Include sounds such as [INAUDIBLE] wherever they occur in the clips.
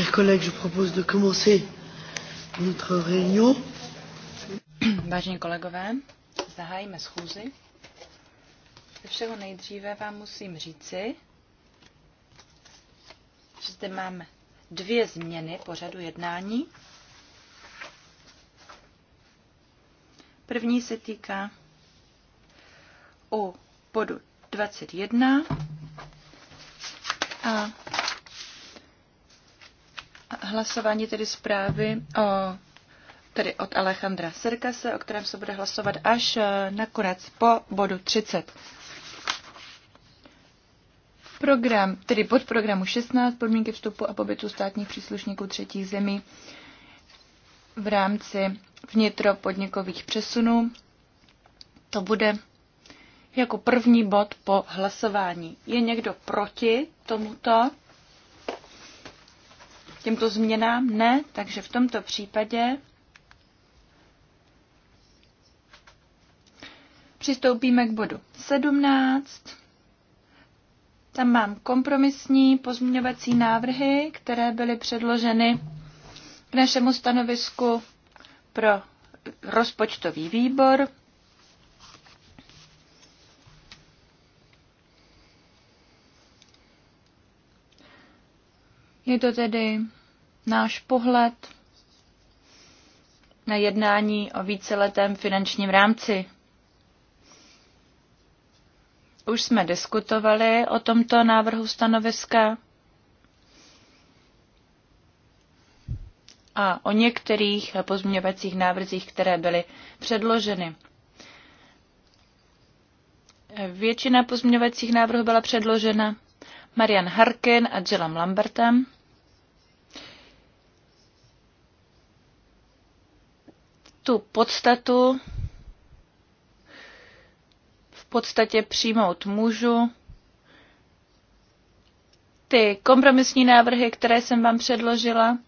Chers collègues, je propose de commencer notre réunion. Vážení kolegové, zahájíme schůzi. Ze všeho nejdříve vám musím říci, že zde máme dvě změny pořadu jednání. První se týká u bodu 21 a hlasování tedy zprávy o, tedy od Alejandra Serkase, o kterém se bude hlasovat až eh, nakonec po bodu 30. Program, tedy pod programu 16, podmínky vstupu a pobytu státních příslušníků třetích zemí v rámci vnitropodnikových přesunů. To bude jako první bod po hlasování. Je někdo proti tomuto? těmto změnám? Ne, takže v tomto případě přistoupíme k bodu 17. Tam mám kompromisní pozměňovací návrhy, které byly předloženy k našemu stanovisku pro rozpočtový výbor. Je to tedy náš pohled na jednání o víceletém finančním rámci. Už jsme diskutovali o tomto návrhu stanoviska a o některých pozměňovacích návrzích, které byly předloženy. Většina pozměňovacích návrhů byla předložena Marian Harkin a Jillem Lambertem. tu podstatu v podstatě přijmout můžu. Ty kompromisní návrhy, které jsem vám předložila,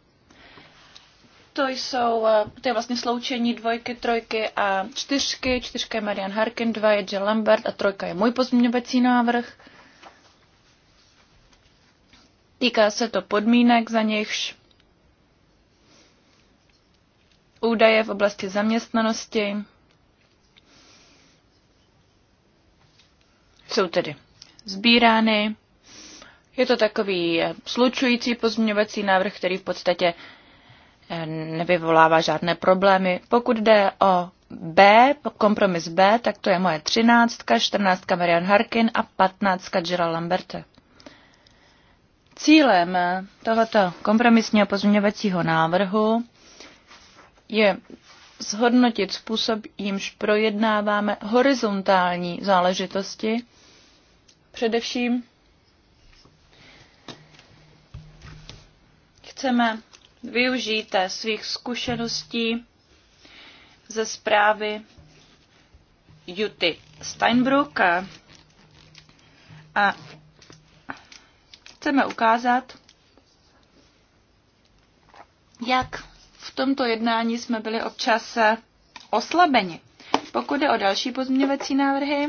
to jsou, to je vlastně sloučení dvojky, trojky a čtyřky. Čtyřka je Marian Harkin, dva je Jill Lambert a trojka je můj pozměňovací návrh. Týká se to podmínek, za nichž údaje v oblasti zaměstnanosti. Jsou tedy sbírány. Je to takový eh, slučující pozměňovací návrh, který v podstatě eh, nevyvolává žádné problémy. Pokud jde o B, kompromis B, tak to je moje třináctka, čtrnáctka Marian Harkin a patnáctka Jira Lamberte. Cílem eh, tohoto kompromisního pozměňovacího návrhu je zhodnotit způsob, jímž projednáváme horizontální záležitosti, především chceme využít svých zkušeností ze zprávy Juty Steinbrook a chceme ukázat, jak v tomto jednání jsme byli občas eh, oslabeni. Pokud je o další pozměňovací návrhy,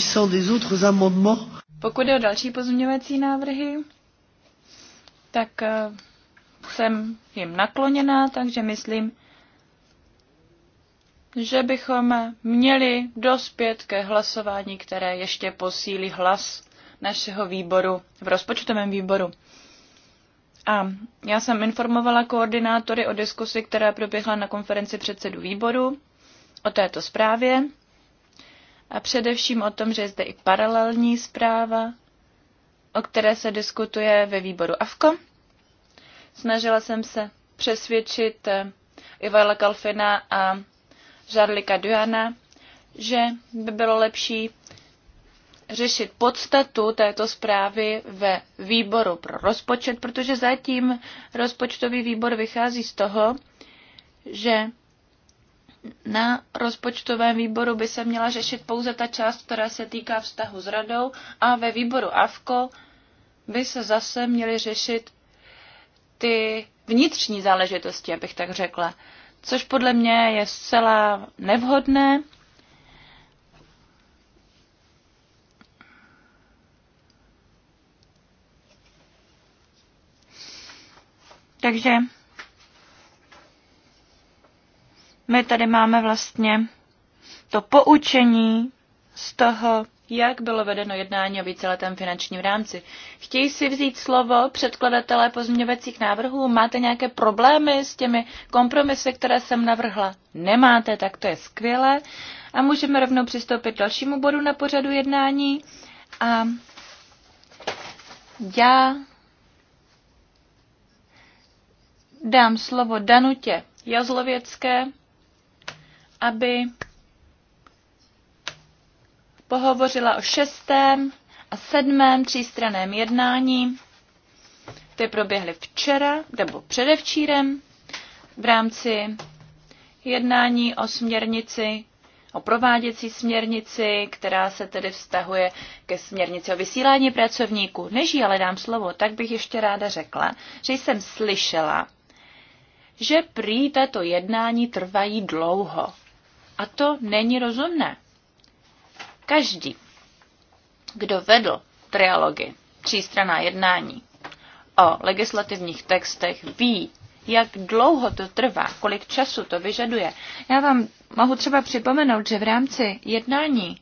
S'agissant des autres amendements. Pokud je o další pozměňovací návrhy, tak eh, jsem jim nakloněná, takže myslím, že bychom měli dospět ke hlasování, které ještě posílí hlas našeho výboru v rozpočtovém výboru. A já jsem informovala koordinátory o diskusi, která proběhla na konferenci předsedu výboru o této zprávě a především o tom, že je zde i paralelní zpráva, o které se diskutuje ve výboru AFKO. Snažila jsem se přesvědčit eh, Ivala Kalfina a Žarlika Duana, že by bylo lepší řešit podstatu této zprávy ve výboru pro rozpočet, protože zatím rozpočtový výbor vychází z toho, že na rozpočtovém výboru by se měla řešit pouze ta část, která se týká vztahu s radou a ve výboru AVKO by se zase měly řešit ty vnitřní záležitosti, abych tak řekla. Což podle mě je zcela nevhodné. Takže My tady máme vlastně to poučení z toho, jak bylo vedeno jednání o víceletém finančním rámci. Chtějí si vzít slovo předkladatelé pozměňovacích návrhů? Máte nějaké problémy s těmi kompromisy, které jsem navrhla? Nemáte, tak to je skvělé. A můžeme rovnou přistoupit k dalšímu bodu na pořadu jednání. A já dám slovo Danutě Jazlověcké, aby pohovořila o šestém a sedmém třístraném jednání. Ty proběhly včera nebo předevčírem v rámci jednání o směrnici, o prováděcí směrnici, která se tedy vztahuje ke směrnici o vysílání pracovníků. Než jí ale dám slovo, tak bych ještě ráda řekla, že jsem slyšela, že prý této jednání trvají dlouho. A to není rozumné. Každý, kdo vedl trialogy, třístraná jednání o legislativních textech, ví, jak dlouho to trvá, kolik času to vyžaduje. Já vám mohu třeba připomenout, že v rámci jednání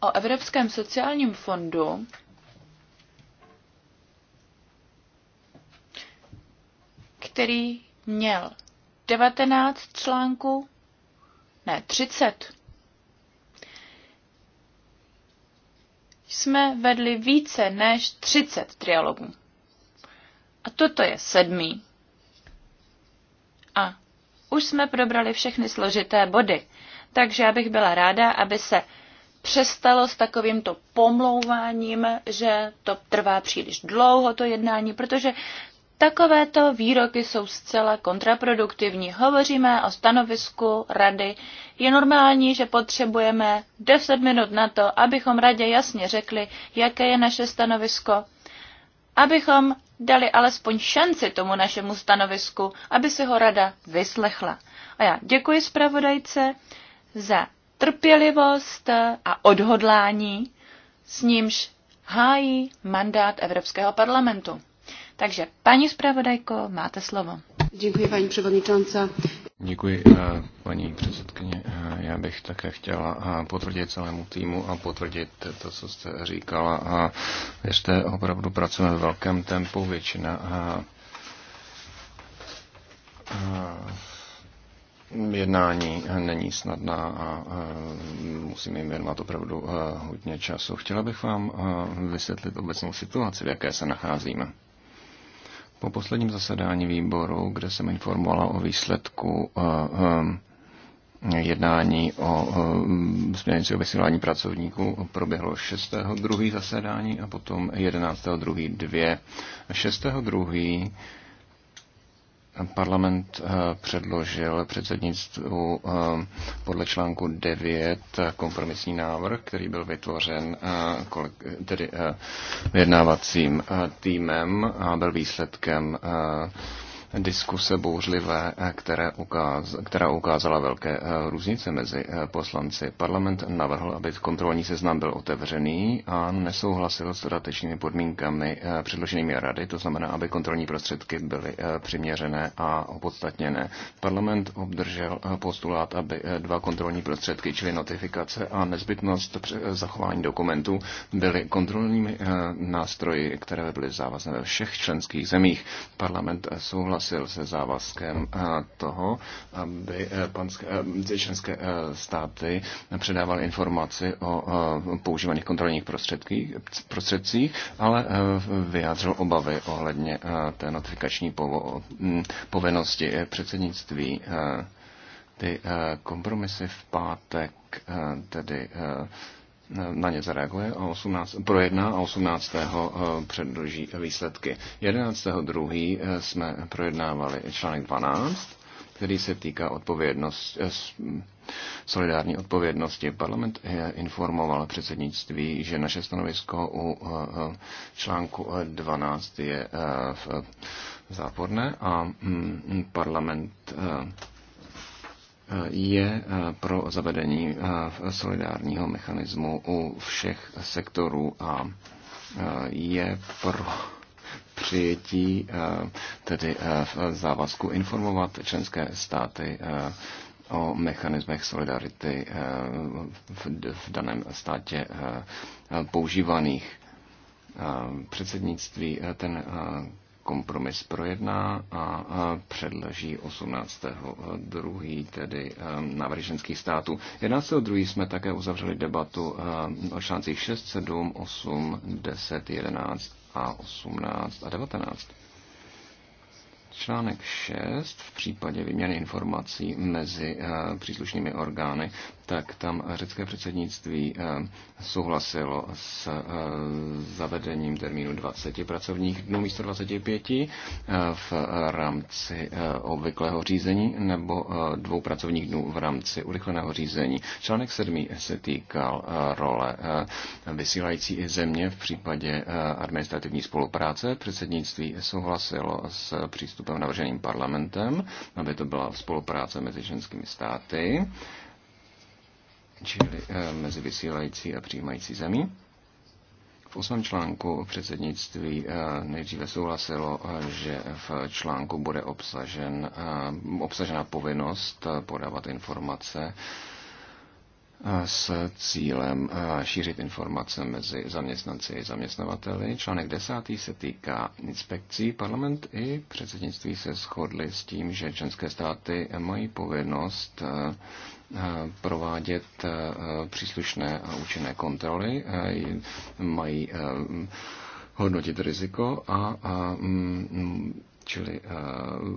o Evropském sociálním fondu který měl 19 článků, ne 30, jsme vedli více než 30 trialogů. A toto je sedmý. A už jsme probrali všechny složité body, takže já bych byla ráda, aby se přestalo s takovýmto pomlouváním, že to trvá příliš dlouho, to jednání, protože Takovéto výroky jsou zcela kontraproduktivní. Hovoříme o stanovisku rady. Je normální, že potřebujeme 10 minut na to, abychom radě jasně řekli, jaké je naše stanovisko, abychom dali alespoň šanci tomu našemu stanovisku, aby si ho rada vyslechla. A já děkuji zpravodajce za trpělivost a odhodlání, s nímž hájí mandát Evropského parlamentu. Takže paní zpravodajko, máte slovo. Děkuji, paní předsedající. Děkuji, eh, paní předsedkyně. Eh, já bych také chtěla eh, potvrdit celému týmu a potvrdit to, co jste říkala. A věřte, opravdu pracujeme v velkém tempu, většina a, jednání není snadná a musím jim věnovat opravdu hodně času. Chtěla bych vám vysvětlit obecnou situaci, v jaké se nacházíme. Po posledním zasedání výboru, kde jsem informovala o výsledku uh, um, jednání o eh, směrnici o vysílání pracovníků proběhlo 6.2. zasedání a potom 11.2. 2. 6.2. Parlament eh, předložil předsednictvu eh, podle článku 9 eh, kompromisní návrh, který byl vytvořen tedy vyjednávacím týmem a byl výsledkem diskuse bouřlivé, eh, které ukáz, která ukázala velké eh, různice mezi eh, poslanci. Parlament navrhl, aby kontrolní seznam byl otevřený a nesouhlasil s dodatečnými podmínkami předloženými rady, to znamená, aby kontrolní prostředky byly přiměřené a opodstatněné. Parlament obdržel postulát, aby dva kontrolní prostředky, čili notifikace a nezbytnost zachování dokumentů, byly kontrolními nástroji, které byly závazné ve všech členských zemích. Parlament souhlasil souhlasil se závazkem eh, toho, aby eh, panské, eh, členské státy předávaly informaci o používaných kontrolních prostředcích, ale vyjádřil obavy ohledně té notifikační mm, povinnosti předsednictví ty kompromisy v pátek tedy na ně zareaguje a 18, projedná a 18. Eh, předloží výsledky. 11. druhý eh, jsme projednávali článek 12, který se týká odpovědnost, eh, solidární odpovědnosti. Parlament informoval předsednictví, že naše stanovisko u článku 12 je záporné a mm, parlament je eh, pro zavedení eh, solidárního mechanismu u všech sektorů a eh, je pro přijetí tedy závazku informovat členské státy o mechanismech solidarity v daném státě používaných. Předsednictví ten kompromis projedná a předloží 18.2. tedy návrženských členských států. 11.2. jsme také uzavřeli debatu o článcích 6, 7, 8, 10, 11 a 18 a 19. Článek 6 v případě výměny informací mezi eh, příslušnými orgány, tak tam řecké předsednictví eh, souhlasilo s eh, zavedením termínu 20 pracovních dnů místo 25 v rámci obvyklého řízení nebo dvou pracovních dnů v rámci urychleného řízení. Článek 7 se týkal role vysílající země v případě administrativní spolupráce. Předsednictví souhlasilo s přístupem to navrženým parlamentem, aby to byla spolupráce mezi členskými státy, čili eh, mezi vysílající a přijímající zemí. V osmém článku předsednictví eh, nejdříve souhlasilo, eh, že v článku bude obsažen, obsažena povinnost podávat informace s cílem eh, šířit informace mezi zaměstnanci i zaměstnavateli. Článek desátý se týká inspekcí. Parlament i předsednictví se shodli s tím, že členské státy mají povinnost eh, provádět eh, příslušné a účinné kontroly, mají hodnotit riziko a čili, eh,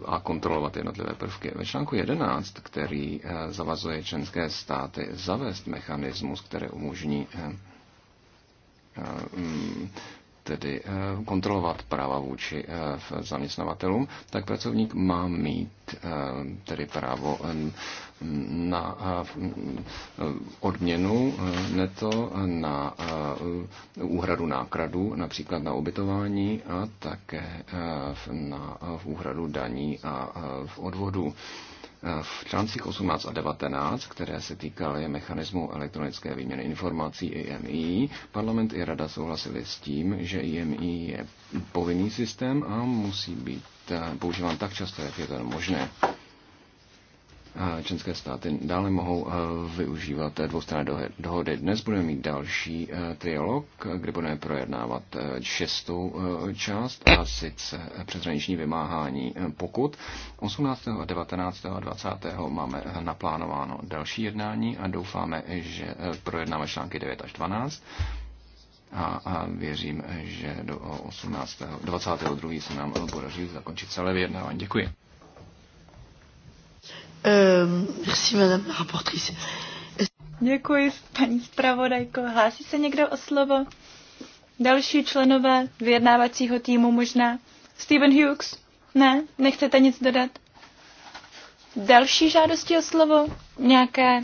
a kontrolovat jednotlivé prvky. Ve článku 11, který eh, zavazuje členské státy zavést mechanismus, který umožní eh, mm, tedy eh, kontrolovat práva vůči eh, zaměstnavatelům, tak pracovník má mít eh, tedy právo na odměnu neto, na úhradu nákladů, například na ubytování a také na úhradu daní a v odvodu v článcích 18 a 19, které se týkaly mechanismu elektronické výměny informací IMI, parlament i rada souhlasili s tím, že IMI je povinný systém a musí být eh, používán tak často, jak je to možné členské státy dále mohou eh, využívat dvoustranné dohody. Dnes budeme mít další eh, trialog, kde budeme projednávat eh, šestou část a sice přeshraniční vymáhání pokud. 18. 19. a 20. máme naplánováno další jednání a doufáme, že projednáme články 9 až 12 a, a věřím, že do 18. 22. se nám podaří zakončit celé vyjednávání. Děkuji. Eh, merci, madame la rapportrice. Děkuji, paní zpravodajko. Hlásí se někdo o slovo? Další členové vyjednávacího týmu možná? Stephen Hughes? Ne, nechcete nic dodat? Další žádosti o slovo? Nějaké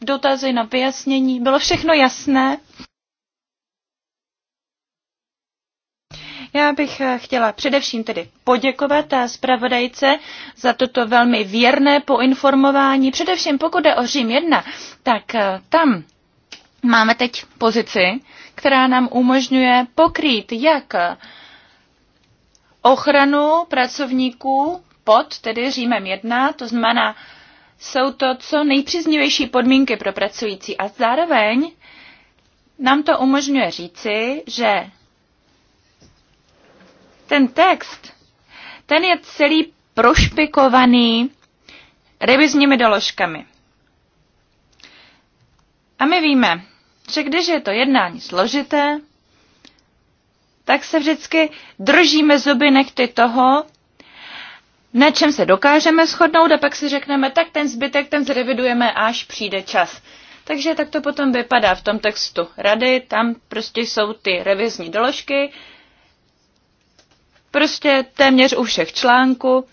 dotazy na vyjasnění? Bylo všechno jasné? Já bych eh, chtěla především tedy poděkovat a eh, zpravodajce za toto velmi věrné poinformování. Především pokud jde o Řím 1, tak eh, tam máme teď pozici, která nám umožňuje pokrýt jak ochranu pracovníků pod tedy Římem 1, to znamená, jsou to co nejpříznivější podmínky pro pracující a zároveň nám to umožňuje říci, že ten text, ten je celý prošpikovaný revizními doložkami. A my víme, že když je to jednání složité, tak se vždycky držíme zuby nechty toho, na čem se dokážeme shodnout a pak si řekneme, tak ten zbytek ten zrevidujeme, až přijde čas. Takže tak to potom vypadá v tom textu rady, tam prostě jsou ty revizní doložky, prostě téměř u všech článků.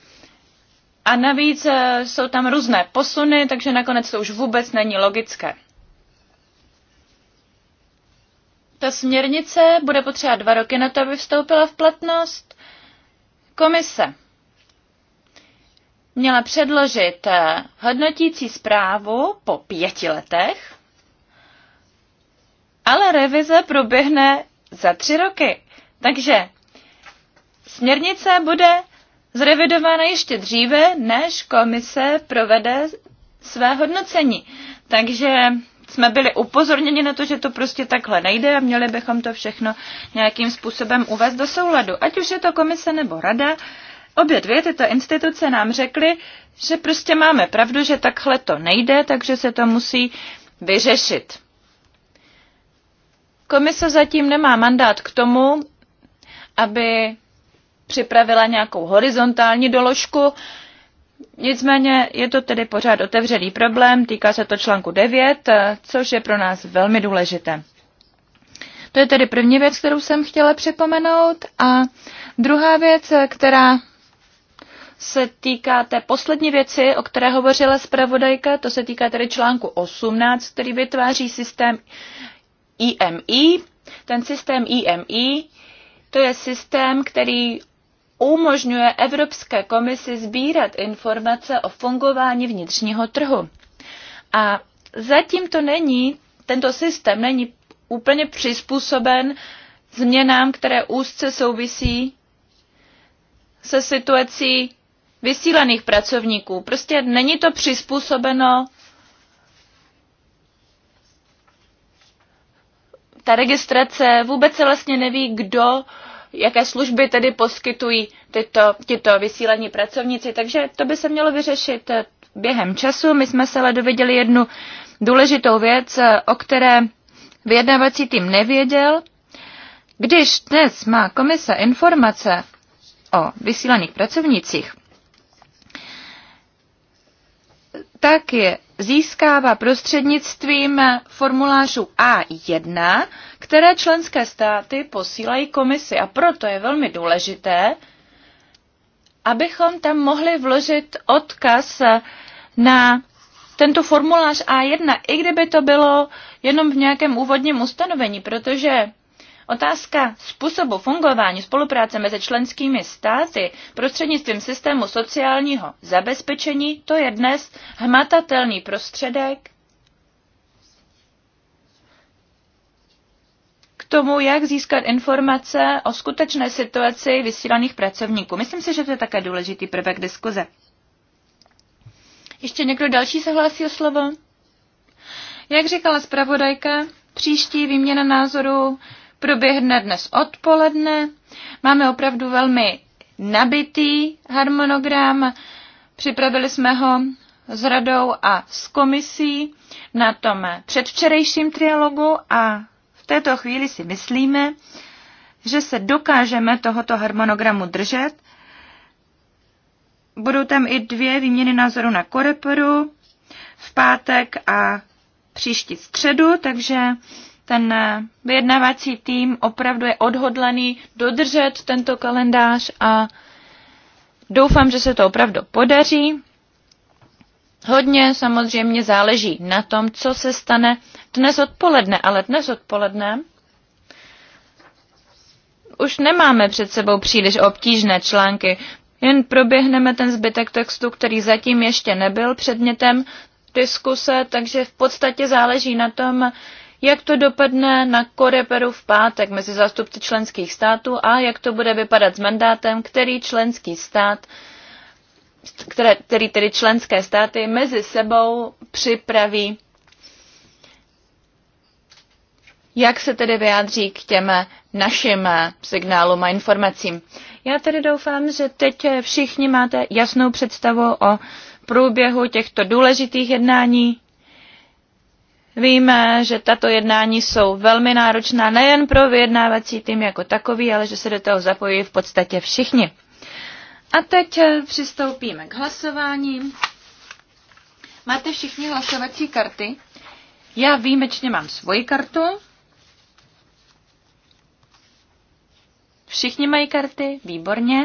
A navíc e, jsou tam různé posuny, takže nakonec to už vůbec není logické. Ta směrnice bude potřeba dva roky na to, aby vstoupila v platnost. Komise měla předložit e, hodnotící zprávu po pěti letech, ale revize proběhne za tři roky. Takže směrnice bude zrevidována ještě dříve, než komise provede své hodnocení. Takže jsme byli upozorněni na to, že to prostě takhle nejde a měli bychom to všechno nějakým způsobem uvést do souladu. Ať už je to komise nebo rada, obě dvě tyto instituce nám řekly, že prostě máme pravdu, že takhle to nejde, takže se to musí vyřešit. Komise zatím nemá mandát k tomu, aby připravila nějakou horizontální doložku. Nicméně je to tedy pořád otevřený problém, týká se to článku 9, což je pro nás velmi důležité. To je tedy první věc, kterou jsem chtěla připomenout. A druhá věc, která se týká té poslední věci, o které hovořila zpravodajka, to se týká tedy článku 18, který vytváří systém IMI. Ten systém IMI, to je systém, který umožňuje Evropské komisi sbírat informace o fungování vnitřního trhu. A zatím to není, tento systém není úplně přizpůsoben změnám, které úzce souvisí se situací vysílaných pracovníků. Prostě není to přizpůsobeno ta registrace, vůbec se vlastně neví, kdo uh, jaké služby tedy poskytují tyto, tyto vysílení pracovníci. Takže to by se mělo vyřešit eh, během času. My jsme se ale dověděli jednu důležitou věc, eh, o které vyjednávací tým nevěděl. Když dnes má komise informace o vysílaných pracovnících, tak je získává prostřednictvím formulářů A1, které členské státy posílají komisi. A proto je velmi důležité, abychom tam mohli vložit odkaz na tento formulář A1, i kdyby to bylo jenom v nějakém úvodním ustanovení, protože Otázka způsobu fungování spolupráce mezi členskými státy prostřednictvím systému sociálního zabezpečení to je dnes hmatatelný prostředek tomu, jak získat informace o skutečné situaci vysílaných pracovníků. Myslím si, že to je také důležitý prvek diskuze. Ještě někdo další se hlásí o slovo? Jak říkala zpravodajka, příští výměna názorů proběhne dnes odpoledne. Máme opravdu velmi nabitý harmonogram. Připravili jsme ho s radou a s komisí na tom předvčerejším trialogu a v této chvíli si myslíme, že se dokážeme tohoto harmonogramu držet. Budou tam i dvě výměny názoru na koreperu v pátek a příští středu, takže ten vyjednávací tým opravdu je odhodlaný dodržet tento kalendář a doufám, že se to opravdu podaří. Hodně samozřejmě záleží na tom, co se stane dnes odpoledne, ale dnes odpoledne už nemáme před sebou příliš obtížné články. Jen proběhneme ten zbytek textu, který zatím ještě nebyl předmětem diskuse, takže v podstatě záleží na tom, jak to dopadne na Koreperu v pátek mezi zástupci členských států a jak to bude vypadat s mandátem, který členský stát které, který tedy členské státy mezi sebou připraví, jak se tedy vyjádří k těm našim signálům a informacím. Já tedy doufám, že teď všichni máte jasnou představu o průběhu těchto důležitých jednání. Víme, že tato jednání jsou velmi náročná nejen pro vyjednávací tým jako takový, ale že se do toho zapojí v podstatě všichni. A teď eh, přistoupíme k hlasování. Máte všichni hlasovací karty? Já výjimečně mám svoji kartu. Všichni mají karty? Výborně.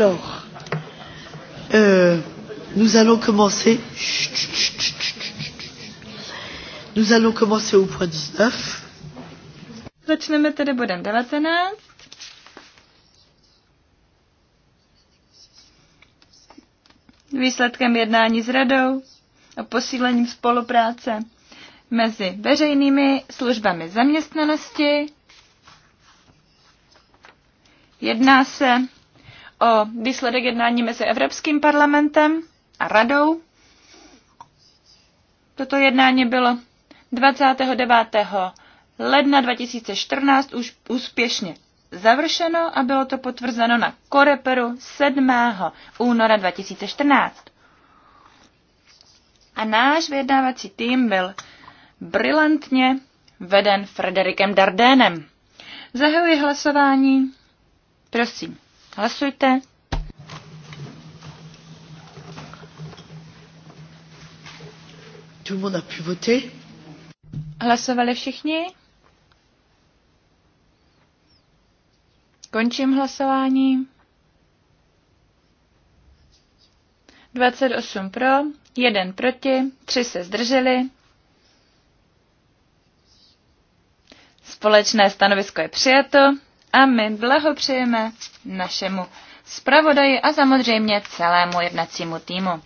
Alors, euh, nous allons commencer. nous allons commencer au point 19. Začneme tedy bodem 19. Výsledkem jednání s radou a posílením spolupráce mezi veřejnými službami zaměstnanosti. Jedná se o výsledek jednání mezi Evropským parlamentem a radou. Toto jednání bylo 29. ledna 2014 už úspěšně završeno a bylo to potvrzeno na Koreperu 7. února 2014. A náš vyjednávací tým byl brilantně veden Frederikem Dardénem. Zahajuji hlasování. Prosím. Hlasujte. Tout le monde a pu voter. Hlasovali všichni? Končím hlasování. 28 pro, 1 proti, 3 se zdrželi. Společné stanovisko je přijato. A my blahopřejeme našemu zpravodaji a samozřejmě celému jednacímu týmu.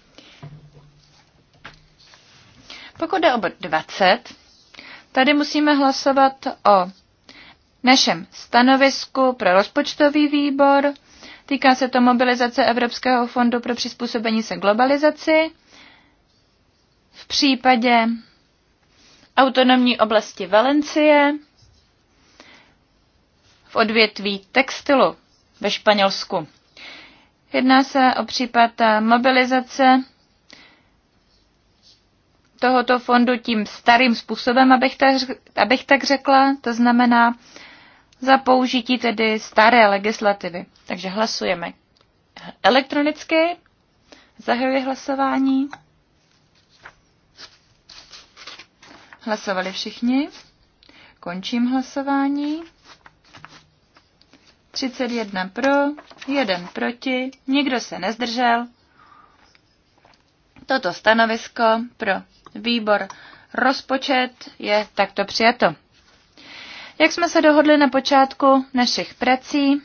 Pokud jde o bod 20, tady musíme hlasovat o našem stanovisku pro rozpočtový výbor. Týká se to mobilizace Evropského fondu pro přizpůsobení se globalizaci v případě autonomní oblasti Valencie v odvětví textilu ve Španělsku. Jedná se o případ mobilizace tohoto fondu tím starým způsobem, abych tak, abych tak řekla, to znamená za použití tedy staré legislativy. Takže hlasujeme elektronicky, zahajuji hlasování. Hlasovali všichni. Končím hlasování. 31 pro, 1 proti, nikdo se nezdržel. Toto stanovisko pro výbor rozpočet je takto přijato. Jak jsme se dohodli na počátku našich prací,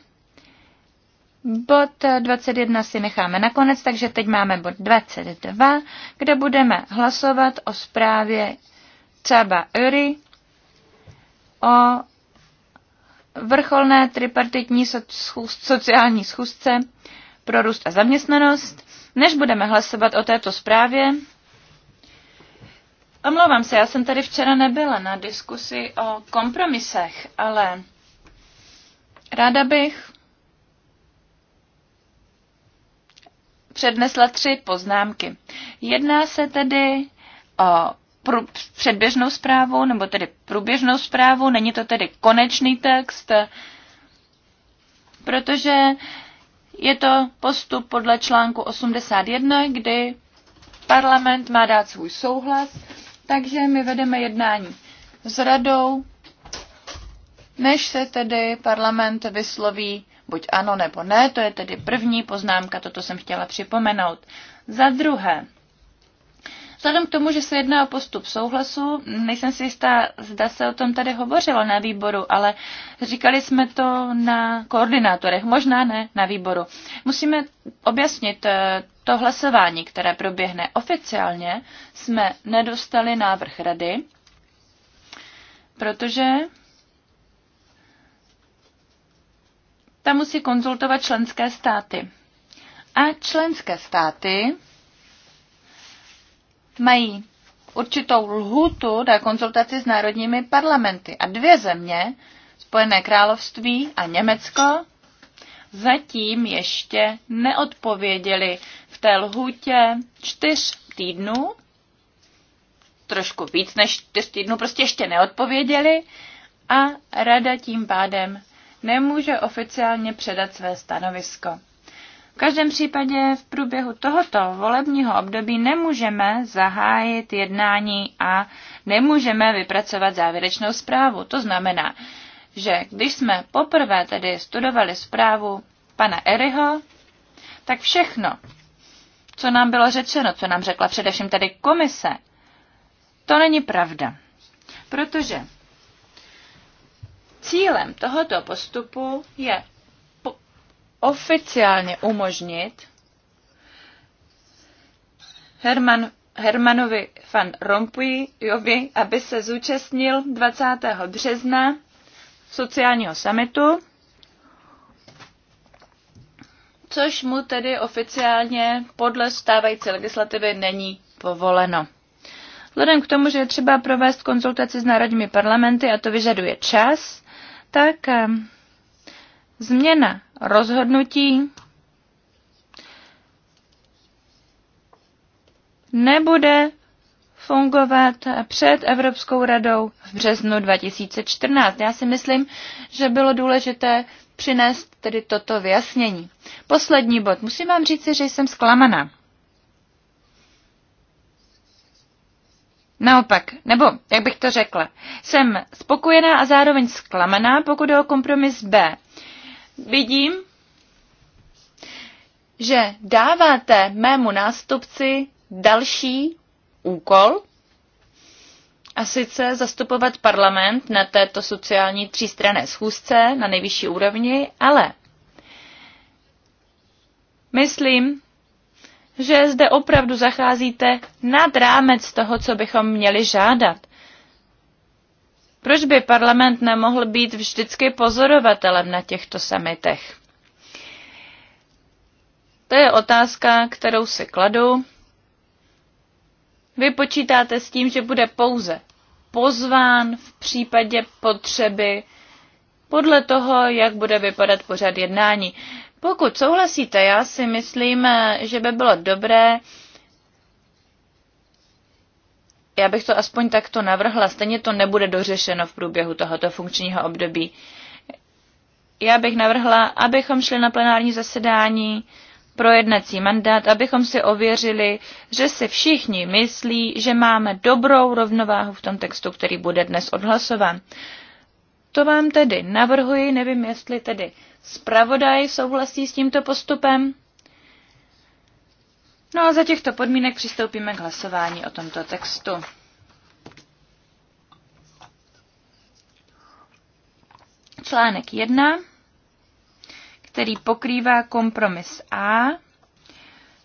bod 21 si necháme nakonec, takže teď máme bod 22, kde budeme hlasovat o zprávě Caba Uri o vrcholné tripartitní sociální schůzce pro růst a zaměstnanost, než budeme hlasovat o této zprávě. Omlouvám se, já jsem tady včera nebyla na diskusi o kompromisech, ale ráda bych přednesla tři poznámky. Jedná se tedy o předběžnou zprávu, nebo tedy průběžnou zprávu, není to tedy konečný text, protože je to postup podle článku 81, kdy parlament má dát svůj souhlas, takže my vedeme jednání s radou, než se tedy parlament vysloví buď ano nebo ne, to je tedy první poznámka, toto jsem chtěla připomenout. Za druhé, Vzhledem k tomu, že se jedná o postup souhlasu, nejsem si jistá, zda se o tom tady hovořilo na výboru, ale říkali jsme to na koordinátorech, možná ne na výboru. Musíme objasnit eh, to hlasování, které proběhne oficiálně, jsme nedostali návrh rady, protože tam musí konzultovat členské státy. A členské státy mají určitou lhutu na konzultaci s národními parlamenty. A dvě země, Spojené království a Německo, zatím ještě neodpověděli v té lhutě čtyř týdnů, trošku víc než čtyř týdnů, prostě ještě neodpověděli a rada tím pádem nemůže oficiálně předat své stanovisko. V každém případě v průběhu tohoto volebního období nemůžeme zahájit jednání a nemůžeme vypracovat závěrečnou zprávu. To znamená, že když jsme poprvé tedy studovali zprávu pana Eriho, tak všechno, co nám bylo řečeno, co nám řekla především tedy komise, to není pravda. Protože cílem tohoto postupu je oficiálně umožnit Herman, Hermanovi van Rompuyovi, aby se zúčastnil 20. března sociálního summitu, což mu tedy oficiálně podle stávající legislativy není povoleno. Vzhledem k tomu, že je třeba provést konzultaci s národními parlamenty a to vyžaduje čas, tak eh, Změna rozhodnutí nebude fungovat před Evropskou radou v březnu 2014. Já si myslím, že bylo důležité přinést tedy toto vyjasnění. Poslední bod. Musím vám říci, že jsem zklamaná. Naopak, nebo jak bych to řekla, jsem spokojená a zároveň zklamaná, pokud je o kompromis B vidím, že dáváte mému nástupci další úkol, a sice zastupovat parlament na této sociální třístrané schůzce na nejvyšší úrovni, ale myslím, že zde opravdu zacházíte nad rámec toho, co bychom měli žádat. Proč by parlament nemohl být vždycky pozorovatelem na těchto samitech? To je otázka, kterou si kladu. Vy počítáte s tím, že bude pouze pozván v případě potřeby podle toho, jak bude vypadat pořad jednání. Pokud souhlasíte, já si myslím, že by bylo dobré já bych to aspoň takto navrhla, stejně to nebude dořešeno v průběhu tohoto funkčního období. Já bych navrhla, abychom šli na plenární zasedání pro jednací mandát, abychom si ověřili, že si všichni myslí, že máme dobrou rovnováhu v tom textu, který bude dnes odhlasován. To vám tedy navrhuji, nevím, jestli tedy zpravodaj souhlasí s tímto postupem. No a za těchto podmínek přistoupíme k hlasování o tomto textu. Článek 1, který pokrývá kompromis A,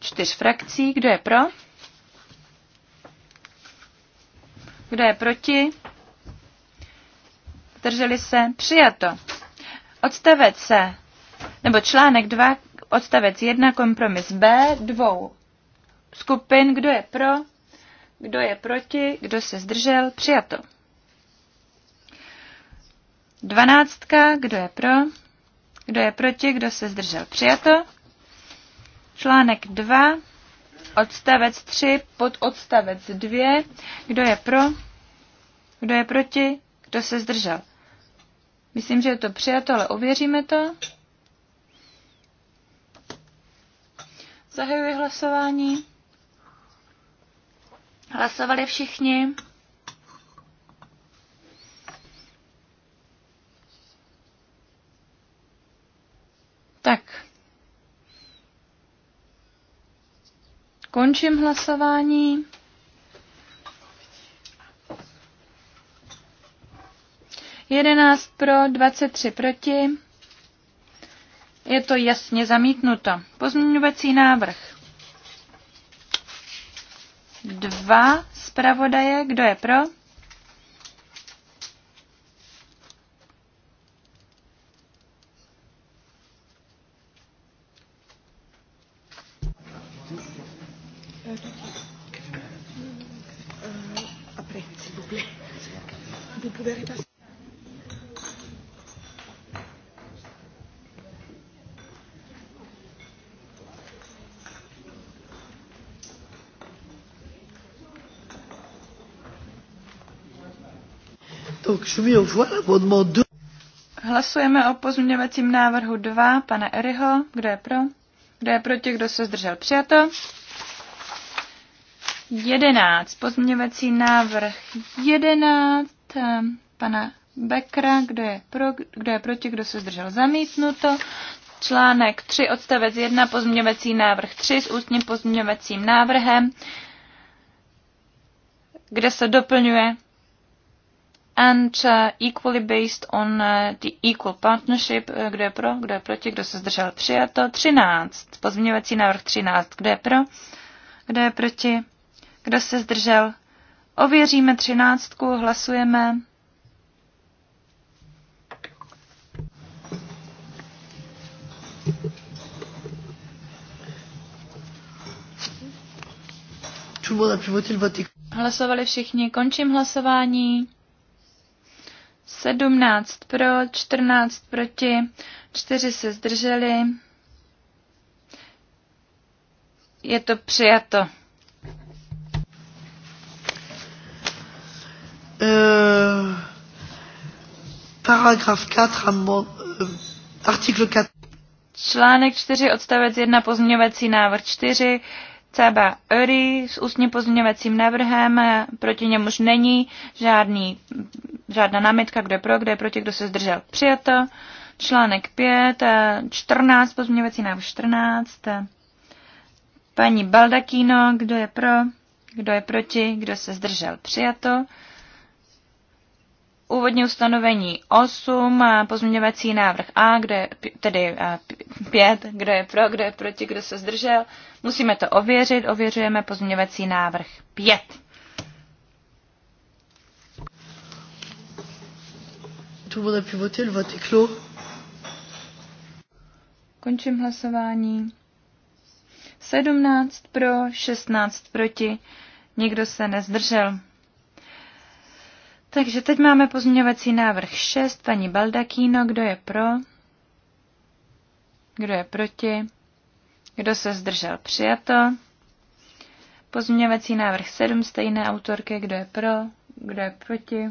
čtyř frakcí. Kdo je pro? Kdo je proti? Drželi se? Přijato. Odstavec se, nebo článek 2, odstavec 1, kompromis B, dvou skupin. Kdo je pro? Kdo je proti? Kdo se zdržel? Přijato. Dvanáctka. Kdo je pro? Kdo je proti? Kdo se zdržel? Přijato. Článek 2. Odstavec 3 pod odstavec 2. Kdo je pro? Kdo je proti? Kdo se zdržel? Myslím, že je to přijato, ale ověříme to. Zahajuji hlasování. Hlasovali všichni? Tak. Končím hlasování. Jedenáct pro, 23 proti. Je to jasně zamítnuto. Pozměňovací návrh dva zpravodaje. Kdo je pro? Hlasujeme o pozměňovacím návrhu 2 pana Eriho. Kdo je pro? Kdo je proti? Kdo se zdržel? Přijato. 11. Pozměňovací návrh 11 ehm, pana Bekra. Kdo je, pro, kdo je proti? Kdo se zdržel? Zamítnuto. Článek 3 odstavec 1 pozměňovací návrh 3 s ústním pozměňovacím návrhem, kde se doplňuje and uh, equally based on uh, the equal partnership, uh, kdo je pro, kdo je proti, kdo se zdržel přijato, 13, pozměňovací návrh 13, kdo je pro, kdo je proti, kdo se zdržel, ověříme 13, hlasujeme. Hlasovali všichni, končím hlasování. 17 pro, 14 proti, 4 se zdrželi. Je to přijato. Uh, paragraf 4, amendement, euh, article 4. Článek 4, odstavec 1, pozměňovací návrh 4. CB Öry s ústním pozměňovacím návrhem, proti němuž není žádný, žádná námitka, kdo je pro, kdo je proti, kdo se zdržel. Přijato. Článek 5, 14, pozměňovací návrh 14. Paní Baldakino, kdo je pro, kdo je proti, kdo se zdržel. Přijato. Úvodní ustanovení 8, pozměňovací návrh A, kde, tedy 5, kdo je pro, kdo je proti, kdo se zdržel. Musíme to ověřit, ověřujeme pozměňovací návrh 5. Končím hlasování. 17 pro, 16 proti, nikdo se nezdržel. Takže teď máme pozměňovací návrh 6, paní Baldakino, kdo je pro, kdo je proti, kdo se zdržel přijato. Pozměňovací návrh 7, stejné autorky, kdo je pro, kdo je proti,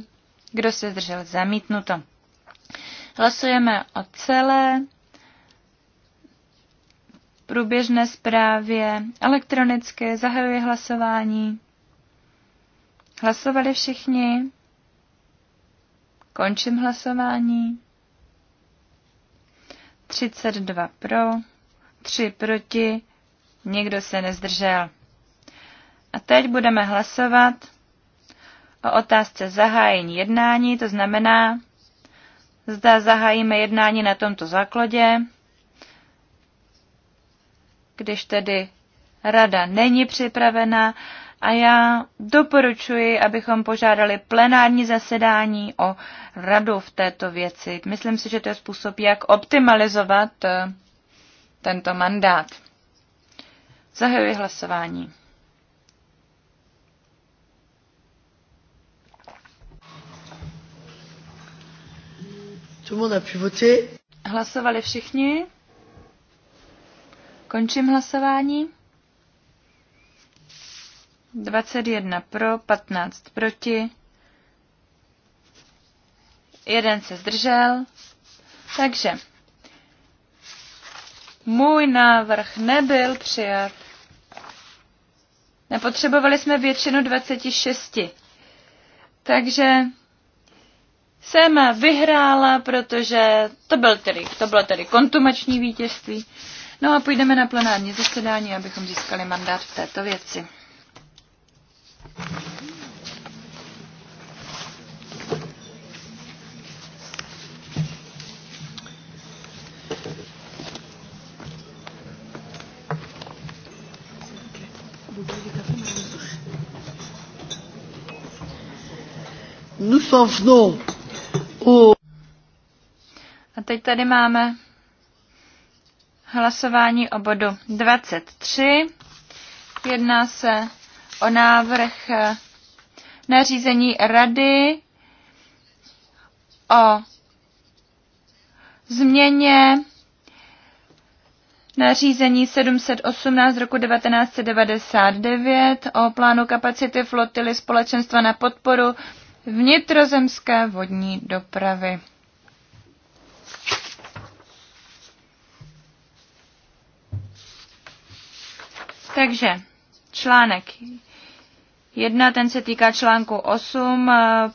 kdo se zdržel zamítnuto. Hlasujeme o celé průběžné zprávě elektronicky, zahajuje hlasování. Hlasovali všichni? Končím hlasování. 32 pro, 3 proti, nikdo se nezdržel. A teď budeme hlasovat o otázce zahájení jednání, to znamená, zda zahájíme jednání na tomto základě, když tedy rada není připravena a já doporučuji, abychom požádali plenární zasedání o radu v této věci. Myslím si, že to je způsob, jak optimalizovat eh, tento mandát. Zahajuji hlasování. Hlasovali všichni? Končím hlasování. 21 pro, 15 proti. Jeden se zdržel. Takže můj návrh nebyl přijat. Nepotřebovali jsme většinu 26. Takže jsem vyhrála, protože to, byl tedy, to bylo tedy kontumační vítězství. No a půjdeme na plenární zasedání, abychom získali mandát v této věci. nous en venons au... A teď tady máme hlasování o bodu 23. Jedná se o návrh eh, nařízení Rady o změně nařízení 718 roku 1999 o plánu kapacity flotily společenstva na podporu vnitrozemské vodní dopravy. Takže článek 1, ten se týká článku 8, eh,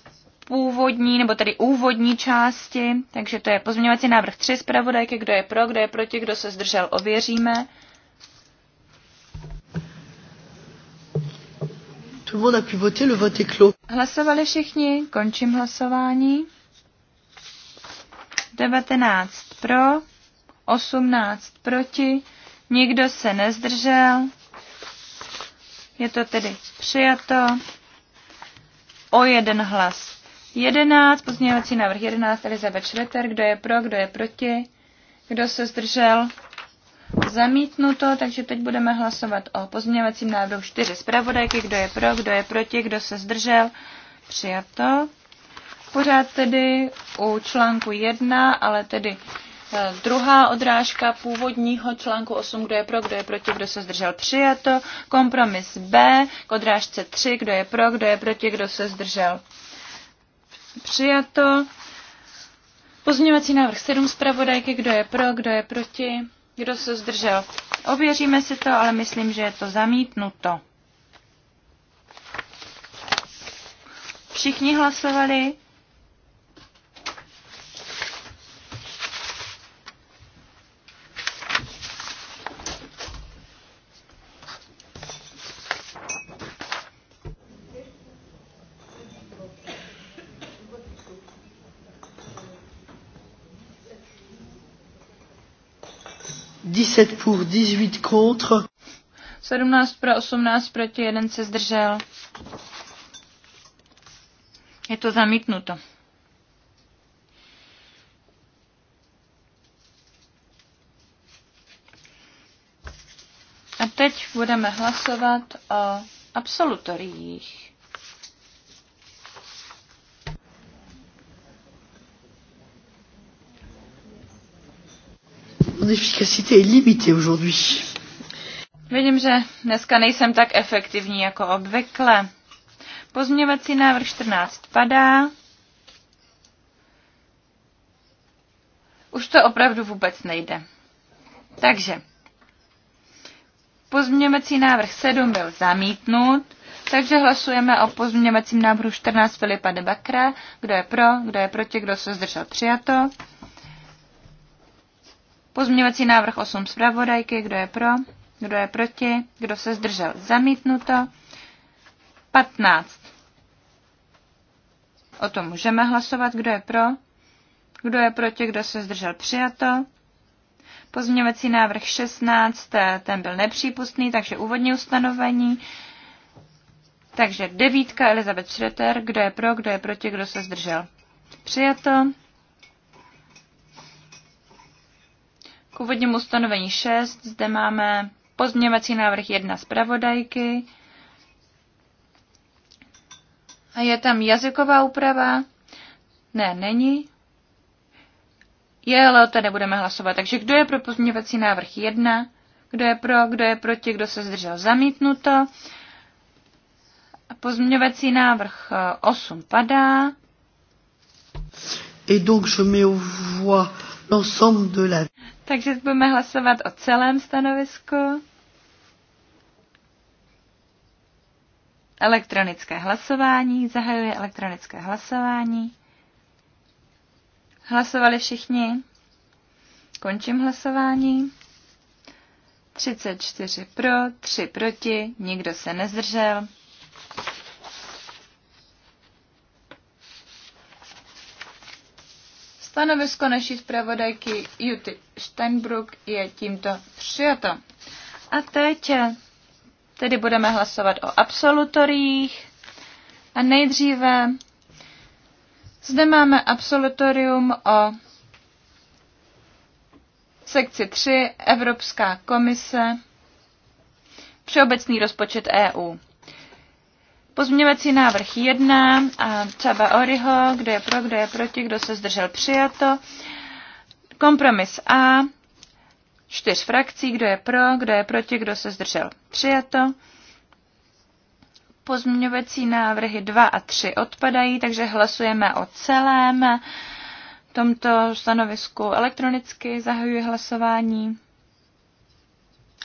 původní, nebo tedy úvodní části, takže to je pozměňovací návrh 3 zpravodajky, kdo je pro, kdo je proti, kdo se zdržel, ověříme. Tout le monde a pu voter, le vote est clos. Hlasovali všichni, končím hlasování. 19 pro, 18 proti, nikdo se nezdržel. Je to tedy přijato o jeden hlas. 11, pozměňovací návrh 11, Elizabeth Schroeter, kdo je pro, kdo je proti, kdo se zdržel, zamítnuto, takže teď budeme hlasovat o pozměňovacím návrhu 4 zpravodajky, kdo je pro, kdo je proti, kdo se zdržel, přijato. Pořád tedy u článku 1, ale tedy eh, druhá odrážka původního článku 8, kdo je pro, kdo je proti, kdo se zdržel, přijato. Kompromis B k odrážce 3, kdo je pro, kdo je proti, kdo se zdržel, přijato. Pozměňovací návrh 7 zpravodajky, kdo je pro, kdo je proti, kdo se zdržel? Ověříme si to, ale myslím, že je to zamítnuto. Všichni hlasovali? 17 pour 18 contre. 17 pro 18 proti 1 se zdržel. Je to zamítnuto. A teď budeme hlasovat o absolutoriích. Mon efficacité est limitée aujourd'hui. Vidím, že dneska nejsem tak efektivní jako obvykle. Pozměňovací návrh 14 padá. Už to opravdu vůbec nejde. Takže pozměňovací návrh 7 byl zamítnut, takže hlasujeme o pozměňovacím návrhu 14 Filipa de Bakra. Kdo je pro, kdo je proti, kdo se zdržel přijato. Pozměňovací návrh 8 zpravodajky, kdo je pro, kdo je proti, kdo se zdržel, zamítnuto. 15. O tom můžeme hlasovat, kdo je pro, kdo je proti, kdo se zdržel, přijato. Pozměňovací návrh 16, ten byl nepřípustný, takže úvodní ustanovení. Takže devítka Elizabeth Schroeter, kdo je pro, kdo je proti, kdo se zdržel. Přijato. K úvodnímu ustanovení 6 zde máme pozměňovací návrh 1 zpravodajky. A je tam jazyková úprava? Ne, není. Je, ale o té nebudeme hlasovat. Takže kdo je pro pozměňovací návrh 1? Kdo je pro, kdo je proti, kdo se zdržel zamítnuto? Pozměňovací návrh 8 eh, padá. Et donc je mets au voix l'ensemble de la... Takže budeme hlasovat o celém stanovisku. Elektronické hlasování. Zahajuje elektronické hlasování. Hlasovali všichni. Končím hlasování. 34 pro, 3 proti, nikdo se nezdržel. Stanovisko naší zpravodajky Juty Steinbrück je tímto přijato. A teď eh, tedy budeme hlasovat o absolutoriích. A nejdříve zde máme absolutorium o sekci 3 Evropská komise Všeobecný rozpočet EU. Pozměňovací návrh 1 a třeba Oriho, kdo je pro, kdo je proti, kdo se zdržel přijato. Kompromis A, čtyř frakcí, kdo je pro, kdo je proti, kdo se zdržel přijato. Pozměňovací návrhy 2 a 3 odpadají, takže hlasujeme o celém tomto stanovisku elektronicky. Zahajuji hlasování.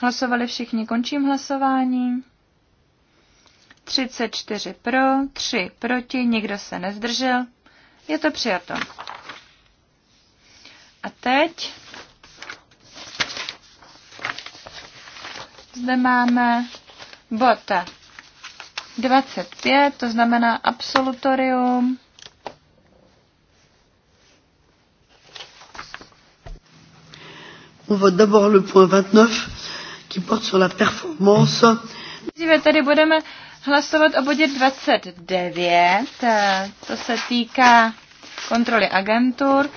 Hlasovali všichni, končím hlasování. 34 pro, 3 proti, nikdo se nezdržel. Je to přijato. A teď zde máme bod 25, to znamená absolutorium. On va d'abord le point 29 qui porte sur la performance. Dříve budeme hlasovat o bodě 29, eh, to se týká kontroly agentur.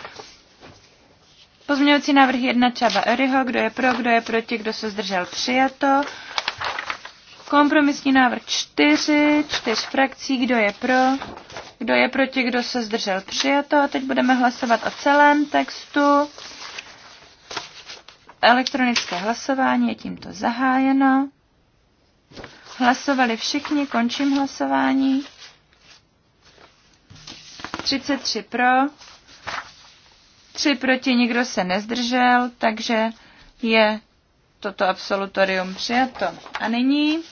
Pozměňovací návrh 1 Čaba Eriho, kdo je pro, kdo je proti, kdo se zdržel přijato. Kompromisní návrh 4, 4 frakcí, kdo je pro, kdo je proti, kdo se zdržel přijato. A teď budeme hlasovat o celém textu. Elektronické hlasování je tímto zahájeno. Hlasovali všichni, končím hlasování. 33 pro, 3 proti, nikdo se nezdržel, takže je toto absolutorium přijato. A nyní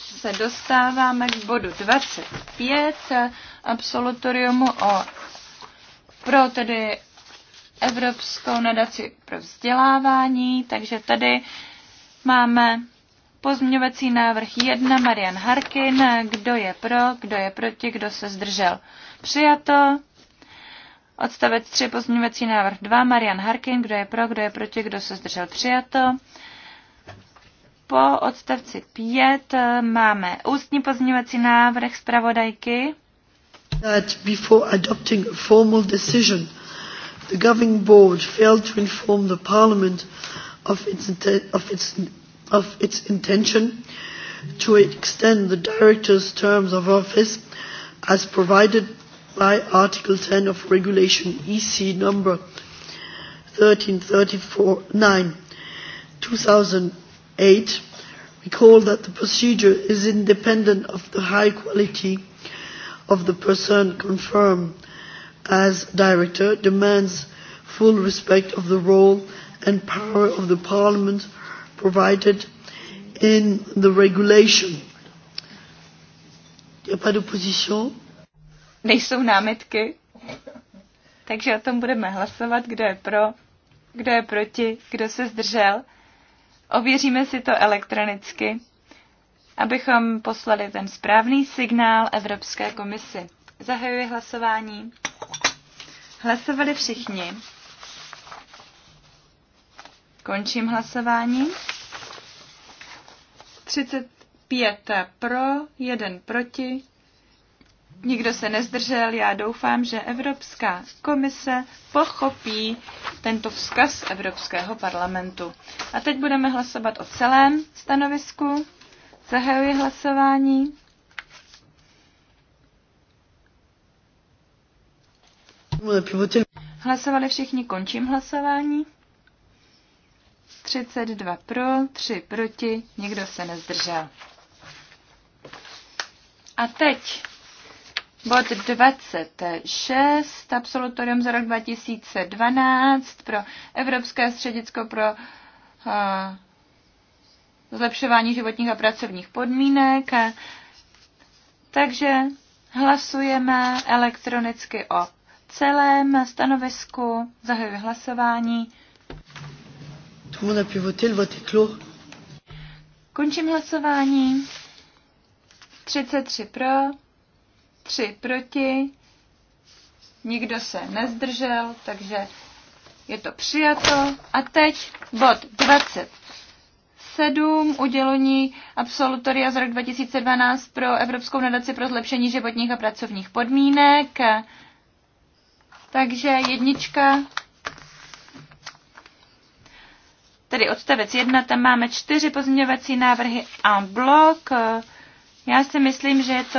se dostáváme k bodu 25 absolutoriumu o, pro tedy Evropskou nadaci pro vzdělávání, takže tady máme Pozměňovací návrh 1, Marian Harkin, kdo je pro, kdo je proti, kdo se zdržel. Přijato. Odstavec 3, pozměňovací návrh 2, Marian Harkin, kdo je pro, kdo je proti, kdo se zdržel. Přijato. Po odstavci 5 máme ústní pozměňovací návrh zpravodajky. That before adopting a formal decision, the governing board failed to inform the parliament of its, of its of its intention to extend the director's terms of office as provided by Article 10 of Regulation EC number 1334-9-2008. Recall that the procedure is independent of the high quality of the person confirmed as director, demands full respect of the role and power of the Parliament provided in the regulation. Je pas d'opposition? Nejsou námitky. Takže o tom budeme hlasovat, kdo je pro, kdo je proti, kdo se zdržel. Ověříme si to elektronicky, abychom poslali ten správný signál Evropské komisi. Zahajuji hlasování. Hlasovali všichni. Končím hlasování. 35 pro, 1 proti. Nikdo se nezdržel. Já doufám, že Evropská komise pochopí tento vzkaz Evropského parlamentu. A teď budeme hlasovat o celém stanovisku. Zahajuji hlasování. Hlasovali všichni, končím hlasování. 32 pro, 3 proti, nikdo se nezdržel. A teď bod 26, absolutorium za rok 2012 pro Evropské středisko pro uh, zlepšování životních a pracovních podmínek. Takže hlasujeme elektronicky o celém stanovisku, zahajuji hlasování. Tout le monde a pu voter, le vote est clos. Končím hlasování. 33 pro, 3 proti, nikdo se nezdržel, takže je to přijato. A teď bod 20. 7 udělení absolutoria z roku 2012 pro Evropskou nadaci pro zlepšení životních a pracovních podmínek. Takže jednička tedy odstavec 1, tam máme čtyři pozměňovací návrhy a blok. Já si myslím, že je to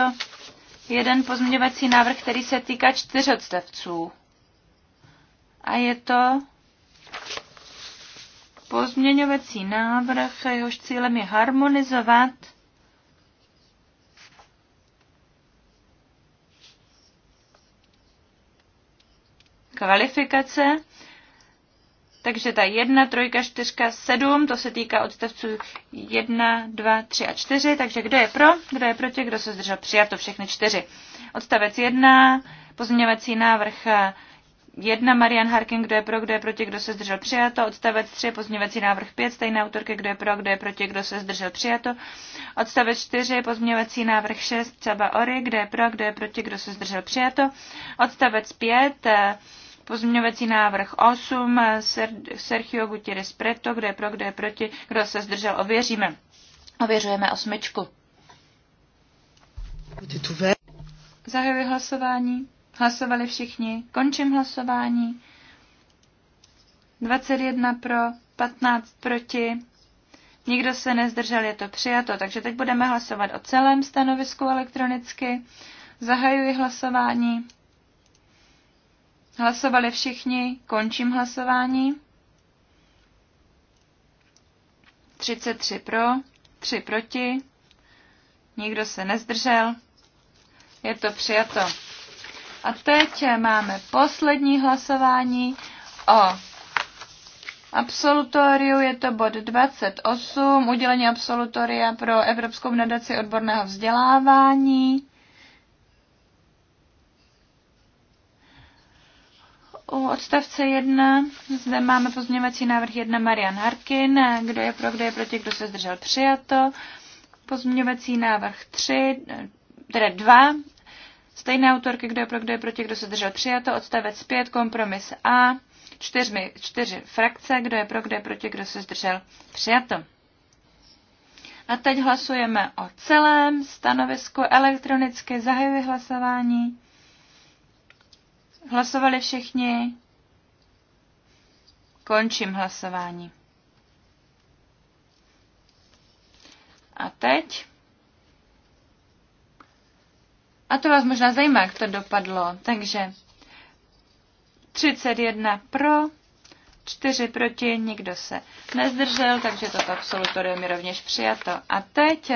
jeden pozměňovací návrh, který se týká čtyř odstavců. A je to pozměňovací návrh, jehož cílem je harmonizovat kvalifikace takže ta 1, 3, 4, 7, to se týká odstavců 1, 2, 3 a 4. Takže kdo je pro, kdo je proti, kdo se zdržel přijato, všechny čtyři. Odstavec 1, pozměňovací návrh 1, Marian Harkin, kdo je pro, kdo je proti, kdo se zdržel přijato. Odstavec 3, pozměňovací návrh 5, stejné autorky, kdo je pro, kdo je proti, kdo se zdržel přijato. Odstavec 4, pozměňovací návrh 6, Caba Ory, kdo je pro, kdo je proti, kdo se zdržel přijato. Odstavec 5, Pozměňovací návrh 8, Sergio Gutierrez Preto, kdo je pro, kdo je proti, kdo se zdržel, ověříme. Ověřujeme osmičku. Zahajuji hlasování. Hlasovali všichni. Končím hlasování. 21 pro, 15 proti. Nikdo se nezdržel, je to přijato. Takže teď budeme hlasovat o celém stanovisku elektronicky. Zahajuji hlasování. Hlasovali všichni, končím hlasování. 33 pro, 3 proti, nikdo se nezdržel, je to přijato. A teď máme poslední hlasování o absolutoriu, je to bod 28, udělení absolutoria pro Evropskou nadaci odborného vzdělávání. U odstavce 1 zde máme pozměňovací návrh 1 Marian Harkin. Kdo je pro, kdo je proti, kdo se zdržel přijato. Pozměňovací návrh 3, teda 2, stejné autorky, kdo je pro, kdo je proti, kdo se zdržel přijato. Odstavec 5, kompromis A, čtyřmi, čtyři frakce, kdo je pro, kdo je proti, kdo se zdržel přijato. A teď hlasujeme o celém stanovisku elektronicky. Zahajuji hlasování. Hlasovali všichni? Končím hlasování. A teď? A to vás možná zajímá, jak to dopadlo. Takže 31 pro, 4 proti, nikdo se nezdržel, takže toto absolutorium je rovněž přijato. A teď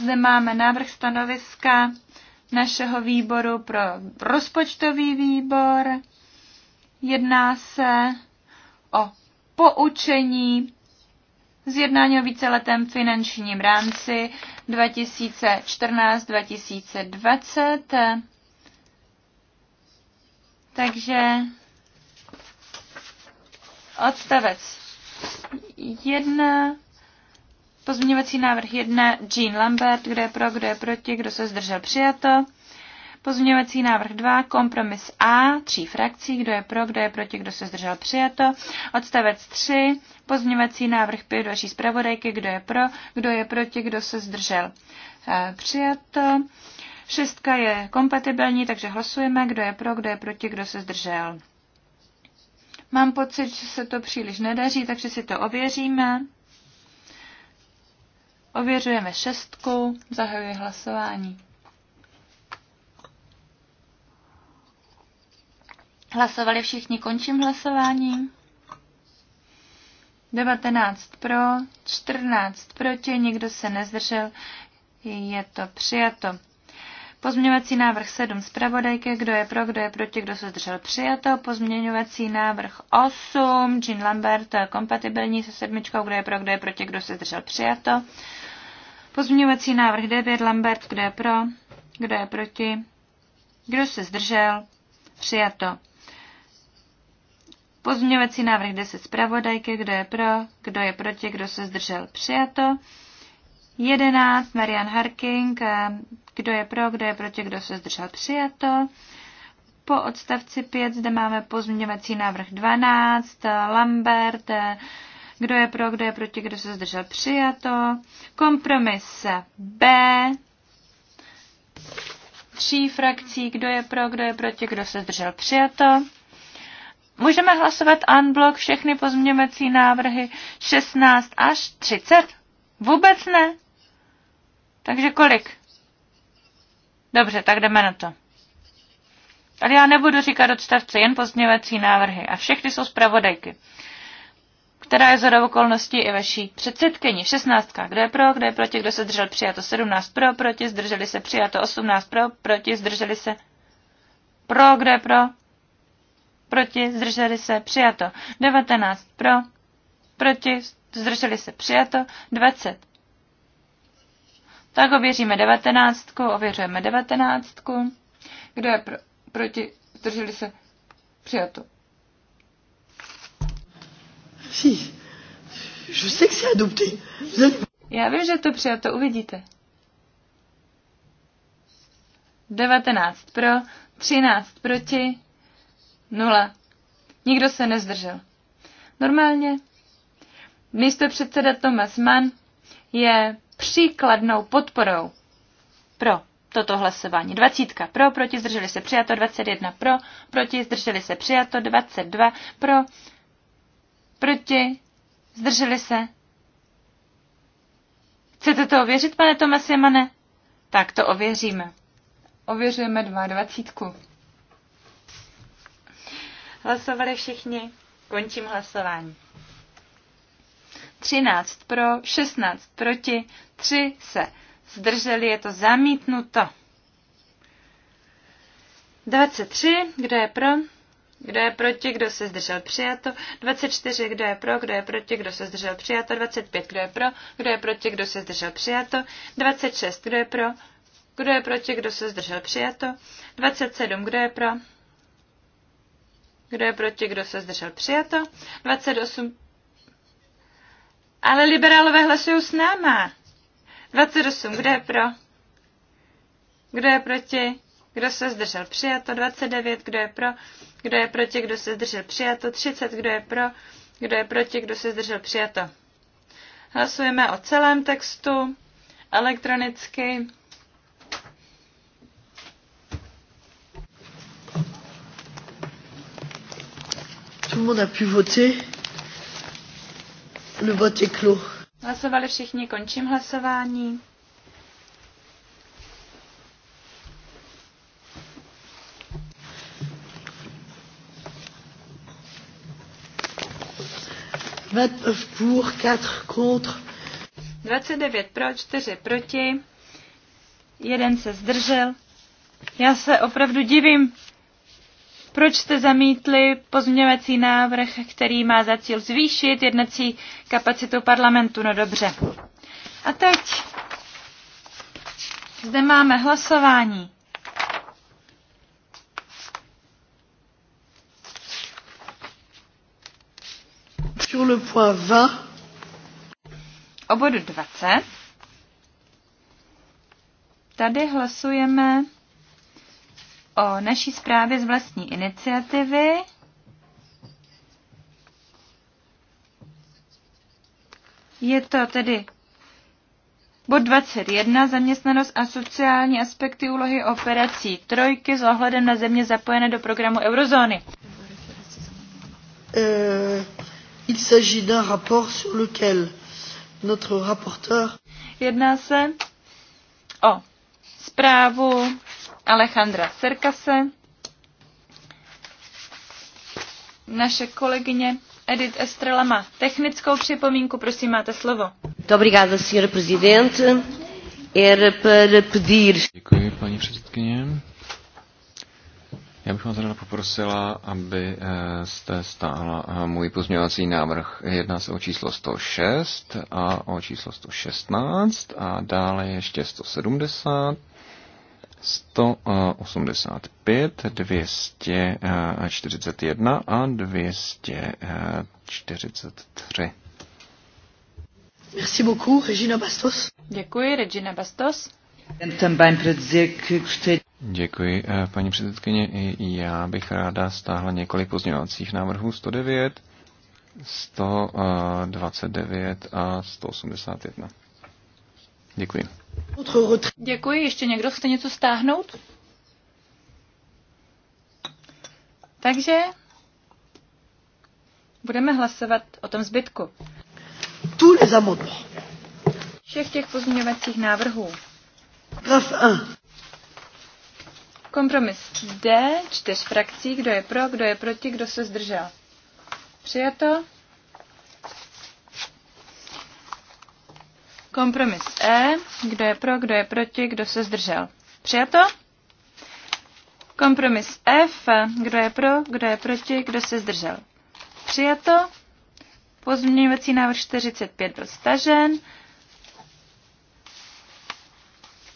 zde máme návrh stanoviska našeho výboru pro rozpočtový výbor. Jedná se o poučení z jednání o víceletém finančním rámci 2014-2020. Takže odstavec 1 Pozměňovací návrh 1, Jean Lambert, kdo je pro, kdo je proti, kdo se zdržel přijato. Pozměňovací návrh 2, kompromis A, tří frakcí, kdo je pro, kdo je proti, kdo se zdržel přijato. Odstavec 3, pozměňovací návrh 5 vaší zpravodajky, kdo je pro, kdo je proti, kdo se zdržel eh, přijato. Šestka je kompatibilní, takže hlasujeme, kdo je pro, kdo je proti, kdo se zdržel. Mám pocit, že se to příliš nedaří, takže si to ověříme. Ověřujeme šestku, zahajuji hlasování. Hlasovali všichni, končím hlasování. 19 pro, 14 proti, nikdo se nezdržel, je to přijato. Pozměňovací návrh 7 zpravodajky, kdo je pro, kdo je proti, kdo se zdržel přijato. Pozměňovací návrh 8, Jean Lambert, kompatibilní se sedmičkou, kdo je pro, kdo je proti, kdo se zdržel přijato. Pozměňovací návrh 9 Lambert, kdo je pro, kdo je proti, kdo se zdržel, přijato. Pozměňovací návrh 10 zpravodajky, kdo je pro, kdo je proti, kdo se zdržel, přijato. 11 Marian Harking, eh, kdo je pro, kdo je proti, kdo se zdržel, přijato. Po odstavci 5 zde máme pozměňovací návrh 12, eh, Lambert, eh, kdo je pro, kdo je proti, kdo se zdržel přijato. Kompromis B. Tří frakcí, kdo je pro, kdo je proti, kdo se zdržel přijato. Můžeme hlasovat unblock všechny pozměňovací návrhy 16 až 30? Vůbec ne. Takže kolik? Dobře, tak jdeme na to. Ale já nebudu říkat odstavce, jen pozměňovací návrhy. A všechny jsou zpravodajky která je zhodou okolností i vaší předsedkyni. 16. Kdo je pro, kdo je proti, kdo se držel přijato 17 pro, proti, zdrželi se přijato 18 pro, proti, zdrželi se pro, kdo je pro, proti, zdrželi se přijato 19 pro, proti, zdrželi se přijato 20. Tak ověříme 19, ověřujeme 19. Kdo je pro, proti, zdrželi se přijato si. Je sais que c'est adopté. Já vím, že to přijato, uvidíte. 19 pro, 13 proti, 0. Nikdo se nezdržel. Normálně místo předseda Thomas Mann je příkladnou podporou pro toto hlasování. 20 pro, proti zdrželi se přijato, 21 pro, proti zdrželi se přijato, 22 pro, Proti? Zdrželi se? Chcete to ověřit, pane Tomasi, mane? Tak to ověříme. Ověřujeme dvacítku. Hlasovali všichni. Končím hlasování. 13 pro, 16 proti, 3 se zdrželi, je to zamítnuto. 23, kdo je pro? Kdo je proti, kdo se zdržel přijato? 24. Kdo je pro, kdo je proti, kdo se zdržel přijato? 25. Kdo je pro, kdo je proti, kdo se zdržel přijato? 26. Kdo je pro, kdo je proti, kdo se zdržel přijato? 27. Kdo je pro, kdo je proti, kdo se zdržel přijato? 28. Ale liberálové hlasují s náma. 28. Kdo je pro? Kdo je proti? kdo se zdržel přijato, 29, kdo je pro, kdo je proti, kdo se zdržel přijato, 30, kdo je pro, kdo je proti, kdo se zdržel přijato. Hlasujeme o celém textu elektronicky. Tout le monde a pu voter. Le vote est clos. Hlasovali všichni, končím hlasování. 29 pour, 4 contre. 29 pro, 4 proti. Jeden se zdržel. Já se opravdu divím, proč jste zamítli pozměňovací návrh, který má za cíl zvýšit jednací kapacitu parlamentu. No dobře. A teď zde máme hlasování sur le point 20. O bodu 20. Tady hlasujeme o naší zprávě z vlastní iniciativy. Je to tedy bod 21, zaměstnanost a sociální aspekty úlohy operací trojky s ohledem na země zapojené do programu eurozóny. Uh Il s'agit d'un rapport sur lequel notre rapporteur. Jedná se o zprávu Alejandra Serkase, naše kolegyně Edith Estrela má technickou připomínku. Prosím, máte slovo. Obrigada, senhora presidente. Era para pedir... Děkuji, paní předsedkyně. Já bych vás ráda poprosila, aby eh, jste stáhla eh, můj pozměňovací návrh. Jedná se o číslo 106 a o číslo 116 a dále ještě 170, 185, 241 a 243. Merci beaucoup, Regina Bastos. Děkuji, Regina Bastos. Também para dizer que Děkuji, eh, paní předsedkyně. já bych ráda stáhla několik pozměňovacích návrhů 109, 129 eh, a 181. Děkuji. Děkuji. Ještě někdo chce něco stáhnout? Takže budeme hlasovat o tom zbytku. Tous les amendements. Všech těch pozměňovacích návrhů. Graf 1. Kompromis D, čtyř frakcí, kdo je pro, kdo je proti, kdo se zdržel. Přijato. Kompromis E, kdo je pro, kdo je proti, kdo se zdržel. Přijato. Kompromis F, kdo je pro, kdo je proti, kdo se zdržel. Přijato. Pozměňovací návrh 45 byl stažen.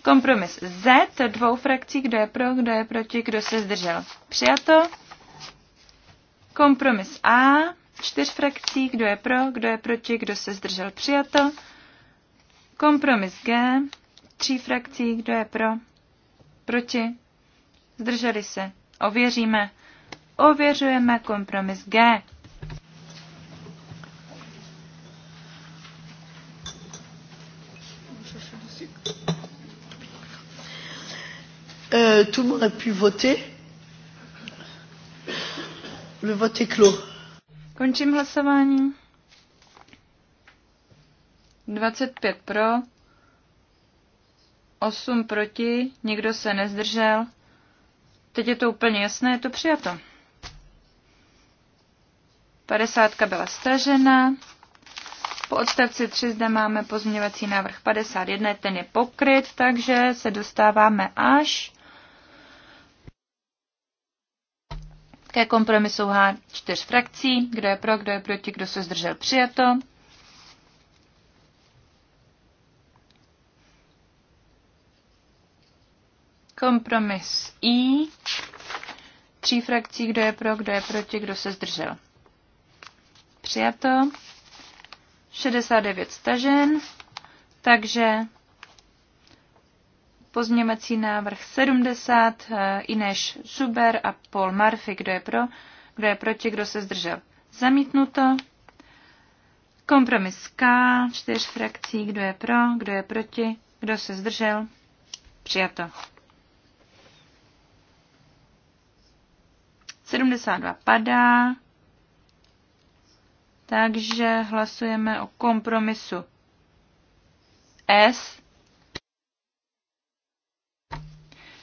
Kompromis Z dvou frakcí, kdo je pro, kdo je proti, kdo se zdržel. Přijato. Kompromis A čtyř frakcí, kdo je pro, kdo je proti, kdo se zdržel. Přijato. Kompromis G tří frakcí, kdo je pro, proti, zdrželi se. Ověříme. Ověřujeme kompromis G. Euh, tout le monde a pu voter. Le vote est clos. Končím hlasování. 25 pro, 8 proti, nikdo se nezdržel. Teď je to úplně jasné, je to přijato. 50 byla stažena. Po odstavci 3 zde máme pozměňovací návrh 51, ten je pokryt, takže se dostáváme až ke kompromisu H 4 frakcí. Kdo je pro, kdo je proti, kdo se zdržel přijato. Kompromis I. Tří frakcí, kdo je pro, kdo je proti, kdo se zdržel. Přijato. 69 stažen. Takže Pozměňovací návrh 70, eh, Ineš Zuber a Paul Murphy. Kdo je pro? Kdo je proti? Kdo se zdržel? Zamítnuto. Kompromis K, čtyř frakcí. Kdo je pro? Kdo je proti? Kdo se zdržel? Přijato. 72 padá. Takže hlasujeme o kompromisu S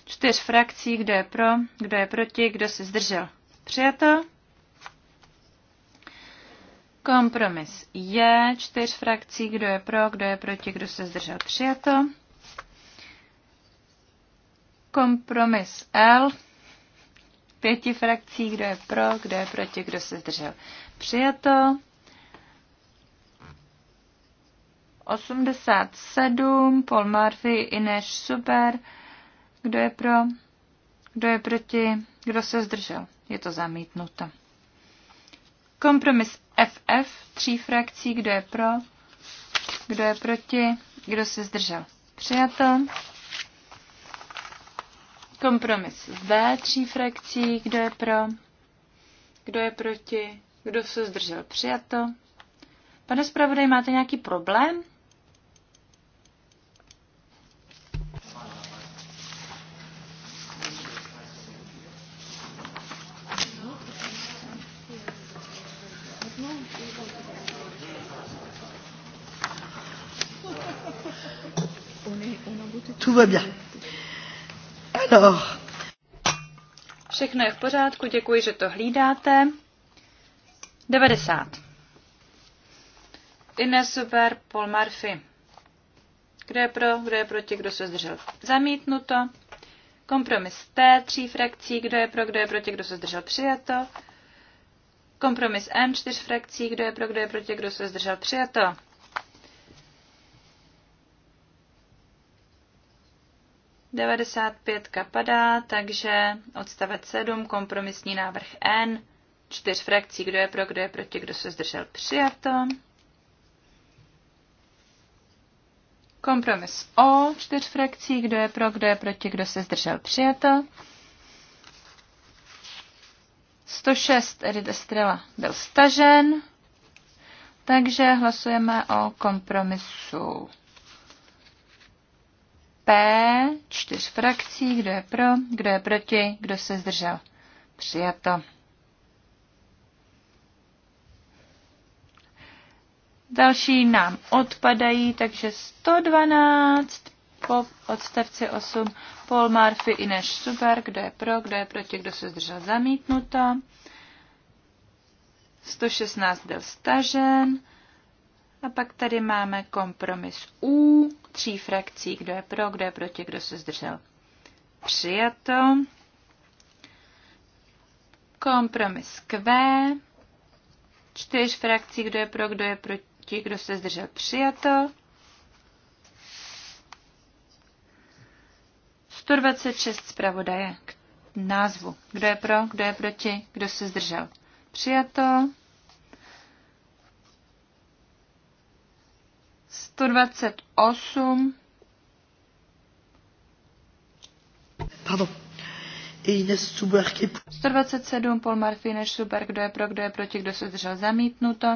čtyř frakcí, kdo je pro, kdo je proti, kdo se zdržel. Přijato. Kompromis je čtyř frakcí, kdo je pro, kdo je proti, kdo se zdržel. Přijato. Kompromis L pěti frakcí, kdo je pro, kdo je proti, kdo se zdržel. Přijato. 87, Paul Murphy, Ineš Super, kdo je pro? Kdo je proti? Kdo se zdržel? Je to zamítnuto. Kompromis FF, tří frakcí, kdo je pro? Kdo je proti? Kdo se zdržel? Přijato. Kompromis V, tří frakcí, kdo je pro? Kdo je proti? Kdo se zdržel? Přijato. Pane zpravodaj, máte nějaký problém? Tout va bien. Alors. Všechno je v pořádku, děkuji, že to hlídáte. 90. Ines Super, Paul Murphy. Kdo je pro, kdo je proti, kdo se zdržel? Zamítnuto. Kompromis T, tří frakcí, kdo je pro, kdo je proti, kdo se zdržel? Přijato. Kompromis M, čtyř frakcí, kdo je pro, kdo je proti, kdo se zdržel? Přijato. 95 kapadá, takže odstavec 7, kompromisní návrh N, čtyř frakcí, kdo je pro, kdo je proti, kdo se zdržel, přijato. Kompromis O, čtyř frakcí, kdo je pro, kdo je proti, kdo se zdržel, přijato. 106 Erida Strela byl stažen, takže hlasujeme o kompromisu P čtyř frakcí, kdo je pro, kdo je proti, kdo se zdržel. Přijato. Další nám odpadají, takže 112 po odstavci 8 Paul Murphy, Ineš Super, kdo je pro, kdo je proti, kdo se zdržel zamítnuto. 116 byl stažen, a pak tady máme kompromis U, tří frakcí, kdo je pro, kdo je proti, kdo se zdržel. Přijato. Kompromis Q, čtyř frakcí, kdo je pro, kdo je proti, kdo se zdržel. Přijato. 126 zpravodaje k názvu. Kdo je pro, kdo je proti, kdo se zdržel. Přijato. 128. Pardon. 127 Paul Murphy než Super, kdo je pro, kdo je proti, kdo se zdržel zamítnuto.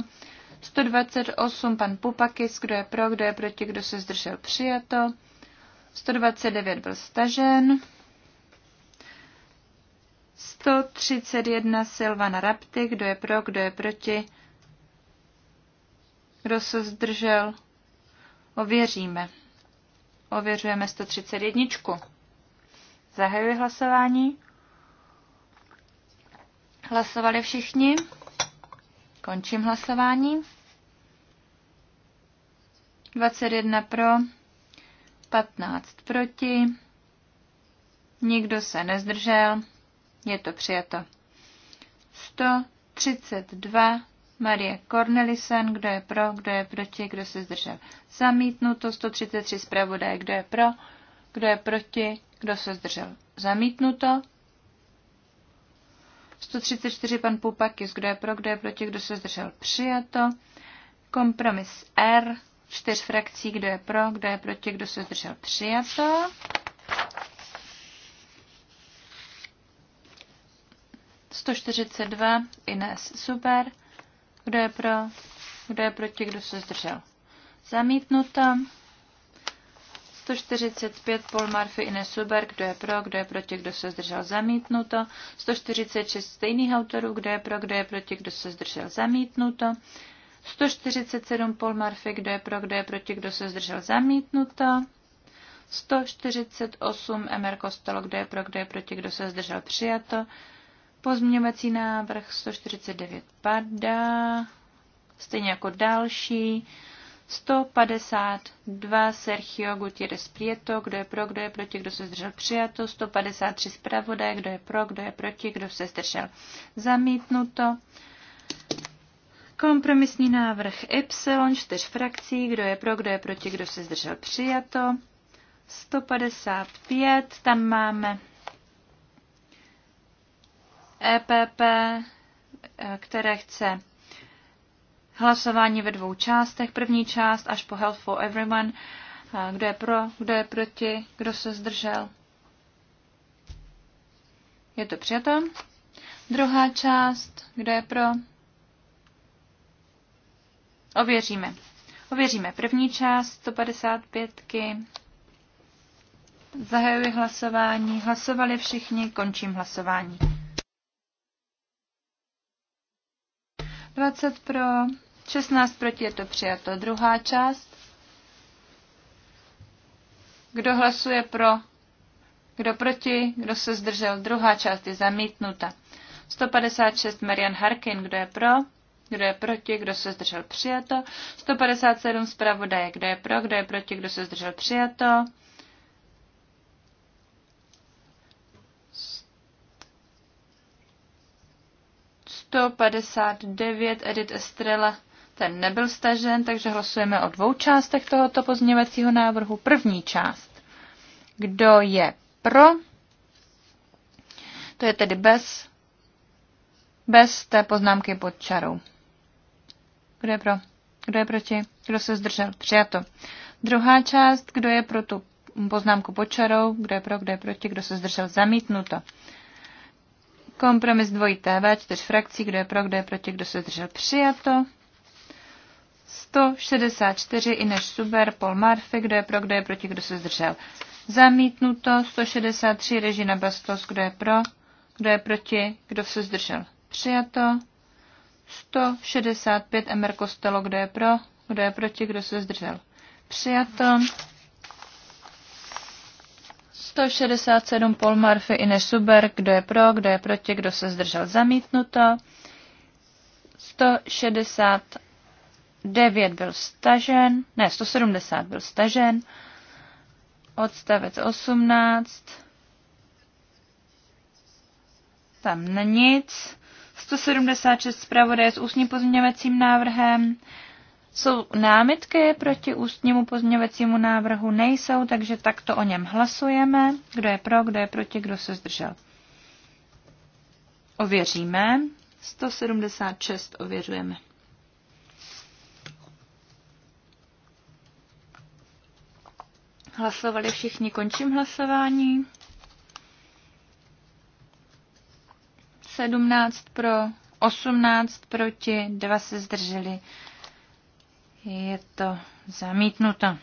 128 pan Pupakis, kdo je pro, kdo je proti, kdo se zdržel přijato. 129 byl stažen. 131 Silvana Rapty, kdo je pro, kdo je proti, kdo se zdržel Ověříme. Ověřujeme 131. Zahajuji hlasování. Hlasovali všichni. Končím hlasování. 21 pro, 15 proti, nikdo se nezdržel, je to přijato. 132 Marie Cornelisen, kdo je pro, kdo je proti, kdo se zdržel. Zamítnuto 133 zpravodaje, kdo je pro, kdo je proti, kdo se zdržel. Zamítnuto 134 pan Pupakis, kdo je pro, kdo je proti, kdo se zdržel. Přijato. Kompromis R, čtyř frakcí, kdo je pro, kdo je proti, kdo se zdržel. Přijato. 142 Ines Super, kdo je pro? Kdo je proti? Kdo se zdržel? Zamítnuto. 145 Paul Murphy, Ines Suber, kdo je pro, kdo je proti, kdo se zdržel zamítnuto. 146 stejných autorů, kdo je pro, kdo je proti, kdo se zdržel zamítnuto. 147 Paul Murphy, kdo je pro, kdo je proti, kdo se zdržel zamítnuto. 148 Emer Kostelo, kdo je pro, kdo je proti, kdo se zdržel přijato. Pozměňovací návrh 149 padá, stejně jako další. 152 Sergio Gutierrez Prieto, kdo je pro, kdo je proti, kdo se zdržel přijato. 153 zpravodaj, kdo je pro, kdo je proti, kdo se zdržel zamítnuto. Kompromisní návrh Y, čtyř frakcí, kdo je pro, kdo je proti, kdo se zdržel přijato. 155, tam máme EPP, e, které chce hlasování ve dvou částech. První část až po Health for Everyone. E, kdo je pro, kdo je proti, kdo se zdržel. Je to přijato. Druhá část, kdo je pro. Ověříme. Ověříme první část 155. -ky. Zahajuji hlasování. Hlasovali všichni, končím hlasování. 20 pro, 16 proti je to přijato. Druhá část. Kdo hlasuje pro, kdo proti, kdo se zdržel. Druhá část je zamítnuta. 156 Marian Harkin, kdo je pro, kdo je proti, kdo se zdržel přijato. 157 zpravodaje, kdo je pro, kdo je proti, kdo se zdržel přijato. 159 Edit Estrella, ten nebyl stažen, takže hlasujeme o dvou částech tohoto pozměňovacího návrhu. První část. Kdo je pro? To je tedy bez, bez té poznámky pod čarou. Kdo je pro? Kdo je proti? Kdo se zdržel? Přijato. Druhá část, kdo je pro tu poznámku pod čarou, kdo je pro, kdo je proti, kdo se zdržel, zamítnuto. Kompromis dvojí TV, čtyř frakcí, kdo je pro, kdo je proti, kdo se zdržel přijato. 164 Ineš Suber, Paul Murphy, kdo je pro, kdo je proti, kdo se zdržel. Zamítnuto 163 Režina Bastos, kdo je pro, kdo je proti, kdo se zdržel. Přijato 165 Emer Costello, kdo je pro, kdo je proti, kdo se zdržel. Přijato 167 Paul Murphy, Ines Suber, kdo je pro, kdo je proti, kdo se zdržel zamítnuto. 169 byl stažen, ne, 170 byl stažen. Odstavec 18. Tam na nic. 176 zpravodaje s ústním pozměňovacím návrhem. Jsou námitky proti ústnímu pozměňovacímu návrhu? Nejsou, takže takto o něm hlasujeme. Kdo je pro, kdo je proti, kdo se zdržel? Ověříme. 176 ověřujeme. Hlasovali všichni, končím hlasování. 17 pro, 18 proti, 2 se zdrželi. Je to zamítnuto.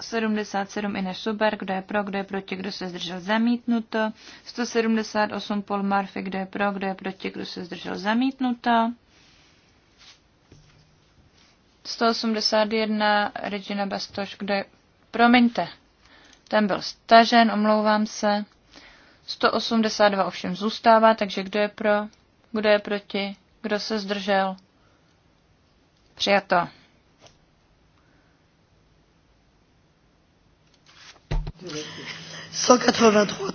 177 Ines Suber, kdo je pro, kdo je proti, kdo se zdržel zamítnuto. 178 Paul Murphy, kdo je pro, kdo je proti, kdo se zdržel zamítnuto. 181 Regina Bastoš, kdo je... Promiňte, ten byl stažen, omlouvám se. 182 ovšem zůstává, takže kdo je pro, kdo je proti, kdo se zdržel? Přijato.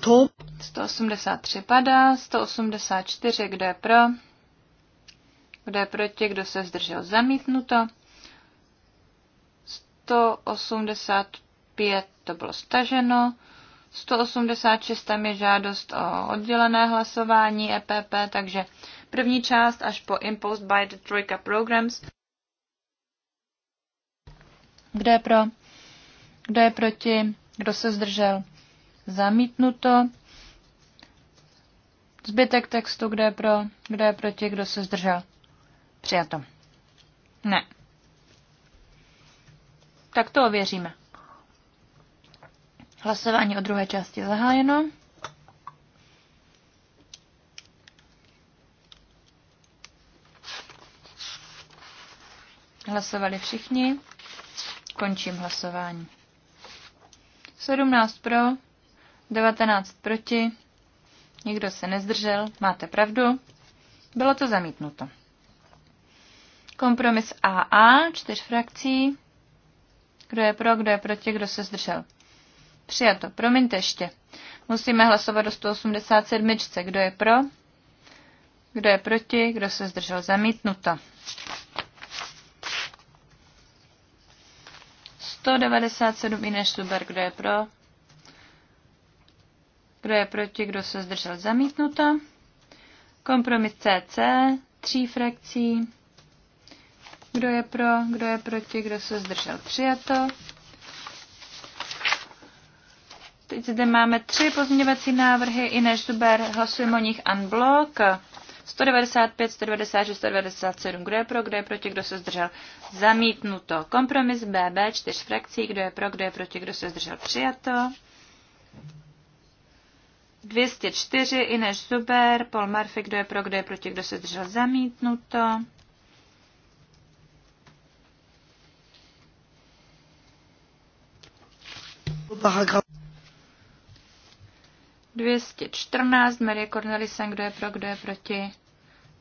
Tom. 183 padá, 184, kdo je pro, kdo je proti, kdo se zdržel zamítnuto, 185 to bylo staženo, 186 tam je žádost o oddělené hlasování EPP, takže První část až po Imposed by the Troika Programs. Kdo je pro? Kdo je proti? Kdo se zdržel? Zamítnuto. Zbytek textu, kdo je pro, kdo je proti, kdo se zdržel. Přijato. Ne. Tak to ověříme. Hlasování o druhé části zahájeno. Hlasovali všichni. Končím hlasování. 17 pro, 19 proti, nikdo se nezdržel, máte pravdu. Bylo to zamítnuto. Kompromis AA, čtyř frakcí. Kdo je pro, kdo je proti, kdo se zdržel. Přijato. Promiňte ještě. Musíme hlasovat do 187. Kdo je pro? Kdo je proti? Kdo se zdržel? Zamítnuto. 197 Ines Luber, kdo je pro? Kdo je proti, kdo se zdržel zamítnuto? Kompromis CC, tří frakcí. Kdo je pro, kdo je proti, kdo se zdržel přijato? Teď zde máme tři pozměňovací návrhy. Ines Zuber, hlasujeme o nich unblock. 195, 196, 197. Kdo je pro, kdo je proti, kdo se zdržel? Zamítnuto. Kompromis BB, čtyř frakcí. Kdo je pro, kdo je proti, kdo se zdržel? Přijato. 204, Ineš Zuber, Paul Murphy, kdo je pro, kdo je proti, kdo se zdržel, zamítnuto. 214, Marie Cornelisen, kdo je pro, kdo je proti,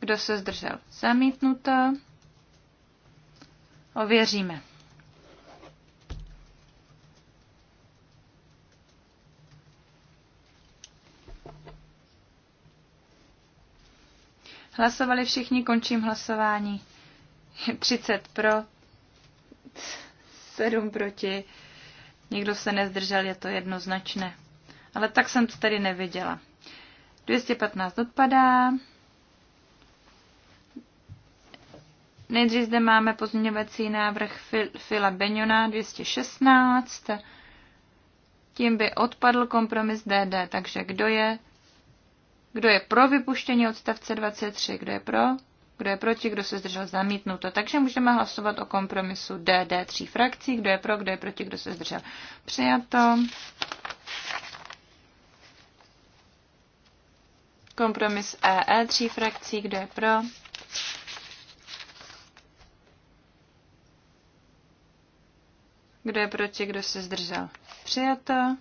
kdo se zdržel. Zamítnuto. Ověříme. Hlasovali všichni, končím hlasování. 30 [LAUGHS] pro, 7 proti. Nikdo se nezdržel, je to jednoznačné ale tak jsem to tady neviděla. 215 odpadá. Nejdřív zde máme pozměňovací návrh Fila Benjona 216. Tím by odpadl kompromis DD. Takže kdo je, kdo je pro vypuštění odstavce 23? Kdo je pro? Kdo je proti? Kdo se zdržel? Zamítnuto. Takže můžeme hlasovat o kompromisu DD tří frakcí. Kdo je pro? Kdo je proti? Kdo se zdržel? Přijato. Kompromis EE e, tří frakcí, kdo je pro? Kdo je proti, kdo se zdržel? Přijato.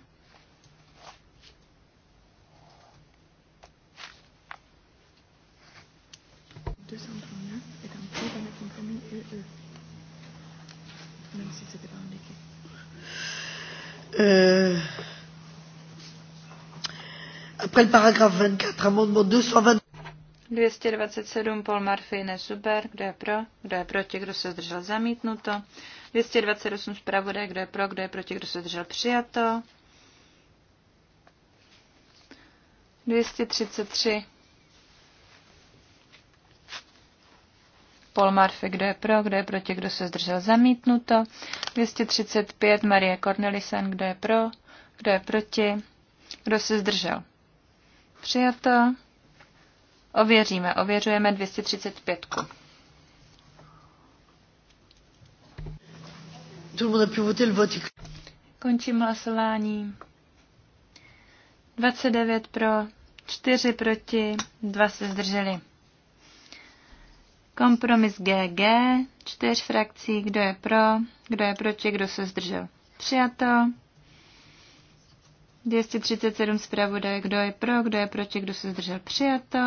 Uh... Après le paragraphe 24, amendement 220. 227 Paul Murphy, ne super, kdo je pro, kdo je proti, kdo se zdržel zamítnuto. 228 zpravodaj, kdo je pro, kdo je proti, kdo se zdržel přijato. 233 Paul Murphy, kdo je pro, kdo je proti, kdo se zdržel zamítnuto. 235 Marie Cornelisen, kdo je pro, kdo je proti, kdo se zdržel Přijato. Ověříme, ověřujeme 235. Končím hlasování. 29 pro, 4 proti, 2 se zdrželi. Kompromis GG, 4 frakcí, kdo je pro, kdo je proti, kdo se zdržel. Přijato. 237 zpravodaje, kdo je pro, kdo je proti, kdo se zdržel přijato.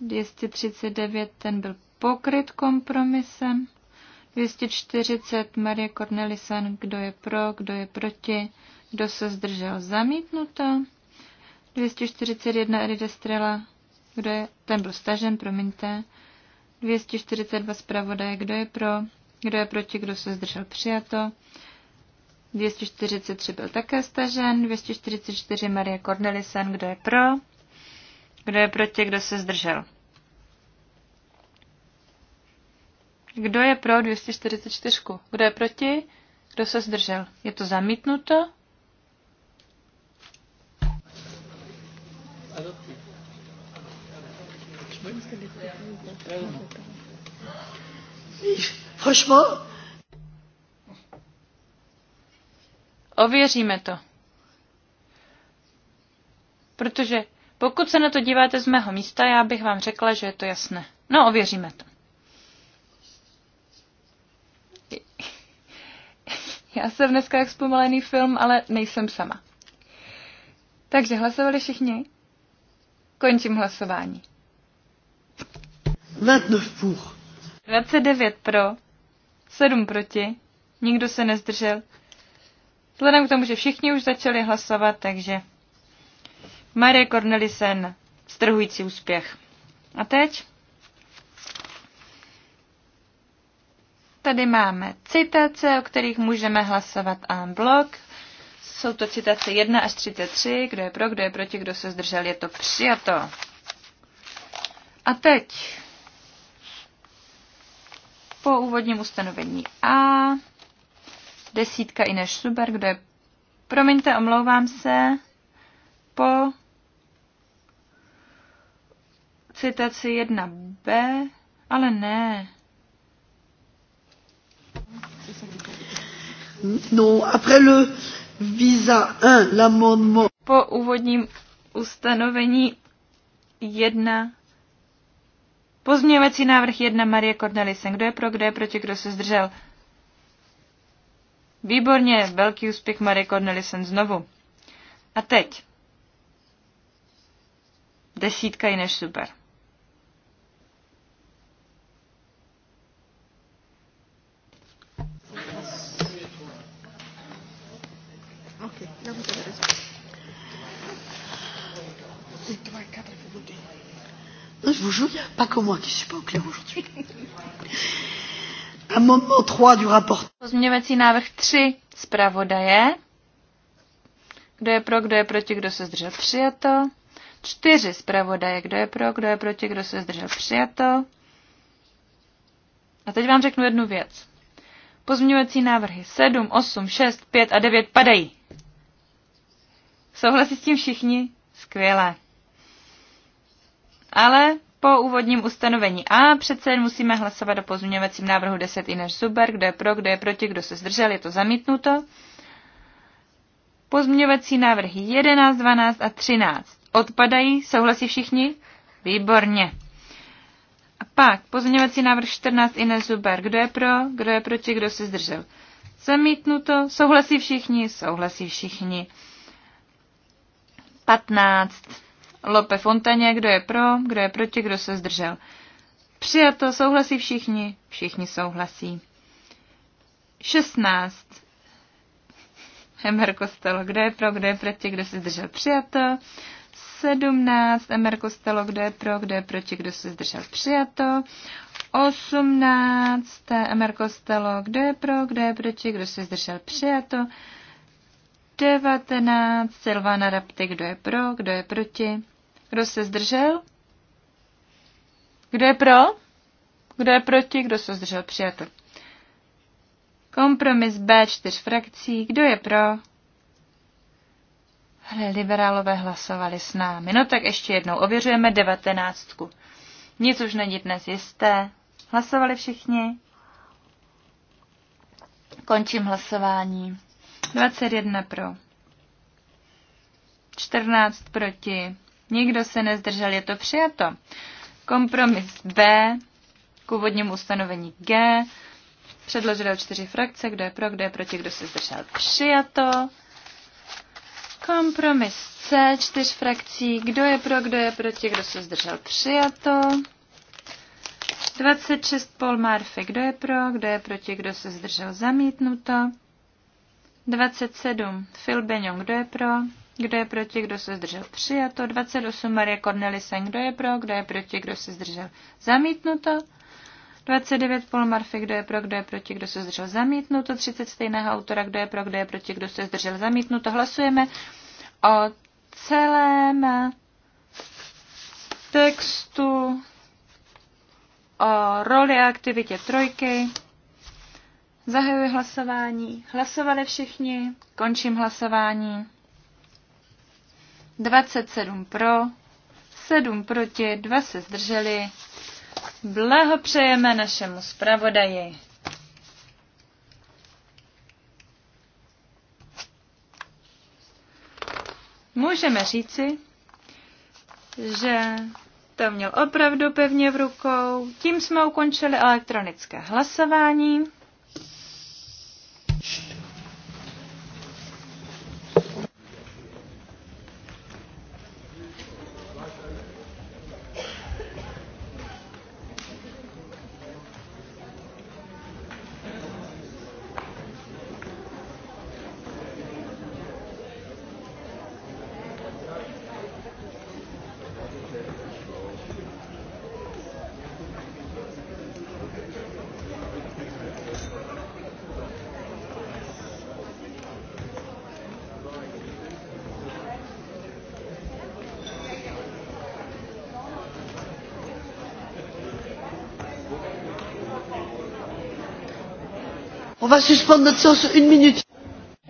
239 ten byl pokryt kompromisem. 240 Marie Cornelisen, kdo je pro, kdo je proti, kdo se zdržel zamítnuto. 241 Erida Strela, kdo je, ten byl stažen, promiňte. 242 zpravodaje, kdo je pro, kdo je proti, kdo se zdržel přijato. 243 byl také stažen, 244 Marie Cornelisen, kdo je pro, kdo je proti, kdo se zdržel. Kdo je pro 244? Kdo je proti? Kdo se zdržel? Je to zamítnuto? Franchement, Ověříme to. Protože pokud se na to díváte z mého místa, já bych vám řekla, že je to jasné. No, ověříme to. Já jsem dneska jak zpomalený film, ale nejsem sama. Takže hlasovali všichni? Končím hlasování. 29 pro, 7 proti, nikdo se nezdržel, Vzhledem k tomu, že všichni už začali hlasovat, takže Marie Cornelisen, strhující úspěch. A teď? Tady máme citace, o kterých můžeme hlasovat en blok. Jsou to citace 1 až 33, kdo je pro, kdo je proti, kdo se zdržel, je to přijato. A teď po úvodním ustanovení A Desítka Ineš Super, kdo je... Promiňte, omlouvám se. Po citaci 1b, ale ne. No, après le visa 1, l'amendement. Po úvodním ustanovení 1 Pozměňovací návrh 1 Marie Cornelisen. Kdo je pro, kdo je proti, kdo se zdržel? Výborně, velký úspěch Marie Cornelisen znovu. A teď. Desítka je než super. Je vous jure, pas que moi qui suis pas au clair aujourd'hui. Pozměňovací návrh 3 zpravodaje. Kdo je pro, kdo je proti, kdo se zdržel přijato. 4 zpravodaje. Kdo je pro, kdo je proti, kdo se zdržel přijato. A teď vám řeknu jednu věc. Pozměňovací návrhy 7, 8, 6, 5 a 9 padají. Souhlasí s tím všichni? Skvělé. Ale po úvodním ustanovení A přece musíme hlasovat o pozměňovacím návrhu 10 Ines super, kdo je pro, kdo je proti, kdo se zdržel, je to zamítnuto. Pozměňovací návrhy 11, 12 a 13 odpadají, souhlasí všichni? Výborně. A pak pozměňovací návrh 14 Ines Zuber. Kdo je pro, kdo je proti, kdo se zdržel? Zamítnuto, souhlasí všichni, souhlasí všichni. 15. Lope Fontaně, kdo je pro, kdo je proti, kdo se zdržel. Přijato, souhlasí všichni? Všichni souhlasí. 16. Emer Kostelo, kdo je pro, kdo je proti, kdo se zdržel. Přijato. 17. Emer Kostelo, kdo je pro, kdo je proti, kdo se zdržel. Přijato. 18. Emer Kostelo, kdo je pro, kdo je proti, kdo se zdržel. Přijato. 19. Silvana Rapty, kdo je pro, kdo je proti, kdo se zdržel? Kdo je pro? Kdo je proti? Kdo se zdržel? Přijato. Kompromis B čtyř frakcí. Kdo je pro? Ale liberálové hlasovali s námi. No tak ještě jednou ověřujeme devatenáctku. Nic už není dnes jisté. Hlasovali všichni? Končím hlasování. 21 pro. 14 proti. Nikdo se nezdržel, je to přijato. Kompromis B k úvodnímu ustanovení G. Předložili čtyři frakce, kdo je pro, kdo je proti, kdo se zdržel. Přijato. Kompromis C, čtyř frakcí, kdo je pro, kdo je proti, kdo se zdržel. Přijato. 26 Paul Murphy, kdo je pro, kdo je proti, kdo se zdržel. Zamítnuto. 27 Phil kdo je pro, kdo je proti, kdo se zdržel? Přijato. 28 Marie Cornelisen. Kdo je pro, kdo je proti, kdo se zdržel? Zamítnuto. 29 Paul Murphy, kdo je pro, kdo je proti, kdo se zdržel zamítnuto, 30 stejného autora, kdo je pro, kdo je proti, kdo se zdržel zamítnuto. Hlasujeme o celém textu o roli a aktivitě trojky. Zahajuji hlasování. Hlasovali všichni. Končím hlasování. 27 pro, 7 proti, 2 se zdrželi. Blahopřejeme našemu zpravodaji. Můžeme říci, že to měl opravdu pevně v rukou. Tím jsme ukončili elektronické hlasování.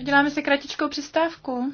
Děláme si kratičkou přestávku.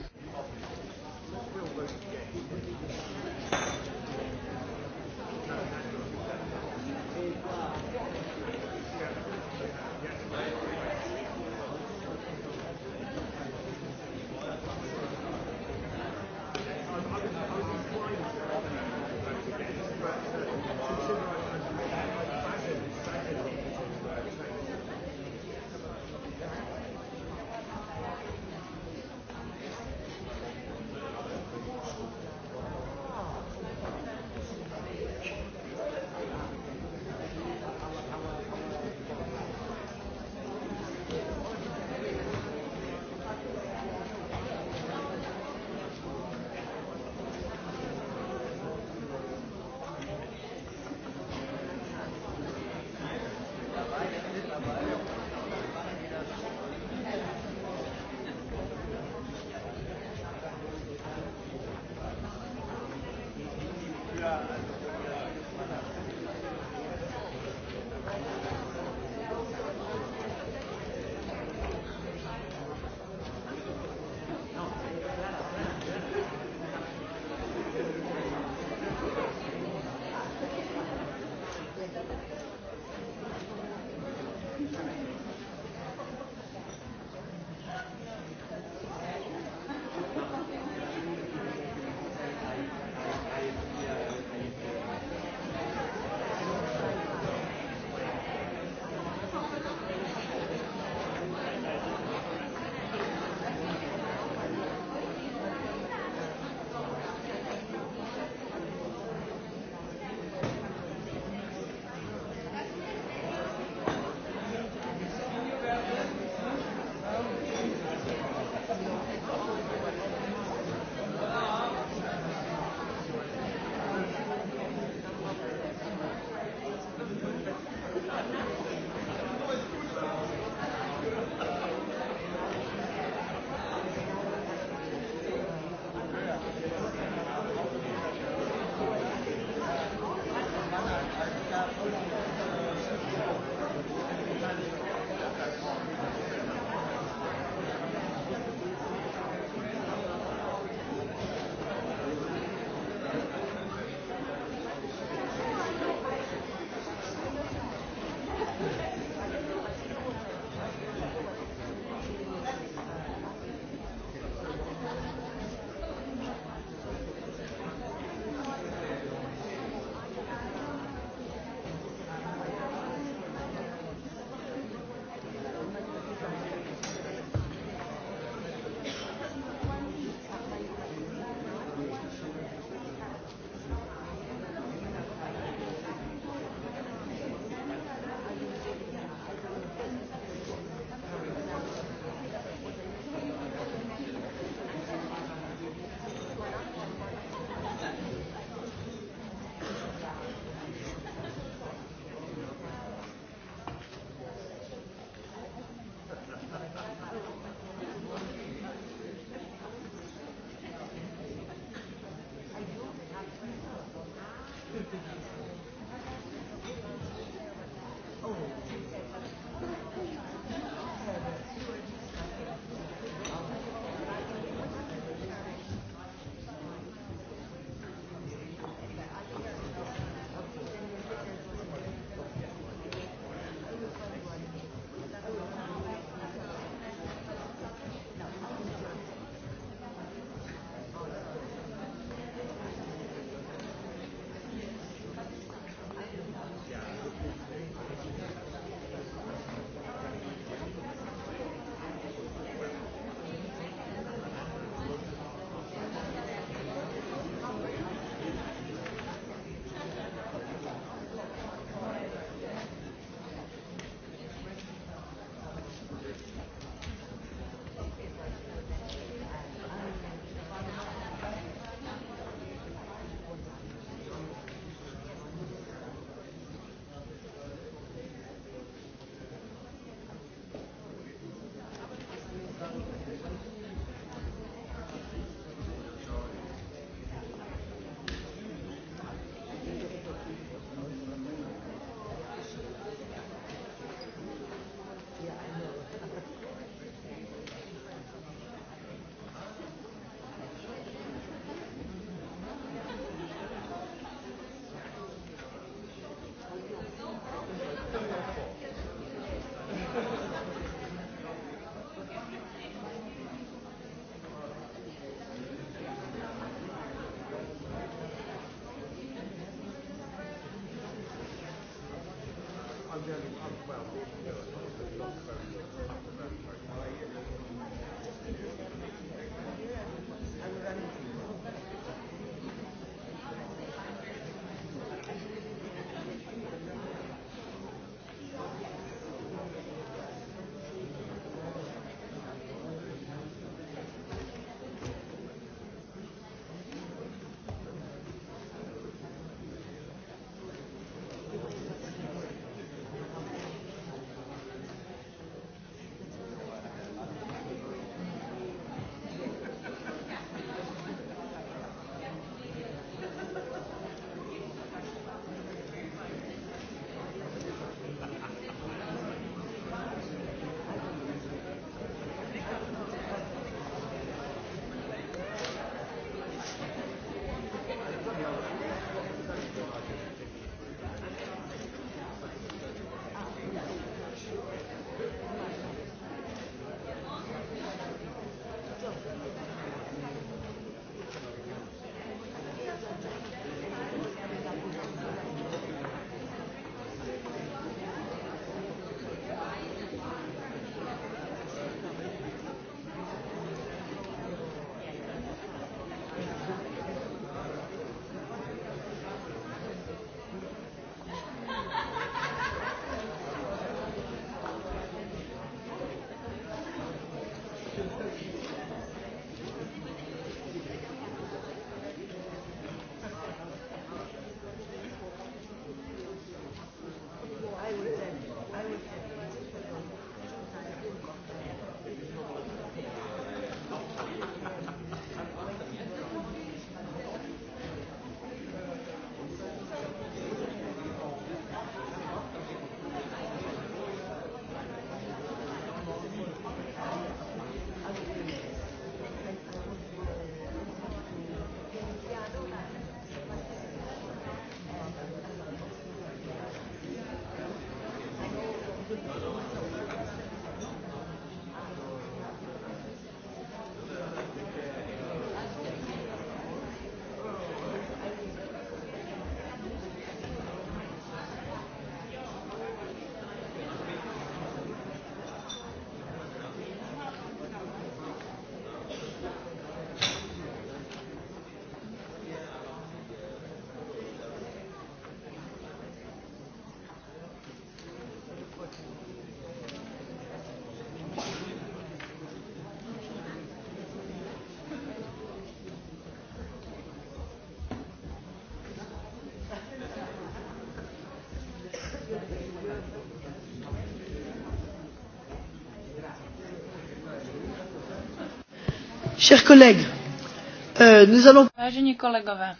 Euh, Vážení kolegové,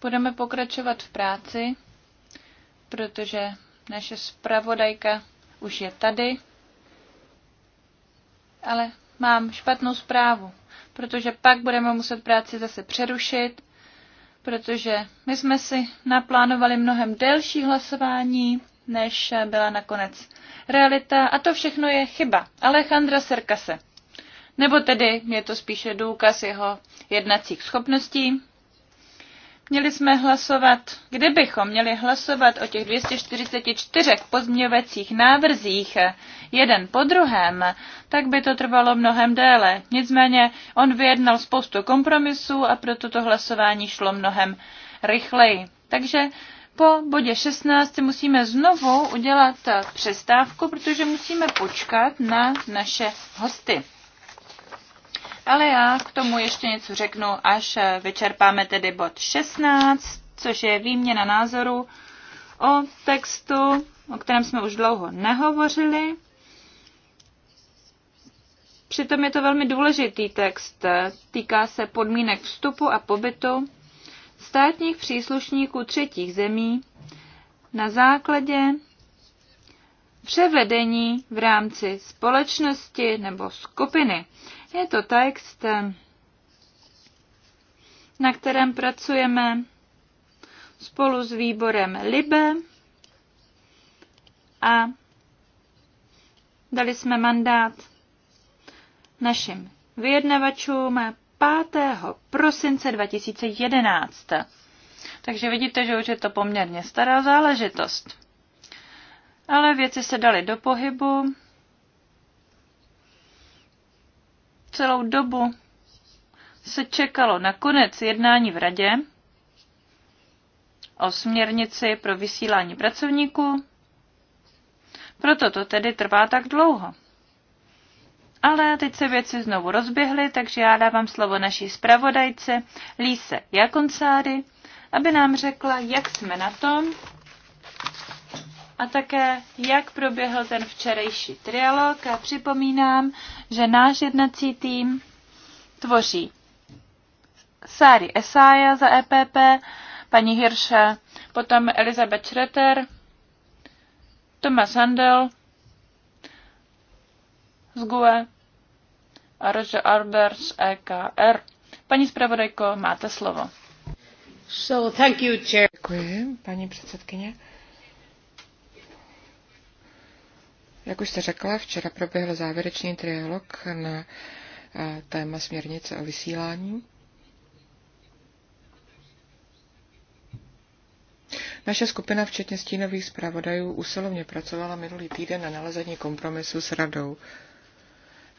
budeme pokračovat v práci, protože naše zpravodajka už je tady, ale mám špatnou zprávu, protože pak budeme muset práci zase přerušit, protože my jsme si naplánovali mnohem delší hlasování, než byla nakonec realita a to všechno je chyba. Alejandra Serkase nebo tedy je to spíše důkaz jeho jednacích schopností. Měli jsme hlasovat, kdybychom měli hlasovat o těch 244 pozměňovacích návrzích jeden po druhém, tak by to trvalo mnohem déle. Nicméně on vyjednal spoustu kompromisů a proto to hlasování šlo mnohem rychleji. Takže po bodě 16 musíme znovu udělat přestávku, protože musíme počkat na naše hosty ale já k tomu ještě něco řeknu, až eh, vyčerpáme tedy bod 16, což je výměna názoru o textu, o kterém jsme už dlouho nehovořili. Přitom je to velmi důležitý text. Eh, týká se podmínek vstupu a pobytu státních příslušníků třetích zemí na základě převedení v rámci společnosti nebo skupiny. Je to text, na kterém pracujeme spolu s výborem LIBE a dali jsme mandát našim vyjednavačům 5. prosince 2011. Takže vidíte, že už je to poměrně stará záležitost ale věci se daly do pohybu. Celou dobu se čekalo na konec jednání v radě o směrnici pro vysílání pracovníků, proto to tedy trvá tak dlouho. Ale teď se věci znovu rozběhly, takže já dávám slovo naší zpravodajce Líse Jakoncáry, aby nám řekla, jak jsme na tom a také jak proběhl ten včerejší trialog. A připomínám, že náš jednací tým tvoří Sári Esaja za EPP, paní Hirša, potom Elizabeth Schroeter, Thomas Handel z GUE a Roger Albert z EKR. Paní zpravodajko, máte slovo. So, thank you, chair. Děkuji, paní předsedkyně. Jak už jste řekla, včera proběhl závěrečný trialog na eh, téma směrnice o vysílání. Naše skupina, včetně stínových zpravodajů, usilovně pracovala minulý týden na nalezení kompromisu s radou.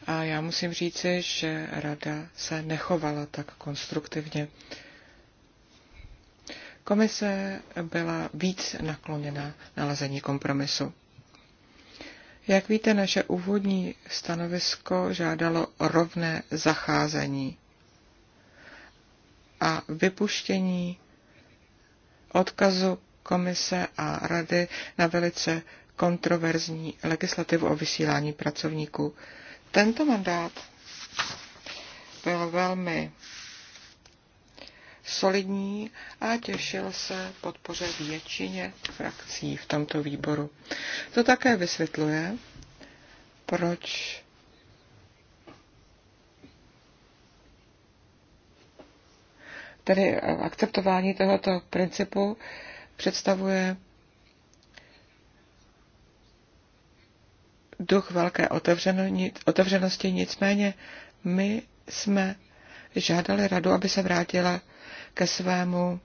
A já musím říci, že rada se nechovala tak konstruktivně. Komise byla víc nakloněna nalezení kompromisu. Jak víte, naše úvodní stanovisko žádalo rovné zacházení a vypuštění odkazu komise a rady na velice kontroverzní legislativu o vysílání pracovníků. Tento mandát byl velmi solidní a těšil se podpoře většině frakcí v tomto výboru. To také vysvětluje, proč tedy akceptování tohoto principu představuje duch velké otevřenosti, nicméně my jsme žádali radu, aby se vrátila ke svému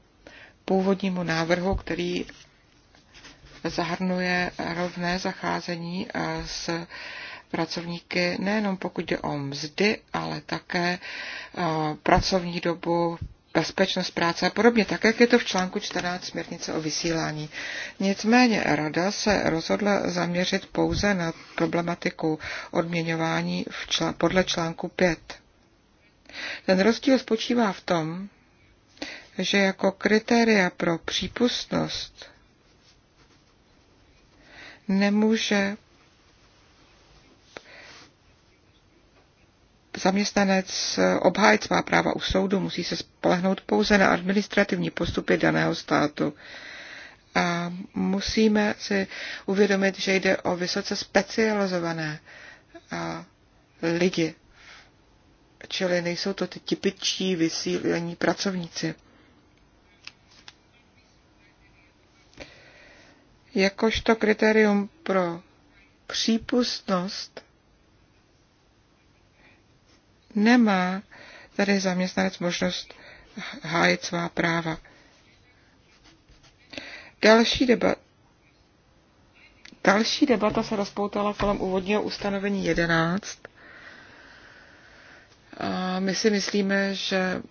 původnímu návrhu, který zahrnuje rovné zacházení eh, s pracovníky nejenom pokud jde o mzdy, ale také eh, pracovní dobu, bezpečnost práce a podobně, tak jak je to v článku 14 směrnice o vysílání. Nicméně Rada se rozhodla zaměřit pouze na problematiku odměňování v čl- podle článku 5. Ten rozdíl spočívá v tom, že jako kritéria pro přípustnost nemůže zaměstnanec obhájit svá práva u soudu, musí se spolehnout pouze na administrativní postupy daného státu. A musíme si uvědomit, že jde o vysoce specializované lidi. Čili nejsou to ty typičtí vysílení pracovníci. jakožto kritérium pro přípustnost nemá tady zaměstnanec možnost hájit svá práva. Další debata. Další debata se rozpoutala kolem úvodního ustanovení 11. A my si myslíme, že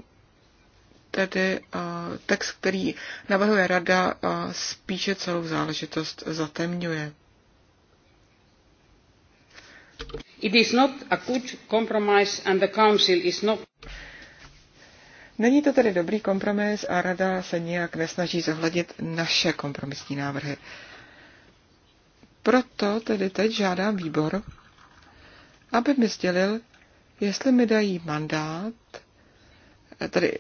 tedy eh, text, který navrhuje rada, eh, spíše celou záležitost zatemňuje. It is not a good compromise and the council is not... Není to tedy dobrý kompromis a rada se nijak nesnaží zohlednit naše kompromisní návrhy. Proto tedy teď žádám výbor, aby mi sdělil, jestli mi dají mandát tedy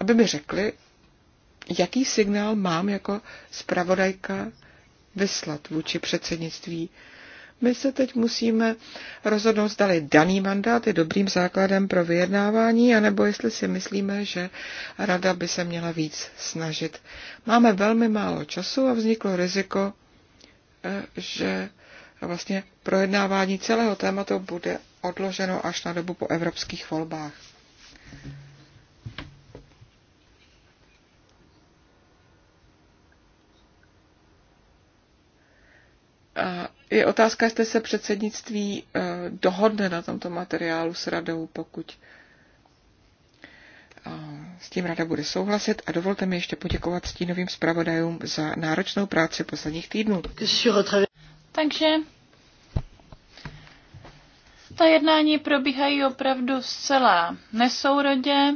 aby mi řekli, jaký signál mám jako zpravodajka vyslat vůči předsednictví. My se teď musíme rozhodnout, je daný mandát je dobrým základem pro vyjednávání, anebo jestli si myslíme, že rada by se měla víc snažit. Máme velmi málo času a vzniklo riziko, eh, že vlastně projednávání celého tématu bude odloženo až na dobu po evropských volbách. A je otázka, jestli se předsednictví eh, dohodne na tomto materiálu s radou, pokud eh, s tím rada bude souhlasit a dovolte mi ještě poděkovat stínovým zpravodajům za náročnou práci posledních týdnů. Takže ta jednání probíhají opravdu zcela nesourodě,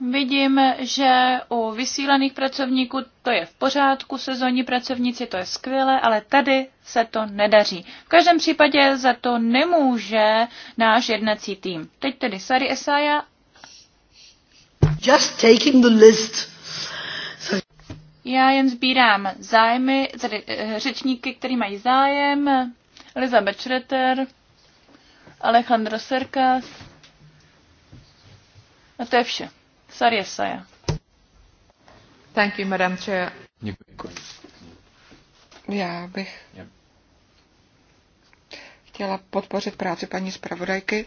Vidím, že u vysílených pracovníků to je v pořádku, sezónní pracovníci to je skvělé, ale tady se to nedaří. V každém případě za to nemůže náš jednací tým. Teď tedy Sari Esaja. Just taking the list. Já jen sbírám zájmy, tedy eh, řečníky, který mají zájem. Liza Bečreter, Alejandro Serkas. A to je vše. Sarjesaja. Thank you, Madam Chair. Děkuji. Já bych yeah. chtěla podpořit práci paní zpravodajky.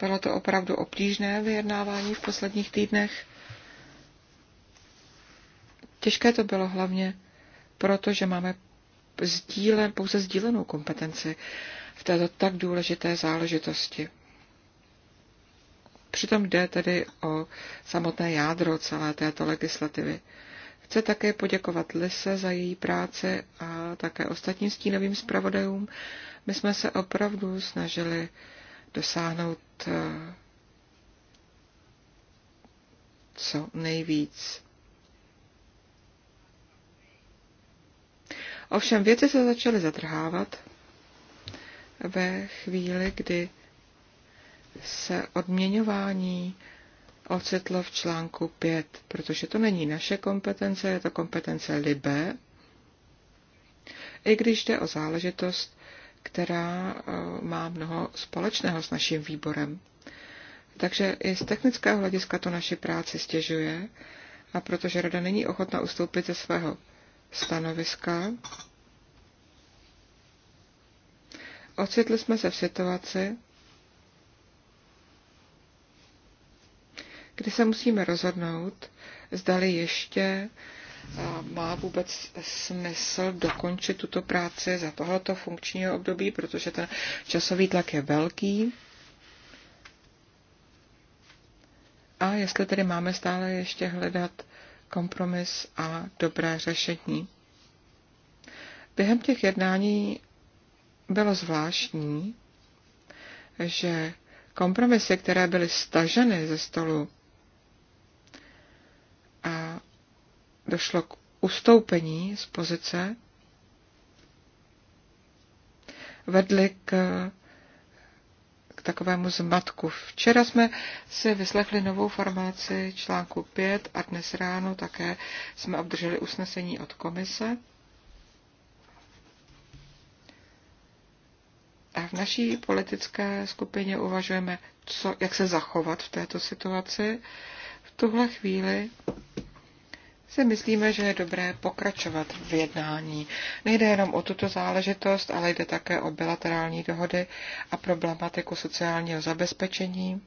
Bylo to opravdu obtížné vyjednávání v posledních týdnech. Těžké to bylo hlavně proto, že máme sdílen, pouze sdílenou kompetenci v této tak důležité záležitosti. Přitom jde tedy o samotné jádro celé této legislativy. Chce také poděkovat Lise za její práci a také ostatním stínovým zpravodajům. My jsme se opravdu snažili dosáhnout eh, co nejvíc. Ovšem věci se začaly zatrhávat ve chvíli, kdy se odměňování ocitlo v článku 5, protože to není naše kompetence, je to kompetence Libe, i když jde o záležitost, která eh, má mnoho společného s naším výborem. Takže i z technického hlediska to naši práci stěžuje a protože rada není ochotna ustoupit ze svého stanoviska, ocitli jsme se v situaci, kdy se musíme rozhodnout, zdali ještě eh, má vůbec smysl dokončit tuto práci za tohoto funkčního období, protože ten časový tlak je velký. A jestli tedy máme stále ještě hledat kompromis a dobré řešení. Během těch jednání bylo zvláštní, že kompromisy, které byly staženy ze stolu, došlo k ustoupení z pozice, vedli k, k takovému zmatku. Včera jsme si vyslechli novou formaci článku 5 a dnes ráno také jsme obdrželi usnesení od komise. A v naší politické skupině uvažujeme, co, jak se zachovat v této situaci. V tuhle chvíli si myslíme, že je dobré pokračovat v jednání. Nejde jenom o tuto záležitost, ale jde také o bilaterální dohody a problematiku sociálního zabezpečení,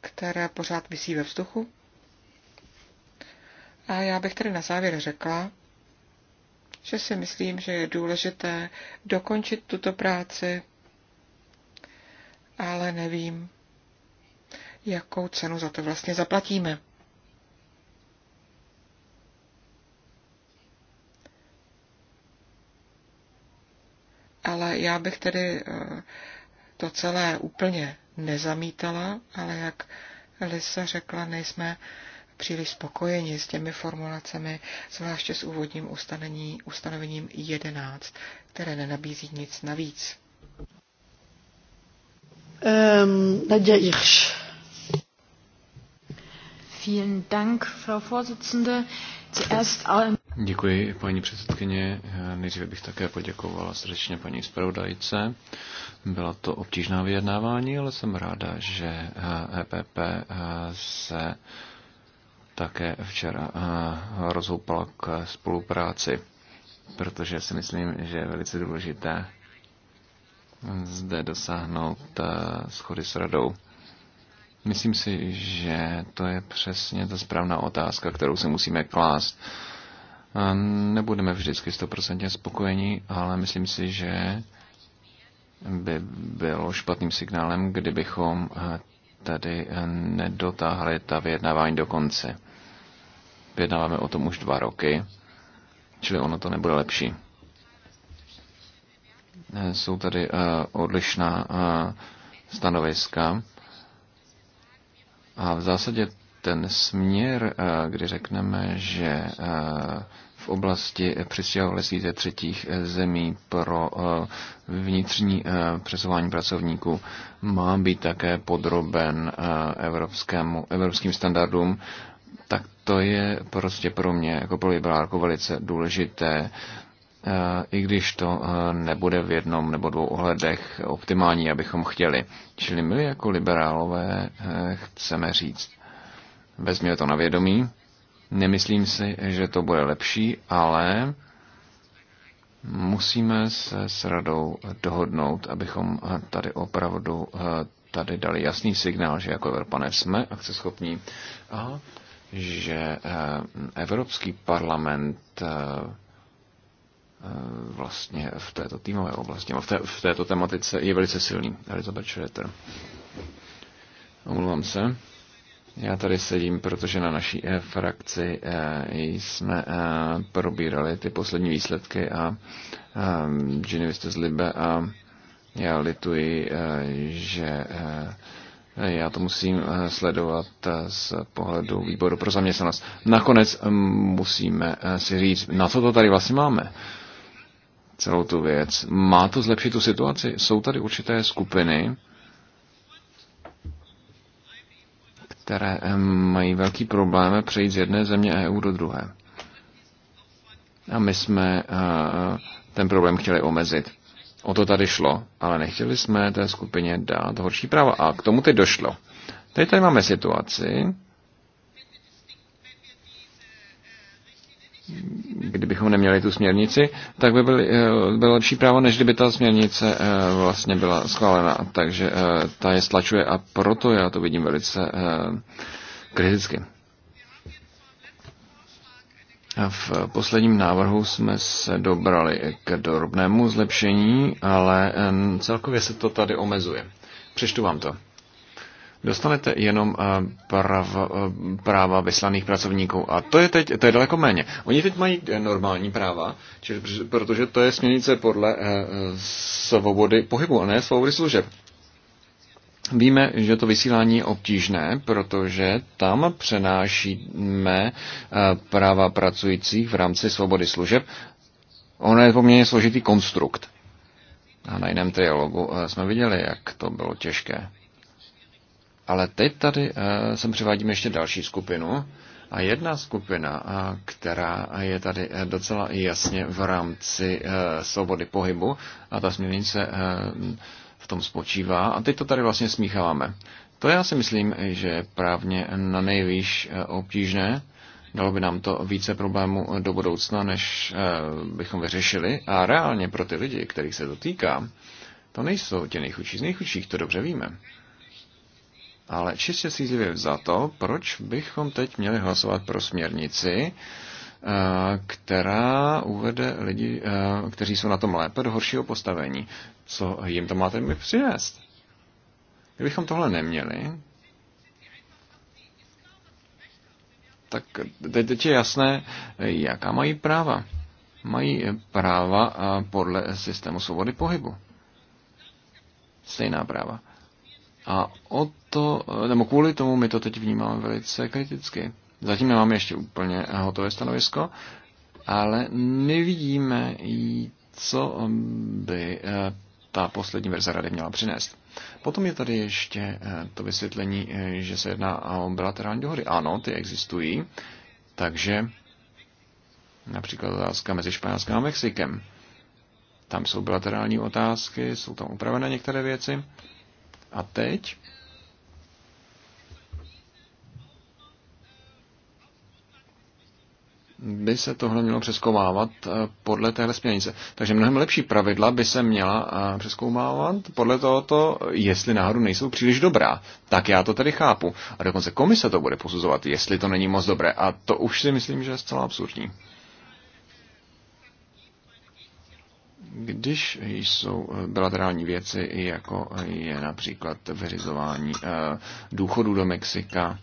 které pořád visí ve vzduchu. A já bych tedy na závěr řekla, že si myslím, že je důležité dokončit tuto práci, ale nevím, jakou cenu za to vlastně zaplatíme. ale já bych tedy eh, to celé úplně nezamítala, ale jak Lisa řekla, nejsme příliš spokojeni s těmi formulacemi, zvláště s úvodním ustanení, ustanovením 11, které nenabízí nic navíc. Um, ehm, Nadja Irsch. Vielen Dank, Frau Vorsitzende. Zuerst Děkuji, paní předsedkyně. Nejdříve bych také poděkovala srdečně paní zpravodajce. Byla to obtížná vyjednávání, ale jsem ráda, že EPP se také včera rozhoupala k spolupráci, protože si myslím, že je velice důležité zde dosáhnout schody s radou. Myslím si, že to je přesně ta správná otázka, kterou se musíme klást Nebudeme vždycky stoprocentně spokojeni, ale myslím si, že by bylo špatným signálem, kdybychom eh, tady eh, nedotáhli ta vyjednávání do konce. Vyjednáváme o tom už dva roky, čili ono to nebude lepší. Eh, jsou tady odlišná stanoviska a v zásadě ten směr, eh, kdy řekneme, že eh, v oblasti přistěhovalectví ze třetích eh, zemí pro vnitřní přesování pracovníků má být také podroben evropskému, evropským standardům, tak to je prostě pro mě jako pro liberálku velice důležité, i když to nebude v jednom nebo dvou ohledech optimální, abychom chtěli. Čili my jako liberálové chceme říct, vezměl to na vědomí. Nemyslím si, že to bude lepší, ale musíme se s radou dohodnout, abychom tady opravdu eh, tady dali jasný signál, že jako Evropané jsme akceschopní a že eh, Evropský parlament eh, vlastně v této týmové oblasti, v, té, v této tematice je velice silný. Elizabeth Schroeder. Omlouvám se. Já tady sedím, protože na naší eh, frakci eh, jsme eh, probírali ty poslední výsledky a Ginny, vy jste z Libe a já lituji, že já to musím sledovat z pohledu výboru pro zaměstnanost. Nakonec musíme si říct, na co to tady vlastně máme celou tu věc. Má to zlepšit tu situaci? Jsou tady určité skupiny, které mají velký problém přejít z jedné země EU do druhé. A my jsme eh, ten problém chtěli omezit. O to tady šlo, ale nechtěli jsme té skupině dát horší práva. A k tomu teď došlo. Teď tady máme situaci, kdybychom neměli tu směrnici, tak by byly, eh, bylo lepší právo, než kdyby ta směrnice eh, vlastně byla schválena. Takže eh, ta je stlačuje a proto já to vidím velice kriticky. V posledním návrhu jsme se dobrali k drobnému zlepšení, ale celkově se to tady omezuje. Přečtu vám to dostanete jenom eh, prav, eh, práva vyslaných pracovníků. A to je teď, to je daleko méně. Oni teď mají eh, normální práva, čiže, protože to je směrnice podle svobody pohybu, a ne svobody služeb. Víme, že to vysílání je obtížné, protože tam přenášíme práva pracujících v rámci svobody služeb. Ono je poměrně složitý konstrukt. A na jiném trialogu jsme viděli, jak to bylo těžké. Ale teď tady eh, sem přivádíme ještě další skupinu. A jedna skupina, eh, která je tady eh, docela jasně v rámci svobody pohybu, a ta směrnice v tom spočívá, a teď to tady vlastně smícháváme. To já si myslím, že je právně na nejvýš obtížné. Dalo by nám to více problémů do budoucna, než bychom vyřešili. A reálně pro ty lidi, kterých se to týká, to nejsou ti nejchudší z nejchudších, to dobře víme. Ale čistě sízlivě to? proč bychom teď měli hlasovat pro směrnici, eh, která uvede lidi, eh, kteří jsou na tom lépe, do horšího postavení? Co jim to máte mi přinést? Kdybychom tohle neměli, tak teď je jasné, jaká mají práva. Mají práva eh, podle systému svobody pohybu. Stejná práva. A o to, nebo kvůli tomu my to teď vnímáme velice kriticky. Zatím nemáme ještě úplně hotové stanovisko, ale nevidíme, co by eh, ta poslední verze rady měla přinést. Potom je tady ještě eh, to vysvětlení, eh, že se jedná o bilaterální dohody. Ano, ty existují, takže například otázka mezi Španělskem a Mexikem. Tam jsou bilaterální otázky, jsou tam upravené některé věci. A teď by se tohle mělo přeskoumávat eh, podle téhle směrnice. Takže mnohem lepší pravidla by se měla eh, přeskoumávat podle tohoto, jestli náhodou nejsou příliš dobrá. Tak já to tedy chápu. A dokonce komise to bude posuzovat, jestli to není moc dobré. A to už si myslím, že je zcela absurdní. Když jsou eh, bilaterální věci, jako je například vyřizování důchodů do Mexika,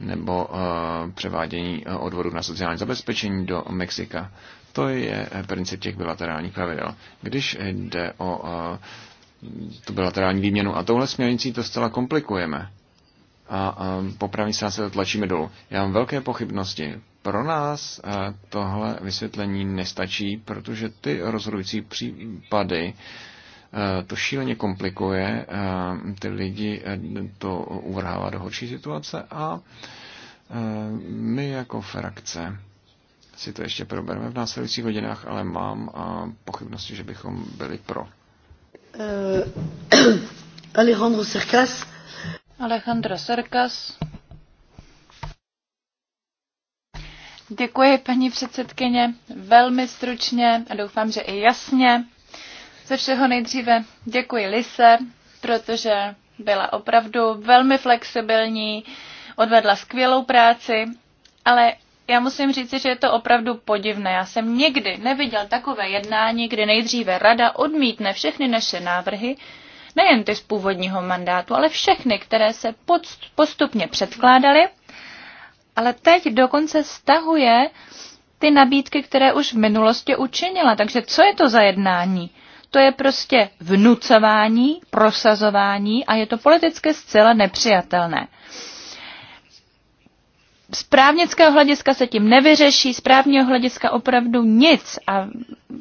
nebo eh, převádění eh, odvodů na sociální zabezpečení do Mexika. To je eh, princip těch bilaterálních pravidel. Když jde o tu bilaterální výměnu a touhle směrnicí to zcela komplikujeme a po pravý se to tlačíme dolů. Já mám velké pochybnosti. Pro nás tohle vysvětlení nestačí, protože ty rozhodující případy Eh, to šíleně komplikuje, eh, ty lidi eh, to uvrhává do horší situace a my jako frakce si to ještě probereme v následujících hodinách, ale mám pochybnosti, že bychom byli pro. [CLEARS THROAT] Alejandro Serkas. Alejandro Serkas. Děkuji, paní předsedkyně, velmi stručně a doufám, že i jasně. Ze všeho nejdříve děkuji Lise, protože byla opravdu velmi flexibilní, odvedla skvělou práci, ale já musím říct, že je to opravdu podivné. Já jsem nikdy neviděl takové jednání, kdy nejdříve rada odmítne všechny naše návrhy, nejen ty z původního mandátu, ale všechny, které se postupně předkládaly, ale teď dokonce stahuje ty nabídky, které už v minulosti učinila. Takže co je to za jednání? To je prostě vnucování, prosazování a je to politicky zcela nepřijatelné. Z právnického hlediska se tím nevyřeší, z právního hlediska opravdu nic a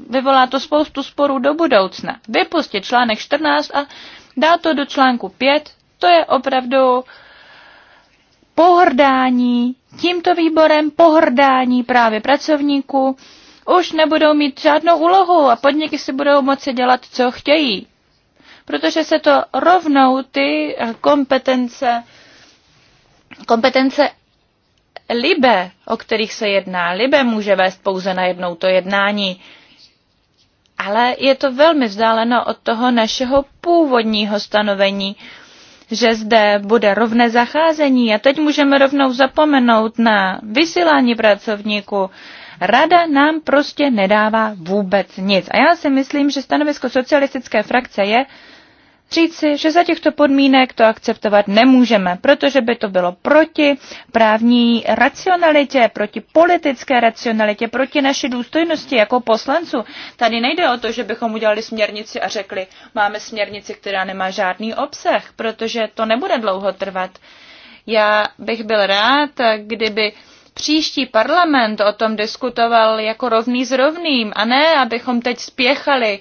vyvolá to spoustu sporů do budoucna. Vypustit článek 14 a dá to do článku 5, to je opravdu pohrdání tímto výborem, pohrdání právě pracovníků, už nebudou mít žádnou úlohu a podniky si budou moci dělat, co chtějí. Protože se to rovnou ty eh, kompetence, kompetence libe, o kterých se jedná. Libe může vést pouze na jednou to jednání. Ale je to velmi vzdáleno od toho našeho původního stanovení, že zde bude rovné zacházení a teď můžeme rovnou zapomenout na vysílání pracovníků Rada nám prostě nedává vůbec nic. A já si myslím, že stanovisko socialistické frakce je říci, že za těchto podmínek to akceptovat nemůžeme, protože by to bylo proti právní racionalitě, proti politické racionalitě, proti naší důstojnosti jako poslanců. Tady nejde o to, že bychom udělali směrnici a řekli, máme směrnici, která nemá žádný obsah, protože to nebude dlouho trvat. Já bych byl rád, kdyby příští parlament o tom diskutoval jako rovný s rovným a ne, abychom teď spěchali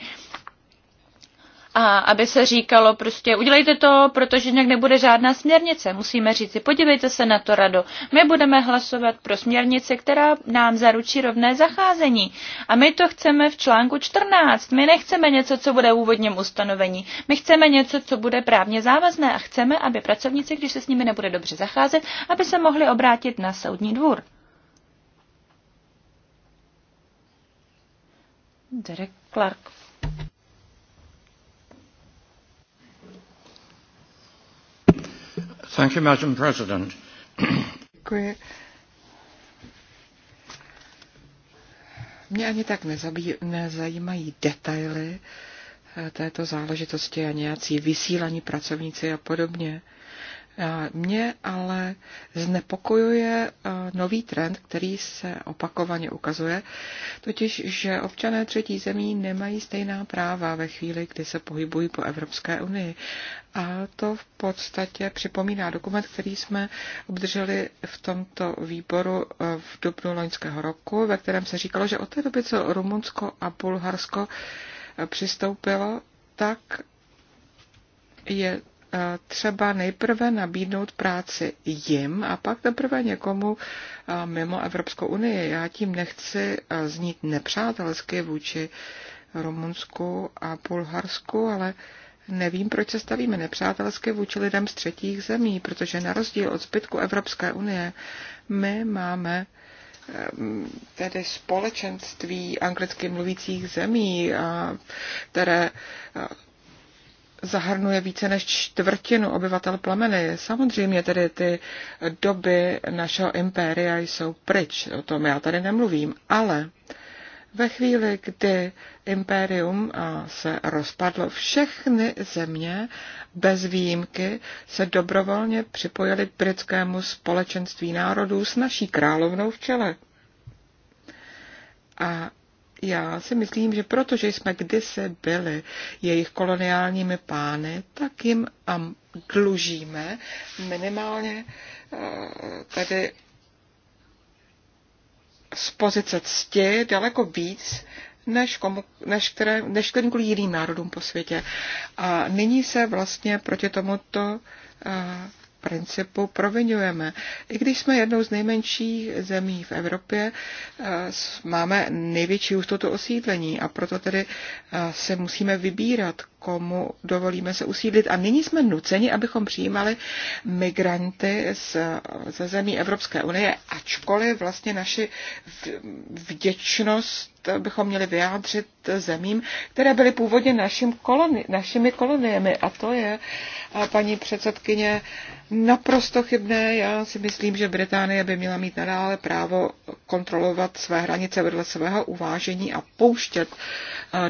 a aby se říkalo prostě udělejte to, protože jinak nebude žádná směrnice. Musíme si, podívejte se na to rado. My budeme hlasovat pro směrnici, která nám zaručí rovné zacházení. A my to chceme v článku 14. My nechceme něco, co bude úvodním ustanovení. My chceme něco, co bude právně závazné a chceme, aby pracovníci, když se s nimi nebude dobře zacházet, aby se mohli obrátit na soudní dvůr. Derek Clark Thank you, Madam President. Děkuji. Mě ani tak nezabí, nezajímají detaily eh, této záležitosti a nějací vysílaní pracovníci a podobně. Mě ale znepokojuje e, nový trend, který se opakovaně ukazuje, totiž, že občané třetí zemí nemají stejná práva ve chvíli, kdy se pohybují po Evropské unii. A to v podstatě připomíná dokument, který jsme obdrželi v tomto výboru e, v dubnu loňského roku, ve kterém se říkalo, že od té doby, co Rumunsko a Bulharsko e, přistoupilo, tak je třeba nejprve nabídnout práci jim a pak teprve někomu mimo Evropskou unii. Já tím nechci znít nepřátelsky vůči Rumunsku a Bulharsku, ale nevím, proč se stavíme nepřátelsky vůči lidem z třetích zemí, protože na rozdíl od zbytku Evropské unie my máme tedy společenství anglicky mluvících zemí, které zahrnuje více než čtvrtinu obyvatel plameny. Samozřejmě tedy ty doby našeho impéria jsou pryč, o tom já tady nemluvím, ale ve chvíli, kdy impérium se rozpadlo, všechny země bez výjimky se dobrovolně připojily k britskému společenství národů s naší královnou v čele. A já si myslím, že protože jsme kdysi byli jejich koloniálními pány, tak jim dlužíme minimálně eh, tady z pozice cti daleko víc, než, komu, než, které, než kterýmkoliv jiným národům po světě. A nyní se vlastně proti tomuto uh, principu provinujeme. I když jsme jednou z nejmenších zemí v Evropě, eh, máme největší hustotu osídlení a proto tedy eh, se musíme vybírat, komu dovolíme se usídlit. A nyní jsme nuceni, abychom přijímali migranty z, ze zemí Evropské unie, ačkoliv vlastně naši vděčnost bychom měli vyjádřit zemím, které byly původně našim koloni, našimi koloniemi. A to je, paní předsedkyně, naprosto chybné. Já si myslím, že Británie by měla mít nadále právo kontrolovat své hranice vedle svého uvážení a pouštět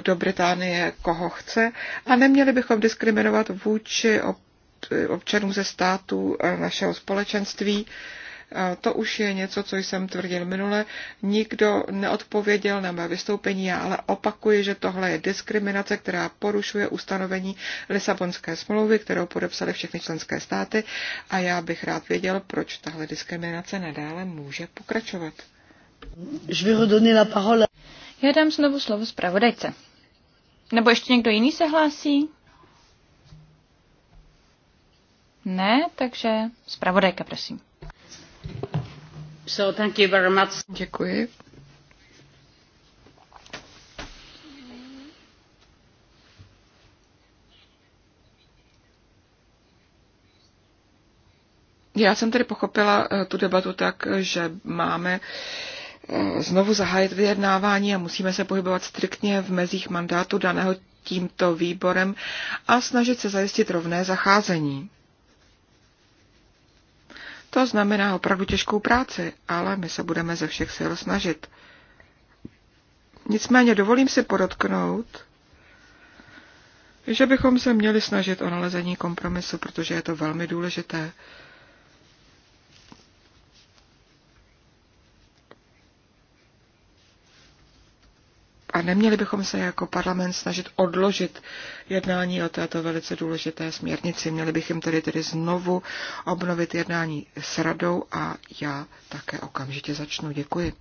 do Británie koho chce a neměli bychom diskriminovat vůči občanů ze států eh, našeho společenství. Eh, to už je něco, co jsem tvrdil minule. Nikdo neodpověděl na mé vystoupení, já ale opakuji, že tohle je diskriminace, která porušuje ustanovení Lisabonské smlouvy, kterou podepsaly všechny členské státy a já bych rád věděl, proč tahle diskriminace nadále může pokračovat. Já dám znovu slovo zpravodajce. Nebo ještě někdo jiný se hlásí? Ne, takže zpravodajka, prosím. So, thank you very much. Děkuji. Já jsem tedy pochopila eh, tu debatu tak, že máme znovu zahájit vyjednávání a musíme se pohybovat striktně v mezích mandátu daného tímto výborem a snažit se zajistit rovné zacházení. To znamená opravdu těžkou práci, ale my se budeme ze všech sil snažit. Nicméně dovolím si podotknout, že bychom se měli snažit o nalezení kompromisu, protože je to velmi důležité. neměli bychom se jako parlament snažit odložit jednání o této velice důležité směrnici. Měli bychom tedy tedy znovu obnovit jednání s radou a já také okamžitě začnu. Děkuji.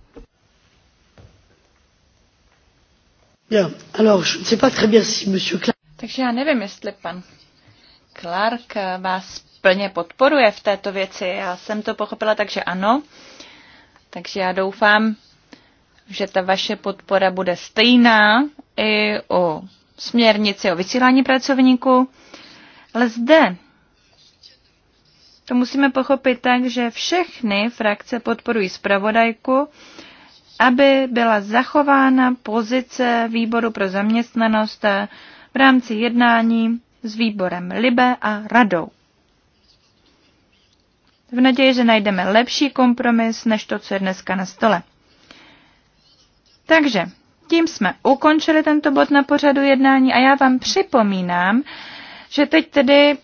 Takže já nevím, jestli pan Clark eh, vás plně podporuje v této věci. Já jsem to pochopila, takže ano. Takže já doufám, že ta vaše podpora bude stejná i o směrnici o vysílání pracovníků, ale zde to musíme pochopit tak, že všechny frakce podporují zpravodajku, aby byla zachována pozice výboru pro zaměstnanost v rámci jednání s výborem Libe a radou. V naději, že najdeme lepší kompromis než to, co je dneska na stole. Takže tím jsme ukončili tento bod na pořadu jednání a já vám připomínám, že teď tedy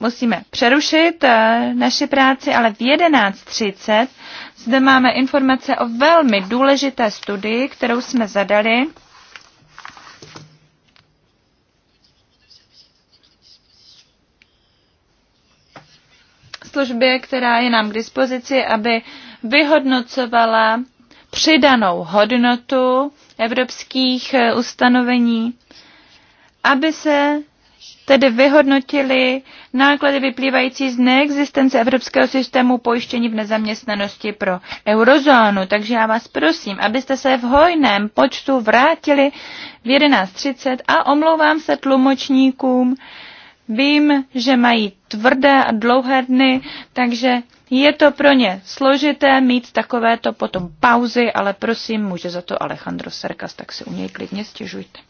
musíme přerušit eh, naši práci, ale v 11.30 zde máme informace o velmi důležité studii, kterou jsme zadali. službě, která je nám k dispozici, aby vyhodnocovala přidanou hodnotu evropských eh, ustanovení, aby se tedy vyhodnotili náklady vyplývající z neexistence evropského systému pojištění v nezaměstnanosti pro eurozónu. Takže já vás prosím, abyste se v hojném počtu vrátili v 11.30 a omlouvám se tlumočníkům. Vím, že mají tvrdé a dlouhé dny, takže je to pro ně složité mít takovéto potom pauzy, ale prosím, může za to Alejandro Serkas, tak si u něj klidně stěžujte.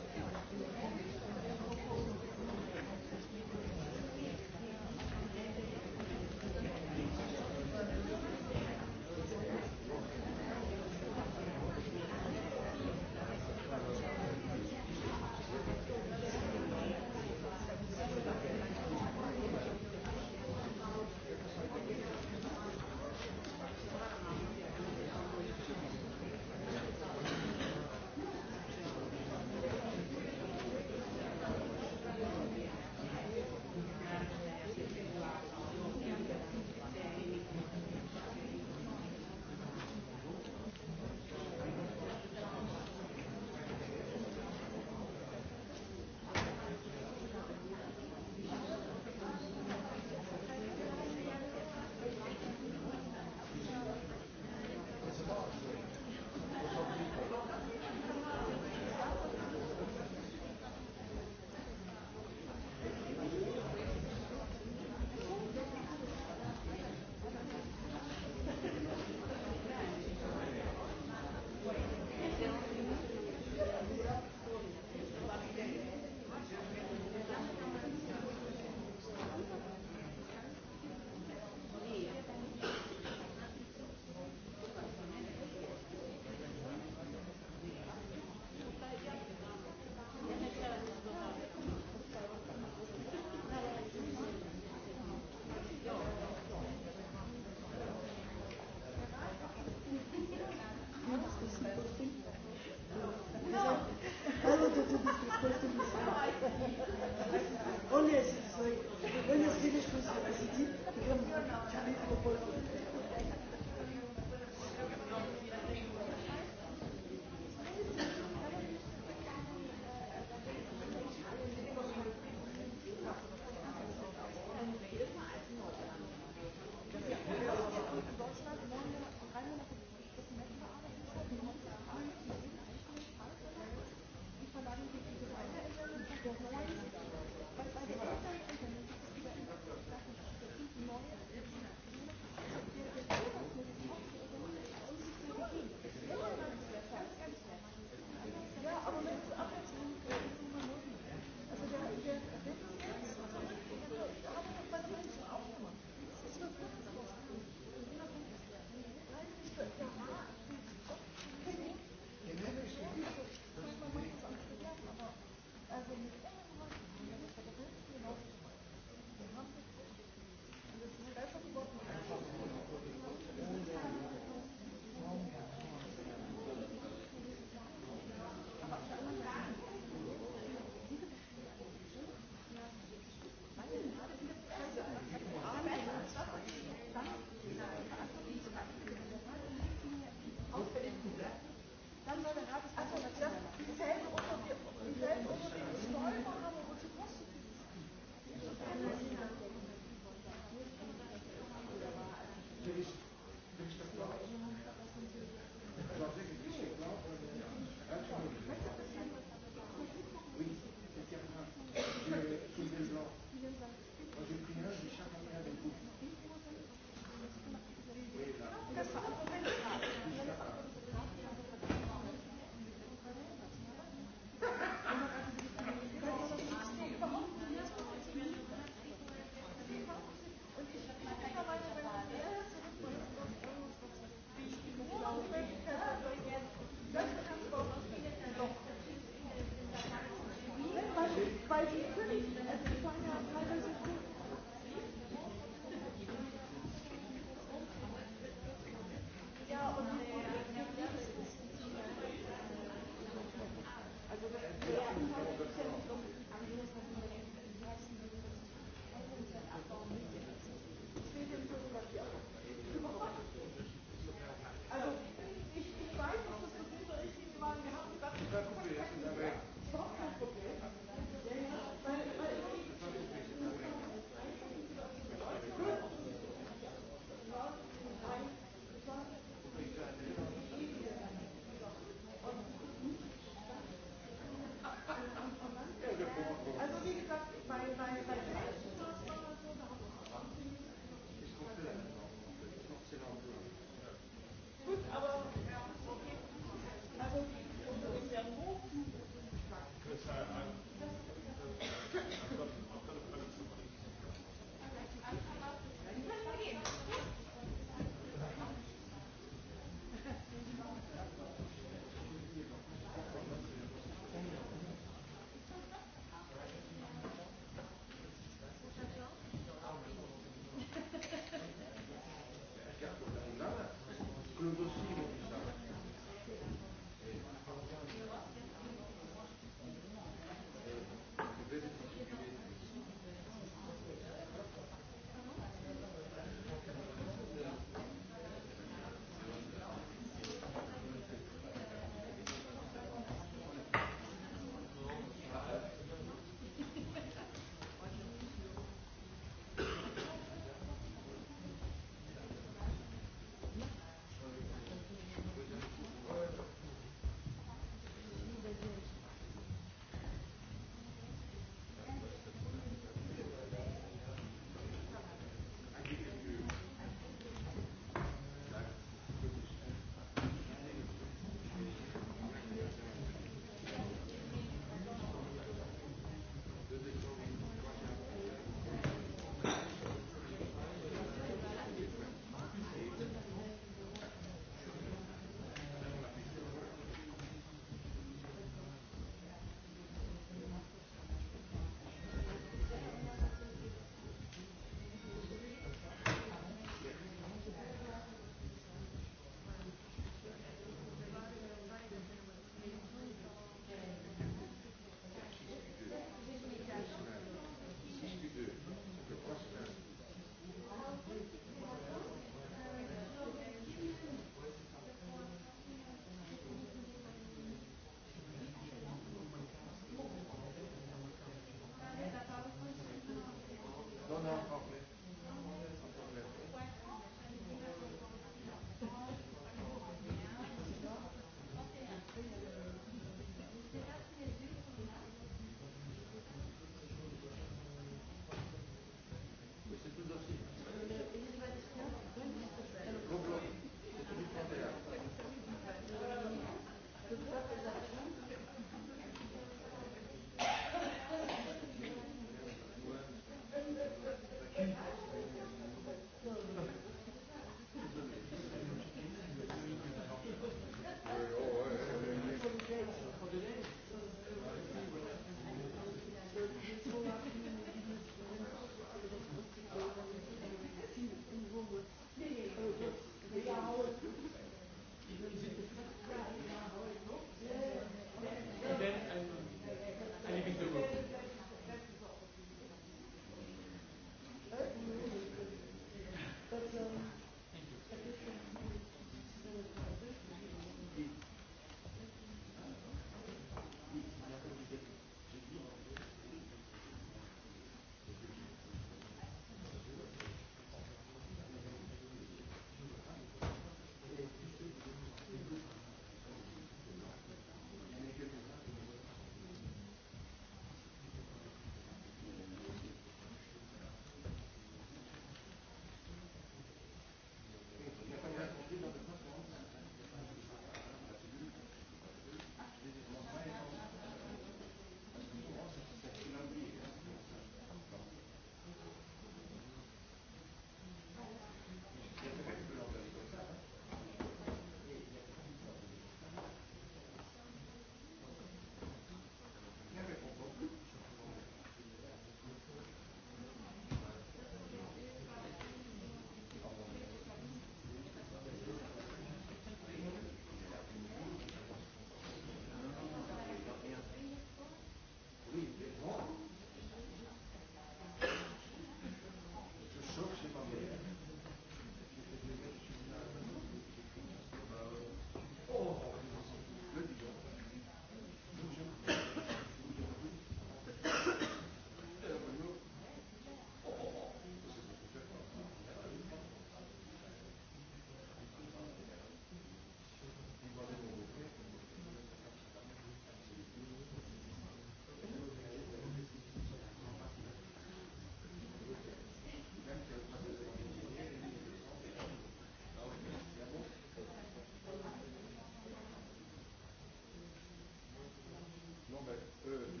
Yeah.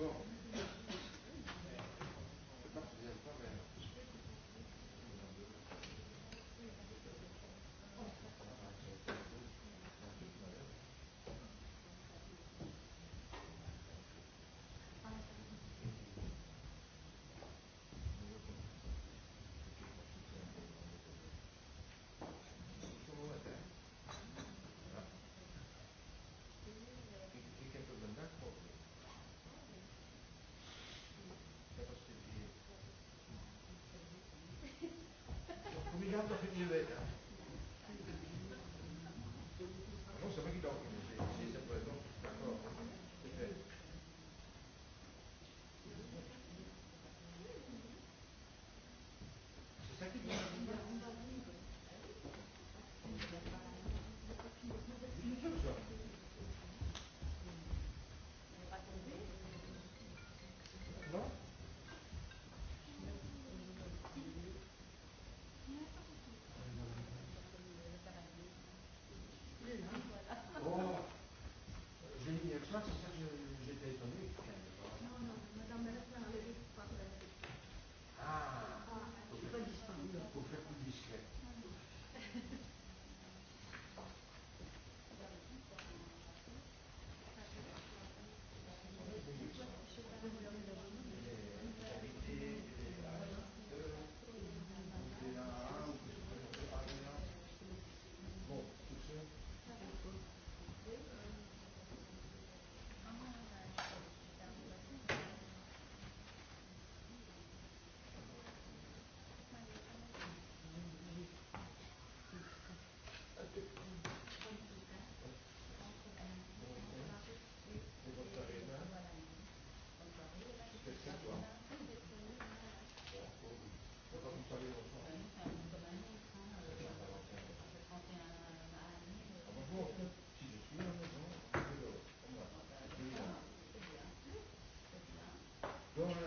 Bon. obbligato a finire le Non so, ma chi tocca?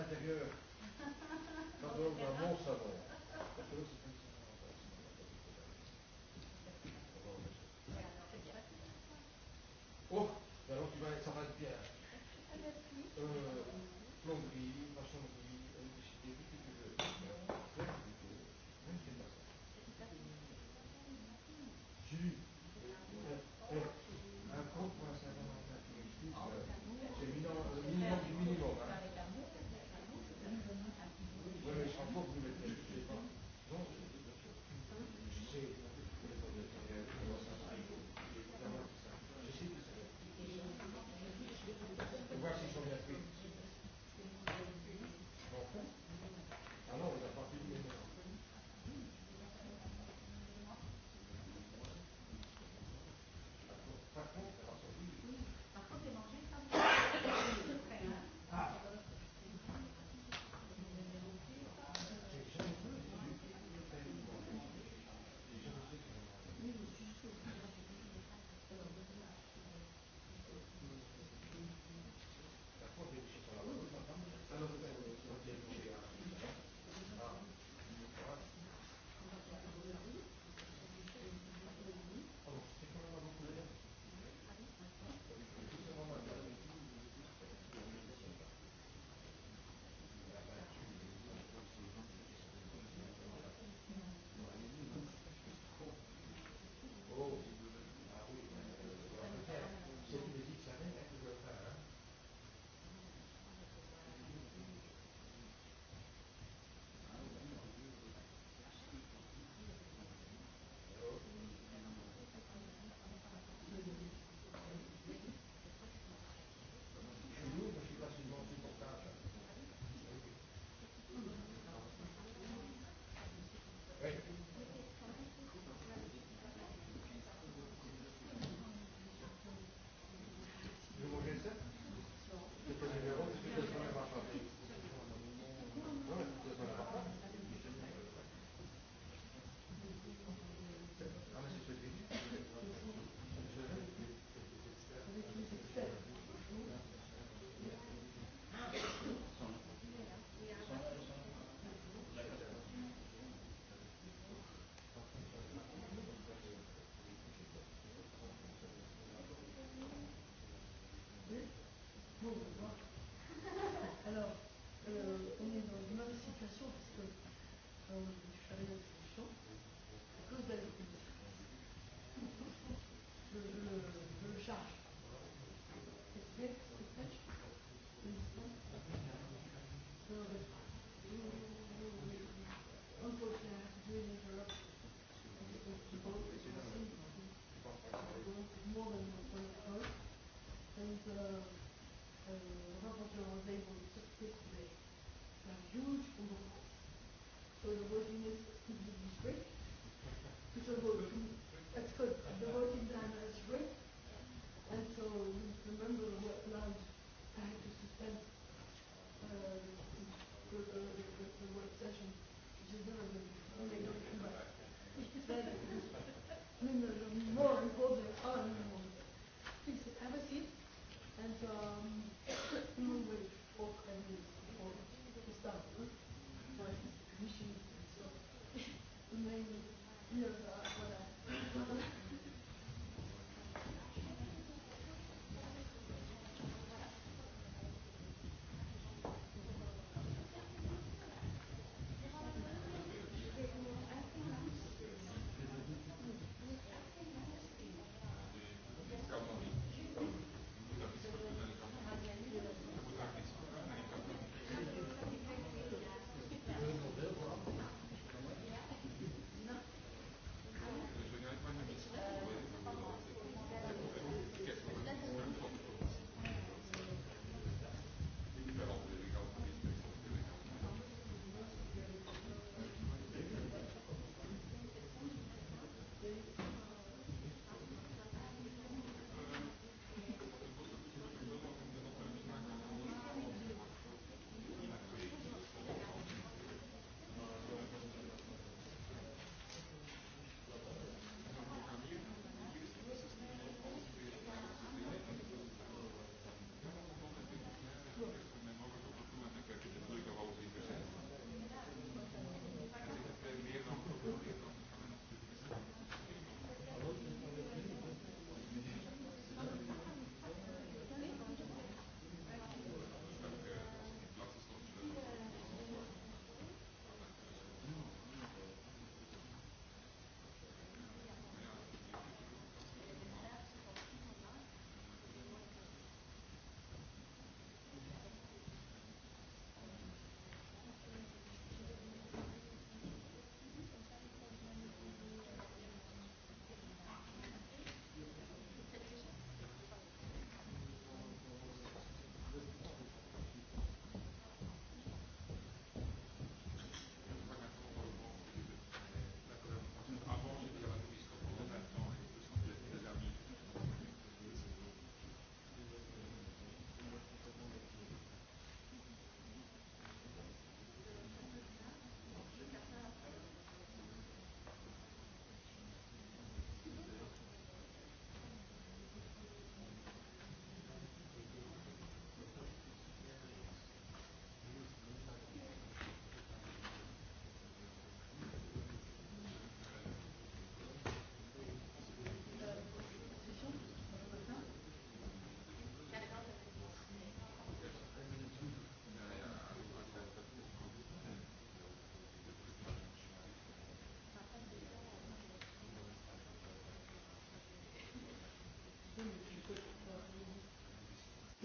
l'intérieur. Ça doit vraiment savoir.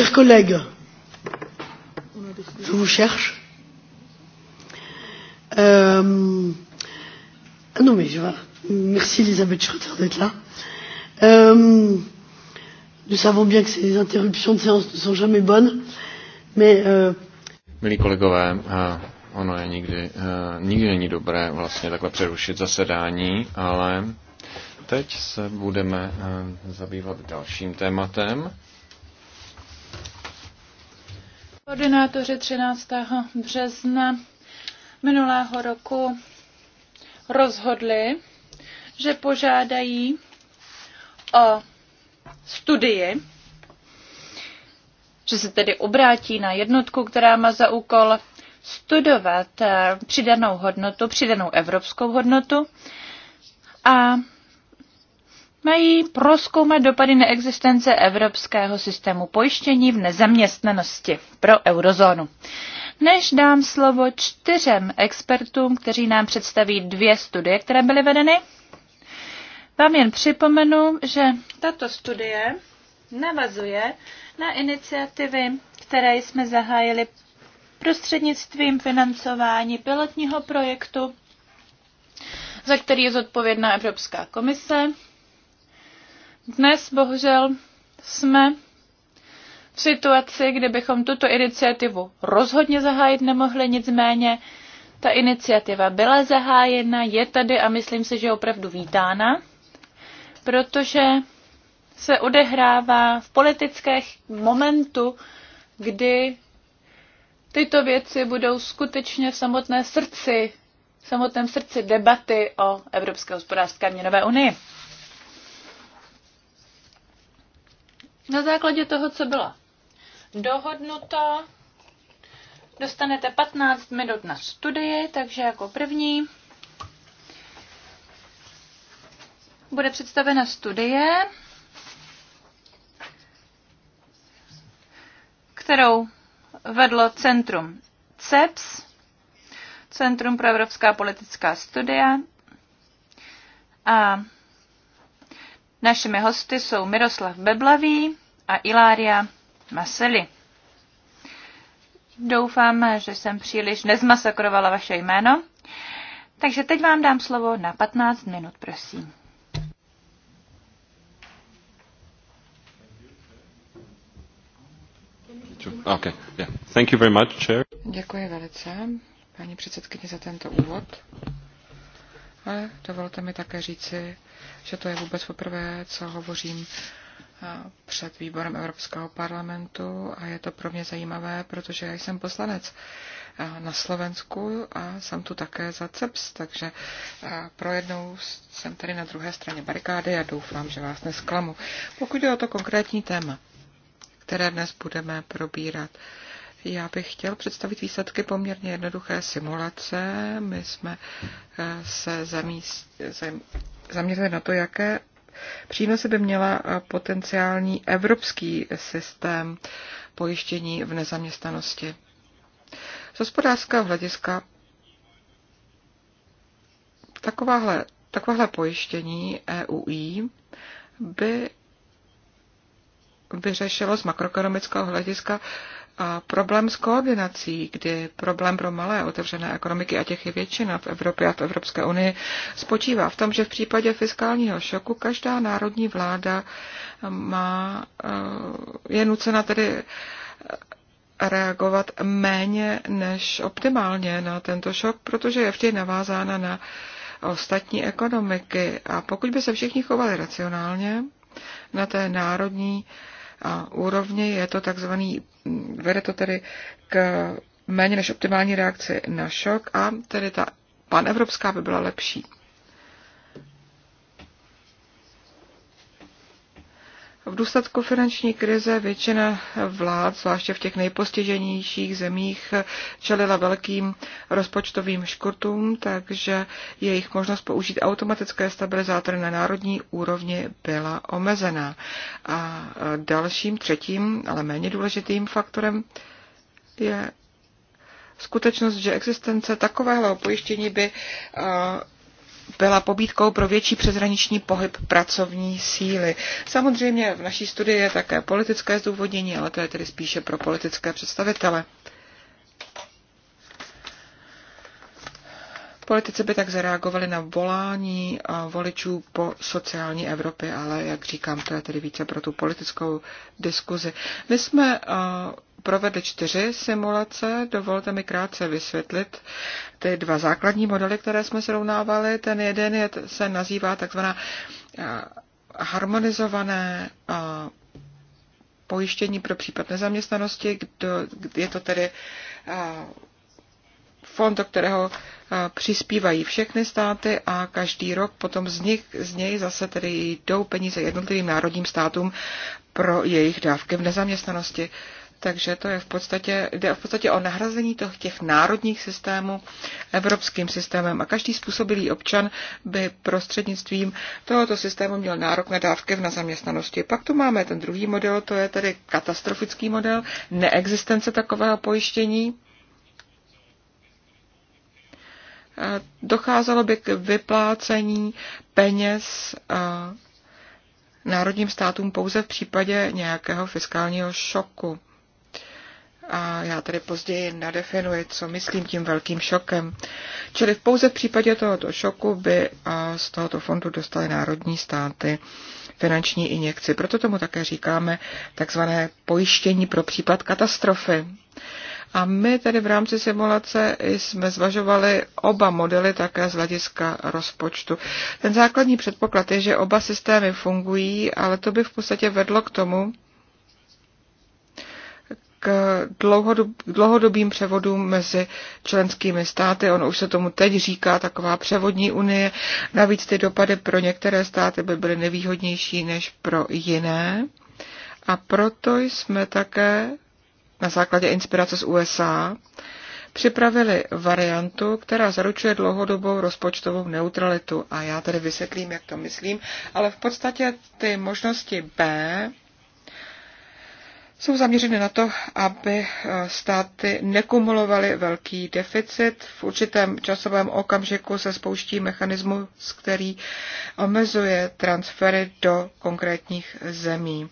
Chers collègues, je vous cherche. Euh, non mais je vais. Merci Elisabeth Schroeder d'être là. Euh, nous savons bien que ces interruptions de séance ne sont jamais bonnes, mais... Euh, Milí kolegové, uh, ono je nikdy, euh, nikdy není dobré vlastně takhle přerušit zasedání, ale teď se budeme uh, zabývat dalším tématem. Koordinátoři 13. března minulého roku rozhodli, že požádají o studii, že se tedy obrátí na jednotku, která má za úkol studovat přidanou hodnotu, přidanou evropskou hodnotu a mají proskoumat dopady neexistence evropského systému pojištění v nezaměstnanosti pro eurozónu. Než dám slovo čtyřem expertům, kteří nám představí dvě studie, které byly vedeny, vám jen připomenu, že tato studie navazuje na iniciativy, které jsme zahájili prostřednictvím financování pilotního projektu, za který je zodpovědná Evropská komise dnes bohužel jsme v situaci, kdy bychom tuto iniciativu rozhodně zahájit nemohli, nicméně ta iniciativa byla zahájena, je tady a myslím si, že je opravdu vítána, protože se odehrává v politických momentu, kdy tyto věci budou skutečně v samotné srdci, v samotném srdci debaty o Evropské hospodářské měnové unii. Na základě toho, co bylo dohodnuto, dostanete 15 minut na studii, takže jako první bude představena studie, kterou vedlo Centrum CEPS, Centrum pro evropská politická studia. A Našimi hosty jsou Miroslav Beblavý a Ilária Maseli. Doufám, že jsem příliš nezmasakrovala vaše jméno. Takže teď vám dám slovo na 15 minut, prosím. Okay. Yeah. Thank you very much, chair. Děkuji velice, paní předsedkyně, za tento úvod. Ale dovolte mi také říci, že to je vůbec poprvé, co hovořím eh, před výborem Evropského parlamentu a je to pro mě zajímavé, protože já jsem poslanec eh, na Slovensku a jsem tu také za CEPS, takže eh, pro jednou jsem tady na druhé straně barikády a doufám, že vás nesklamu. Pokud je o to konkrétní téma, které dnes budeme probírat, já bych chtěl představit výsledky poměrně jednoduché simulace. My jsme eh, se zaměřili na to, jaké přínosy by měla eh, potenciální evropský systém pojištění v nezaměstnanosti. Z hospodářského hlediska takováhle, takováhle pojištění EUI by vyřešilo z makroekonomického hlediska a problém s koordinací, kdy problém pro malé otevřené ekonomiky, a těch je většina v Evropě a v Evropské unii, spočívá v tom, že v případě fiskálního šoku každá národní vláda má, eh, je nucena tedy eh, reagovat méně než optimálně na tento šok, protože je vždy navázána na ostatní ekonomiky. A pokud by se všichni chovali racionálně na té národní uh, úrovni. Je to takzvaný, vede to tedy k méně než optimální reakci na šok a tedy ta panevropská by byla lepší. V důsledku finanční krize většina vlád, zvláště v těch nejpostiženějších zemích, čelila velkým rozpočtovým škrtům, takže jejich možnost použít automatické stabilizátory na národní úrovni byla omezená. A dalším, třetím, ale méně důležitým faktorem je skutečnost, že existence takového pojištění by byla pobídkou pro větší přeshraniční pohyb pracovní síly. Samozřejmě v naší studii je také politické zdůvodnění, ale to je tedy spíše pro politické představitele. Politici by tak zareagovali na volání voličů po sociální Evropě, ale jak říkám, to je tedy více pro tu politickou diskuzi. My jsme provedli čtyři simulace. Dovolte mi krátce vysvětlit ty dva základní modely, které jsme srovnávali. Ten jeden je, se nazývá takzvaná eh, harmonizované eh, pojištění pro případ nezaměstnanosti, kdo, je to tedy eh, fond, do kterého přispívají všechny státy a každý rok potom z, nich, z něj zase tedy jdou peníze jednotlivým národním státům pro jejich dávky v nezaměstnanosti. Uh, takže to je v podstatě, jde v podstatě o nahrazení těch národních systémů evropským systémem. A každý způsobilý občan by prostřednictvím tohoto systému měl nárok na dávky v nezaměstnanosti. Pak tu máme ten druhý model, to je tedy katastrofický model, neexistence takového pojištění. Docházelo by k vyplácení peněz národním státům pouze v případě nějakého fiskálního šoku. A já tady později nadefinuji, co myslím tím velkým šokem. Čili pouze v případě tohoto šoku by z tohoto fondu dostaly národní státy finanční injekci. Proto tomu také říkáme takzvané pojištění pro případ katastrofy. A my tedy v rámci simulace jsme zvažovali oba modely také z hlediska rozpočtu. Ten základní předpoklad je, že oba systémy fungují, ale to by v podstatě vedlo k tomu, k dlouhodobým převodům mezi členskými státy. Ono už se tomu teď říká taková převodní unie. Navíc ty dopady pro některé státy by byly nevýhodnější než pro jiné. A proto jsme také na základě inspirace z USA připravili variantu, která zaručuje dlouhodobou rozpočtovou neutralitu. A já tedy vysvětlím, jak to myslím, ale v podstatě ty možnosti B jsou zaměřeny na to, aby eh, státy nekumulovaly velký deficit. V určitém časovém okamžiku se spouští mechanismus, který omezuje transfery do konkrétních zemí.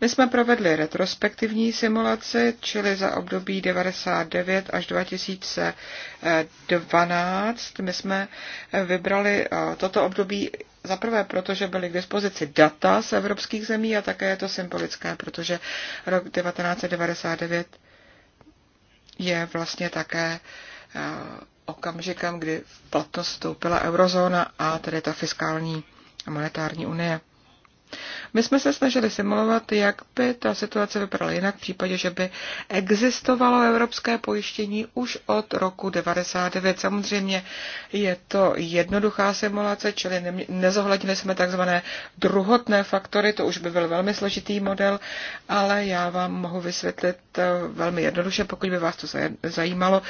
My jsme provedli retrospektivní simulaci, čili za období 99 až 2012. My jsme eh, vybrali eh, toto období za prvé, protože byly k dispozici data z evropských zemí a také je to symbolické, protože rok 1999 je vlastně také eh, okamžikem, kdy v platnost vstoupila eurozóna a tedy ta fiskální a monetární unie. My jsme se snažili simulovat, jak by ta situace vypadala jinak v případě, že by existovalo evropské pojištění už od roku 99. Samozřejmě je to jednoduchá simulace, čili nezohlednili jsme takzvané druhotné faktory, to už by byl velmi složitý model, ale já vám mohu vysvětlit eh, velmi jednoduše, pokud by vás to zajímalo,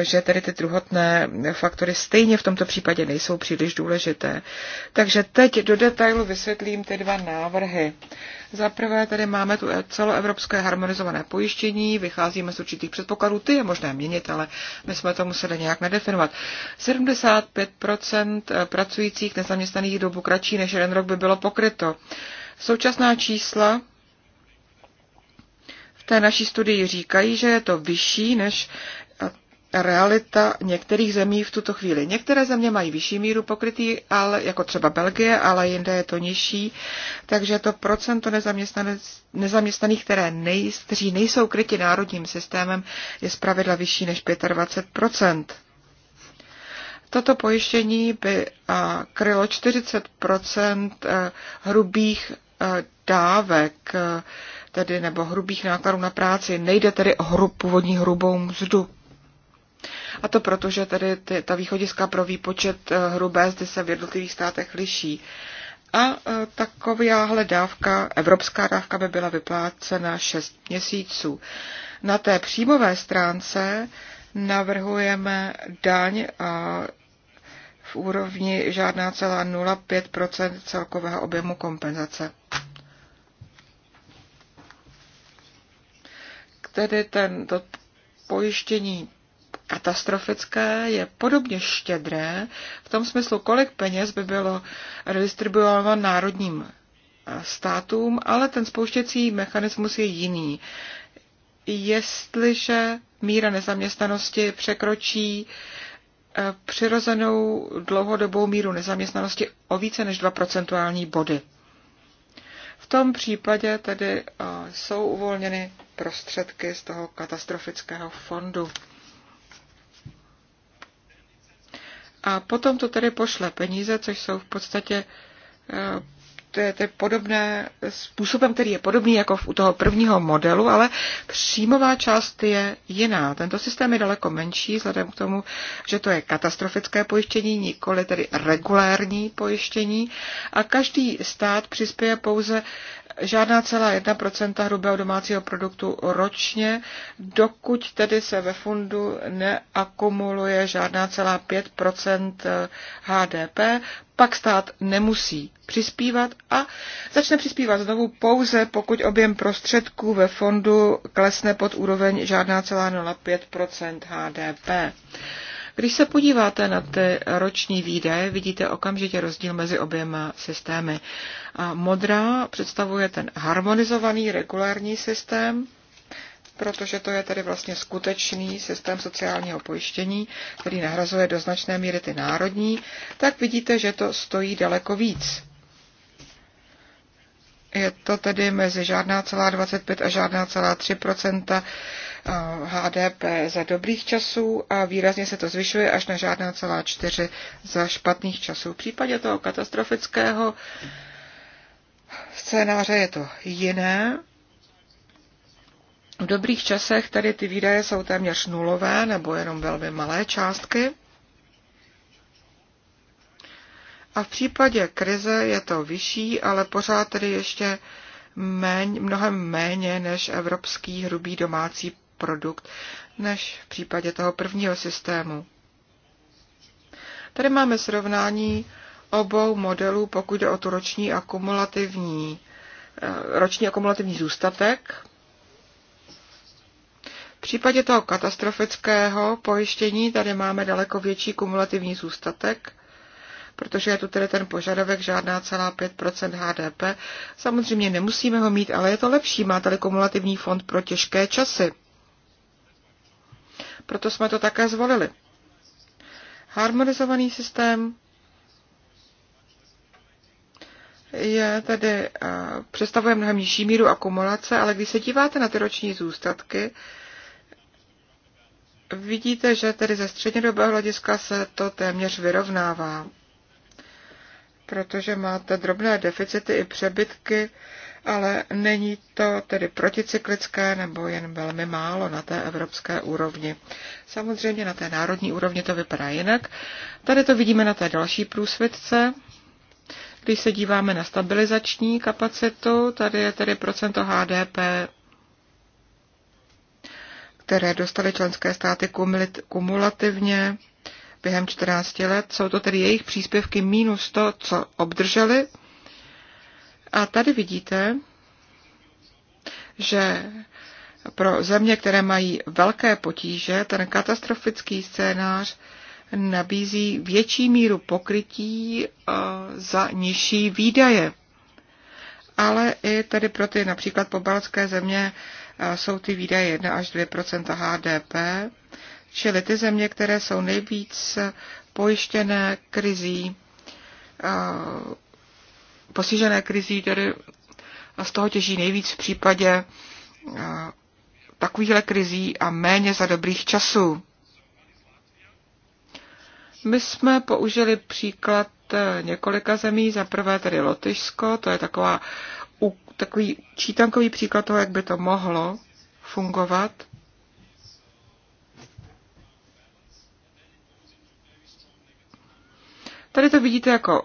eh, že tedy ty druhotné faktory stejně v tomto případě nejsou příliš důležité. Takže teď do detailu vysvětlím ty ty dva návrhy. Za prvé tady máme tu celoevropské harmonizované pojištění, vycházíme z určitých předpokladů, ty je možné měnit, ale my jsme to museli nějak nedefinovat. 75% pracujících nezaměstnaných dobu kratší než jeden rok by bylo pokryto. Současná čísla v té naší studii říkají, že je to vyšší než realita některých zemí v tuto chvíli. Některé země mají vyšší míru pokrytí, ale, jako třeba Belgie, ale jinde je to nižší, takže to procento nezaměstnaných, které nej, kteří nejsou kryti národním systémem, je zpravidla vyšší než 25%. Toto pojištění by krylo 40 e, hrubých e, dávek, e, tedy nebo hrubých nákladů na práci. Nejde tedy o hrub, původní hrubou mzdu. A to proto, že tedy ty, ta východiska pro výpočet eh, hrubé zde se v jednotlivých státech liší. A eh, takováhle dávka, evropská dávka by byla vyplácena 6 měsíců. Na té příjmové stránce navrhujeme daň a v úrovni žádná celá 0,5 celkového objemu kompenzace. Tedy ten, to pojištění katastrofické, je podobně štědré v tom smyslu, kolik peněz by bylo redistribuováno národním eh, státům, ale ten spouštěcí mechanismus je jiný. Jestliže míra nezaměstnanosti překročí eh, přirozenou dlouhodobou míru nezaměstnanosti o více než 2 procentuální body. V tom případě tedy eh, jsou uvolněny prostředky z toho katastrofického fondu. a potom to tedy pošle peníze, což jsou v podstatě eh, to je, to je podobné způsobem, který je podobný jako u toho prvního modelu, ale příjmová část je jiná. Tento systém je daleko menší, vzhledem k tomu, že to je katastrofické pojištění, nikoli tedy regulérní pojištění a každý stát přispěje pouze žádná celá 1% hrubého domácího produktu ročně, dokud tedy se ve fundu neakumuluje žádná celá 5% HDP, pak stát nemusí přispívat a začne přispívat znovu pouze, pokud objem prostředků ve fondu klesne pod úroveň žádná celá 0,5 HDP. Když se podíváte na ty roční výdaje, vidíte okamžitě rozdíl mezi oběma systémy. A modrá představuje ten harmonizovaný regulární systém, protože to je tedy vlastně skutečný systém sociálního pojištění, který nahrazuje do značné míry ty národní, tak vidíte, že to stojí daleko víc. Je to tedy mezi žádná celá 25 a žádná celá 3 eh, HDP za dobrých časů a výrazně se to zvyšuje až na žádná celá 4 za špatných časů. V případě toho katastrofického scénáře je to jiné. V dobrých časech tady ty výdaje jsou téměř nulové nebo jenom velmi malé částky. A v případě krize je to vyšší, ale pořád tedy ještě méně, mnohem méně než evropský hrubý domácí produkt, než v případě toho prvního systému. Tady máme srovnání obou modelů, pokud jde o tu roční akumulativní, eh, roční akumulativní zůstatek. V případě toho katastrofického pojištění tady máme daleko větší kumulativní zůstatek, protože je tu tedy ten požadavek žádná celá 5 HDP. Samozřejmě nemusíme ho mít, ale je to lepší. Má tady kumulativní fond pro těžké časy. Proto jsme to také zvolili. Harmonizovaný systém je tedy, eh, představuje mnohem nižší míru akumulace, ale když se díváte na ty roční zůstatky, vidíte, že tedy ze střednědobého hlediska se to téměř vyrovnává, protože máte drobné deficity i přebytky, ale není to tedy proticyklické nebo jen velmi málo na té evropské úrovni. Samozřejmě na té národní úrovni to vypadá jinak. Tady to vidíme na té další průsvitce. Když se díváme na stabilizační kapacitu, tady je tedy procento HDP které dostaly členské státy kumulativně během 14 let. Jsou to tedy jejich příspěvky minus to, co obdrželi. A tady vidíte, že pro země, které mají velké potíže, ten katastrofický scénář nabízí větší míru pokrytí eh, za nižší výdaje. Ale i tedy pro ty například pobaltské země jsou ty výdaje 1 až 2 HDP, čili ty země, které jsou nejvíc pojištěné krizí, postižené krizí, tedy z toho těží nejvíc v případě takovýchhle krizí a méně za dobrých časů. My jsme použili příklad e, několika zemí, za prvé tedy Lotyšsko, to je taková takový čítankový příklad toho, jak by to mohlo fungovat. Tady to vidíte jako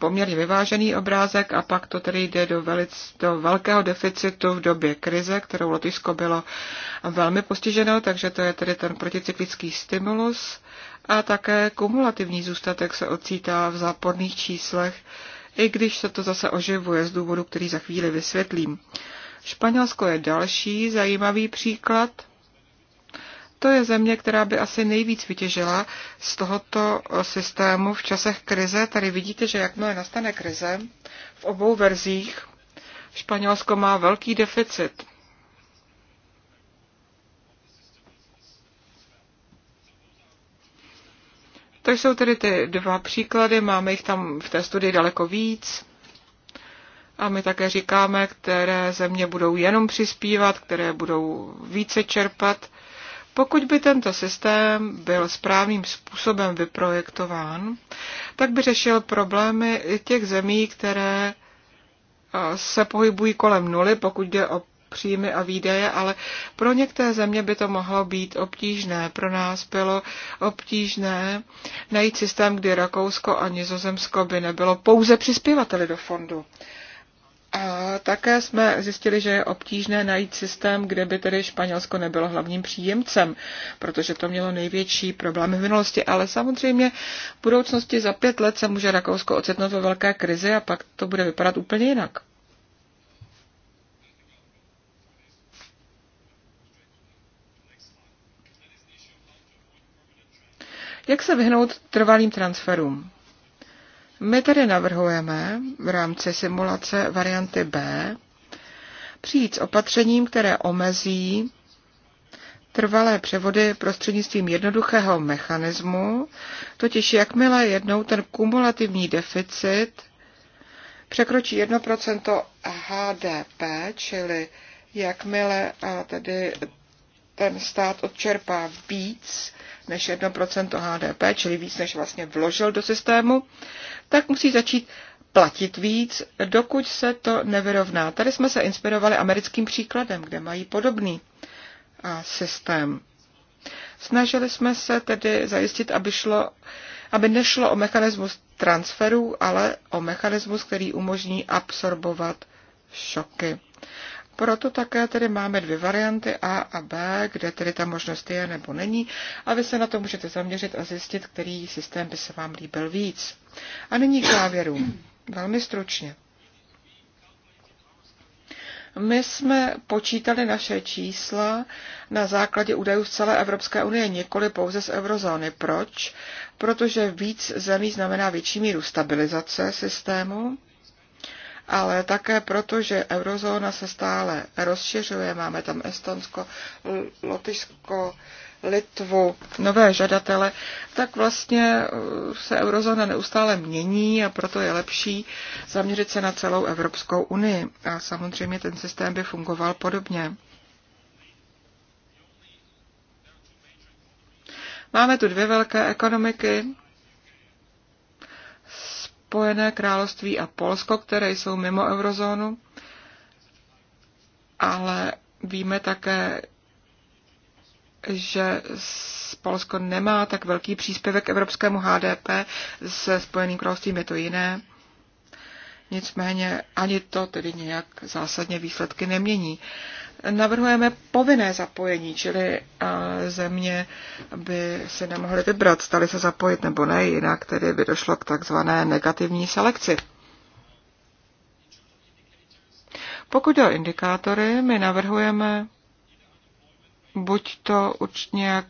poměrně vyvážený obrázek a pak to tedy jde do, velic, do velkého deficitu v době krize, kterou Lotyšsko bylo velmi postiženo, takže to je tedy ten proticyklický stimulus a také kumulativní zůstatek se ocítá v záporných číslech i když se to zase oživuje z důvodu, který za chvíli vysvětlím. Španělsko je další zajímavý příklad. To je země, která by asi nejvíc vytěžila z tohoto systému v časech krize. Tady vidíte, že jakmile nastane krize v obou verzích, Španělsko má velký deficit To jsou tedy ty dva příklady, máme jich tam v té studii daleko víc. A my také říkáme, které země budou jenom přispívat, které budou více čerpat. Pokud by tento systém byl správným způsobem vyprojektován, tak by řešil problémy těch zemí, které se pohybují kolem nuly, pokud jde o příjmy a výdaje, ale pro některé země by to mohlo být obtížné. Pro nás bylo obtížné najít systém, kdy Rakousko a Nizozemsko by nebylo pouze přispěvateli do fondu. A také jsme zjistili, že je obtížné najít systém, kde by tedy Španělsko nebylo hlavním příjemcem, protože to mělo největší problémy v minulosti. Ale samozřejmě v budoucnosti za pět let se může Rakousko ocitnout ve velké krizi a pak to bude vypadat úplně jinak. Jak se vyhnout trvalým transferům? My tedy navrhujeme v rámci simulace varianty B přijít s opatřením, které omezí trvalé převody prostřednictvím jednoduchého mechanismu, totiž jakmile jednou ten kumulativní deficit překročí 1% HDP, čili jakmile tedy ten stát odčerpá víc, než 1% HDP, čili víc, než vlastně vložil do systému, tak musí začít platit víc, dokud se to nevyrovná. Tady jsme se inspirovali americkým příkladem, kde mají podobný systém. Snažili jsme se tedy zajistit, aby, šlo, aby nešlo o mechanismus transferu, ale o mechanismus, který umožní absorbovat šoky. Proto také tedy máme dvě varianty A a B, kde tedy ta možnost je nebo není a vy se na to můžete zaměřit a zjistit, který systém by se vám líbil víc. A nyní k závěru. Velmi stručně. My jsme počítali naše čísla na základě údajů z celé Evropské unie, nikoli pouze z eurozóny. Proč? Protože víc zemí znamená větší míru stabilizace systému ale také proto, že eurozóna se stále rozšiřuje. Máme tam Estonsko, Lotyšsko, Litvu, nové žadatele, tak vlastně uh, se eurozóna neustále mění a proto je lepší zaměřit se na celou Evropskou unii. A samozřejmě ten systém by fungoval podobně. Máme tu dvě velké ekonomiky, Spojené království a Polsko, které jsou mimo eurozónu, ale víme také, že Polsko nemá tak velký příspěvek k evropskému HDP, se Spojeným královstvím je to jiné. Nicméně ani to tedy nějak zásadně výsledky nemění navrhujeme povinné zapojení, čili země by si nemohly vybrat, stali se zapojit nebo ne, jinak tedy by došlo k takzvané negativní selekci. Pokud jde o indikátory, my navrhujeme buď to určitě nějak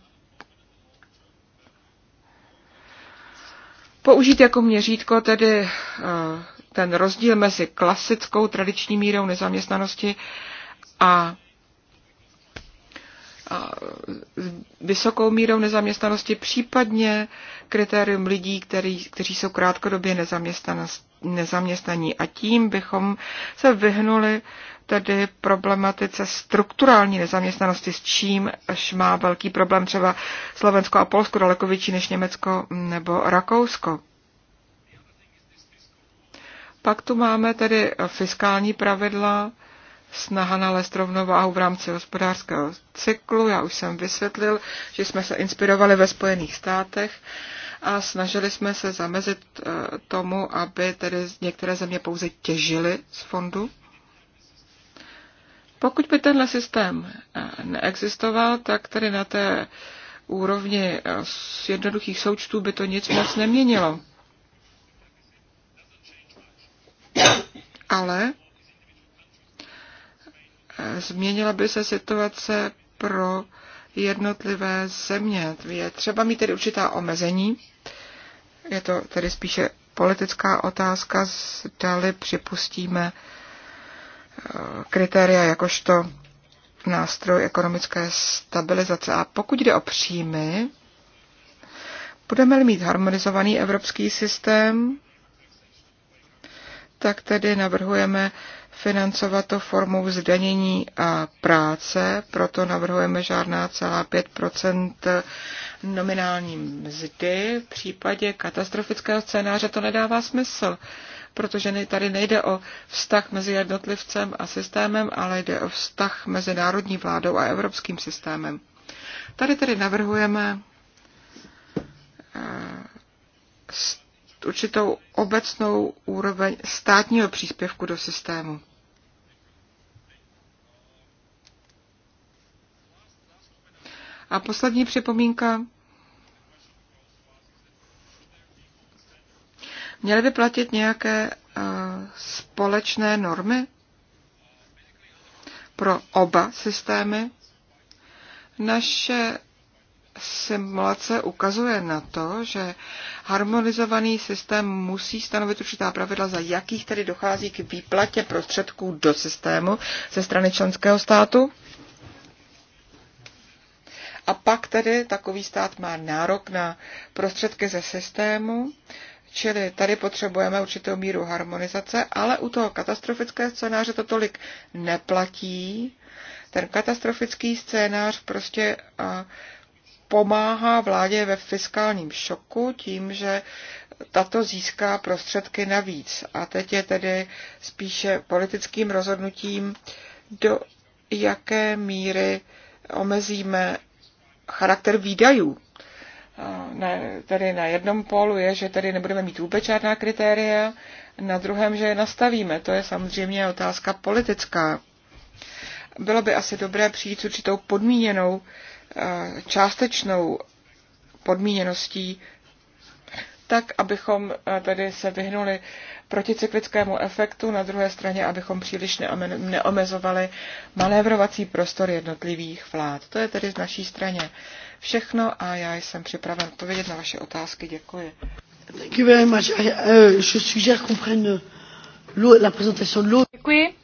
použít jako měřítko tedy ten rozdíl mezi klasickou tradiční mírou nezaměstnanosti a vysokou mírou nezaměstnanosti, případně kritérium lidí, který, kteří jsou krátkodobě nezaměstnaní. A tím bychom se vyhnuli tedy problematice strukturální nezaměstnanosti, s čím až má velký problém třeba Slovensko a Polsko, daleko větší než Německo nebo Rakousko. Pak tu máme tedy fiskální pravidla, snaha nalézt rovnováhu v rámci hospodářského cyklu. Já už jsem vysvětlil, že jsme se inspirovali ve Spojených státech a snažili jsme se zamezit eh, tomu, aby tedy některé země pouze těžily z fondu. Pokud by tenhle systém eh, neexistoval, tak tedy na té úrovni eh, jednoduchých součtů by to nic moc neměnilo. Ale změnila by se situace pro jednotlivé země. Je třeba mít tedy určitá omezení. Je to tedy spíše politická otázka, zdali připustíme eh, kritéria jakožto nástroj ekonomické stabilizace. A pokud jde o příjmy, budeme mít harmonizovaný evropský systém, tak tedy navrhujeme financovat to formou zdanění a práce, proto navrhujeme žádná celá 5% nominální mzdy. V případě katastrofického scénáře to nedává smysl, protože tady nejde o vztah mezi jednotlivcem a systémem, ale jde o vztah mezi národní vládou a evropským systémem. Tady tedy navrhujeme eh, určitou obecnou úroveň státního příspěvku do systému. A poslední připomínka. Měly by platit nějaké eh, společné normy pro oba systémy. Naše simulace ukazuje na to, že harmonizovaný systém musí stanovit určitá pravidla, za jakých tedy dochází k výplatě prostředků do systému ze strany členského státu. A pak tedy takový stát má nárok na prostředky ze systému, čili tady potřebujeme určitou míru harmonizace, ale u toho katastrofického scénáře to tolik neplatí. Ten katastrofický scénář prostě pomáhá vládě ve fiskálním šoku tím, že tato získá prostředky navíc. A teď je tedy spíše politickým rozhodnutím, do jaké míry omezíme charakter výdajů. Ne, tady na jednom polu je, že tady nebudeme mít vůbec žádná kritéria, na druhém, že je nastavíme. To je samozřejmě otázka politická. Bylo by asi dobré přijít s určitou podmíněnou, částečnou podmíněností, tak, abychom tady se vyhnuli proticyklickému efektu, na druhé straně, abychom příliš neomezovali manévrovací prostor jednotlivých vlád. To je tedy z naší straně všechno a já jsem připraven odpovědět na vaše otázky. Děkuji. Uh, Děkuji.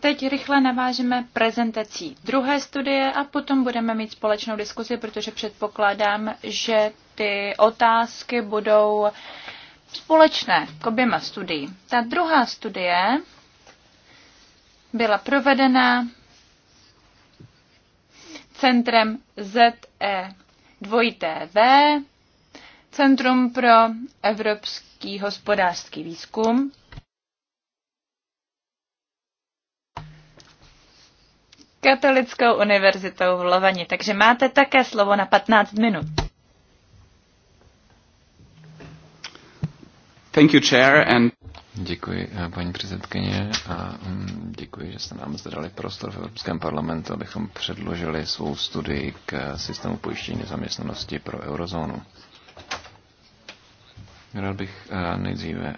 Teď rychle navážeme prezentací druhé studie a potom budeme mít společnou diskusi, protože předpokládám, že ty otázky budou společné k oběma studiím. Ta druhá studie byla provedena centrem ZE dvojité V, Centrum pro evropský hospodářský výzkum. Katolickou univerzitou v Lovani. Takže máte také slovo na 15 minut. Thank you, chair, and... Děkuji, eh, paní předsedkyně, a mm, děkuji, že jste nám zde dali prostor v Evropském parlamentu, abychom předložili svou studii k eh, systému pojištění nezaměstnanosti pro eurozónu. Rád bych eh, nejdříve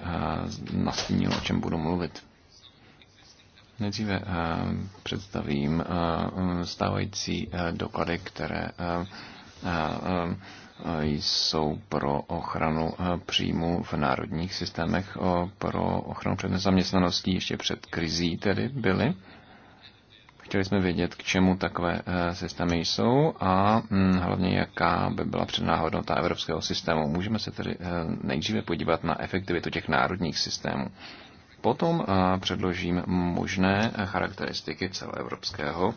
nastínil, o čem budu mluvit. Nejdříve představím stávající doklady, které jsou pro ochranu příjmu v národních systémech pro ochranu před nezaměstnaností ještě před krizí tedy byly. Chtěli jsme vědět, k čemu takové e, systémy jsou a mm, hlavně jaká by byla předná hodnota evropského systému. Můžeme se tedy e, nejdříve podívat na efektivitu těch národních systémů. Potom e, předložím možné charakteristiky celoevropského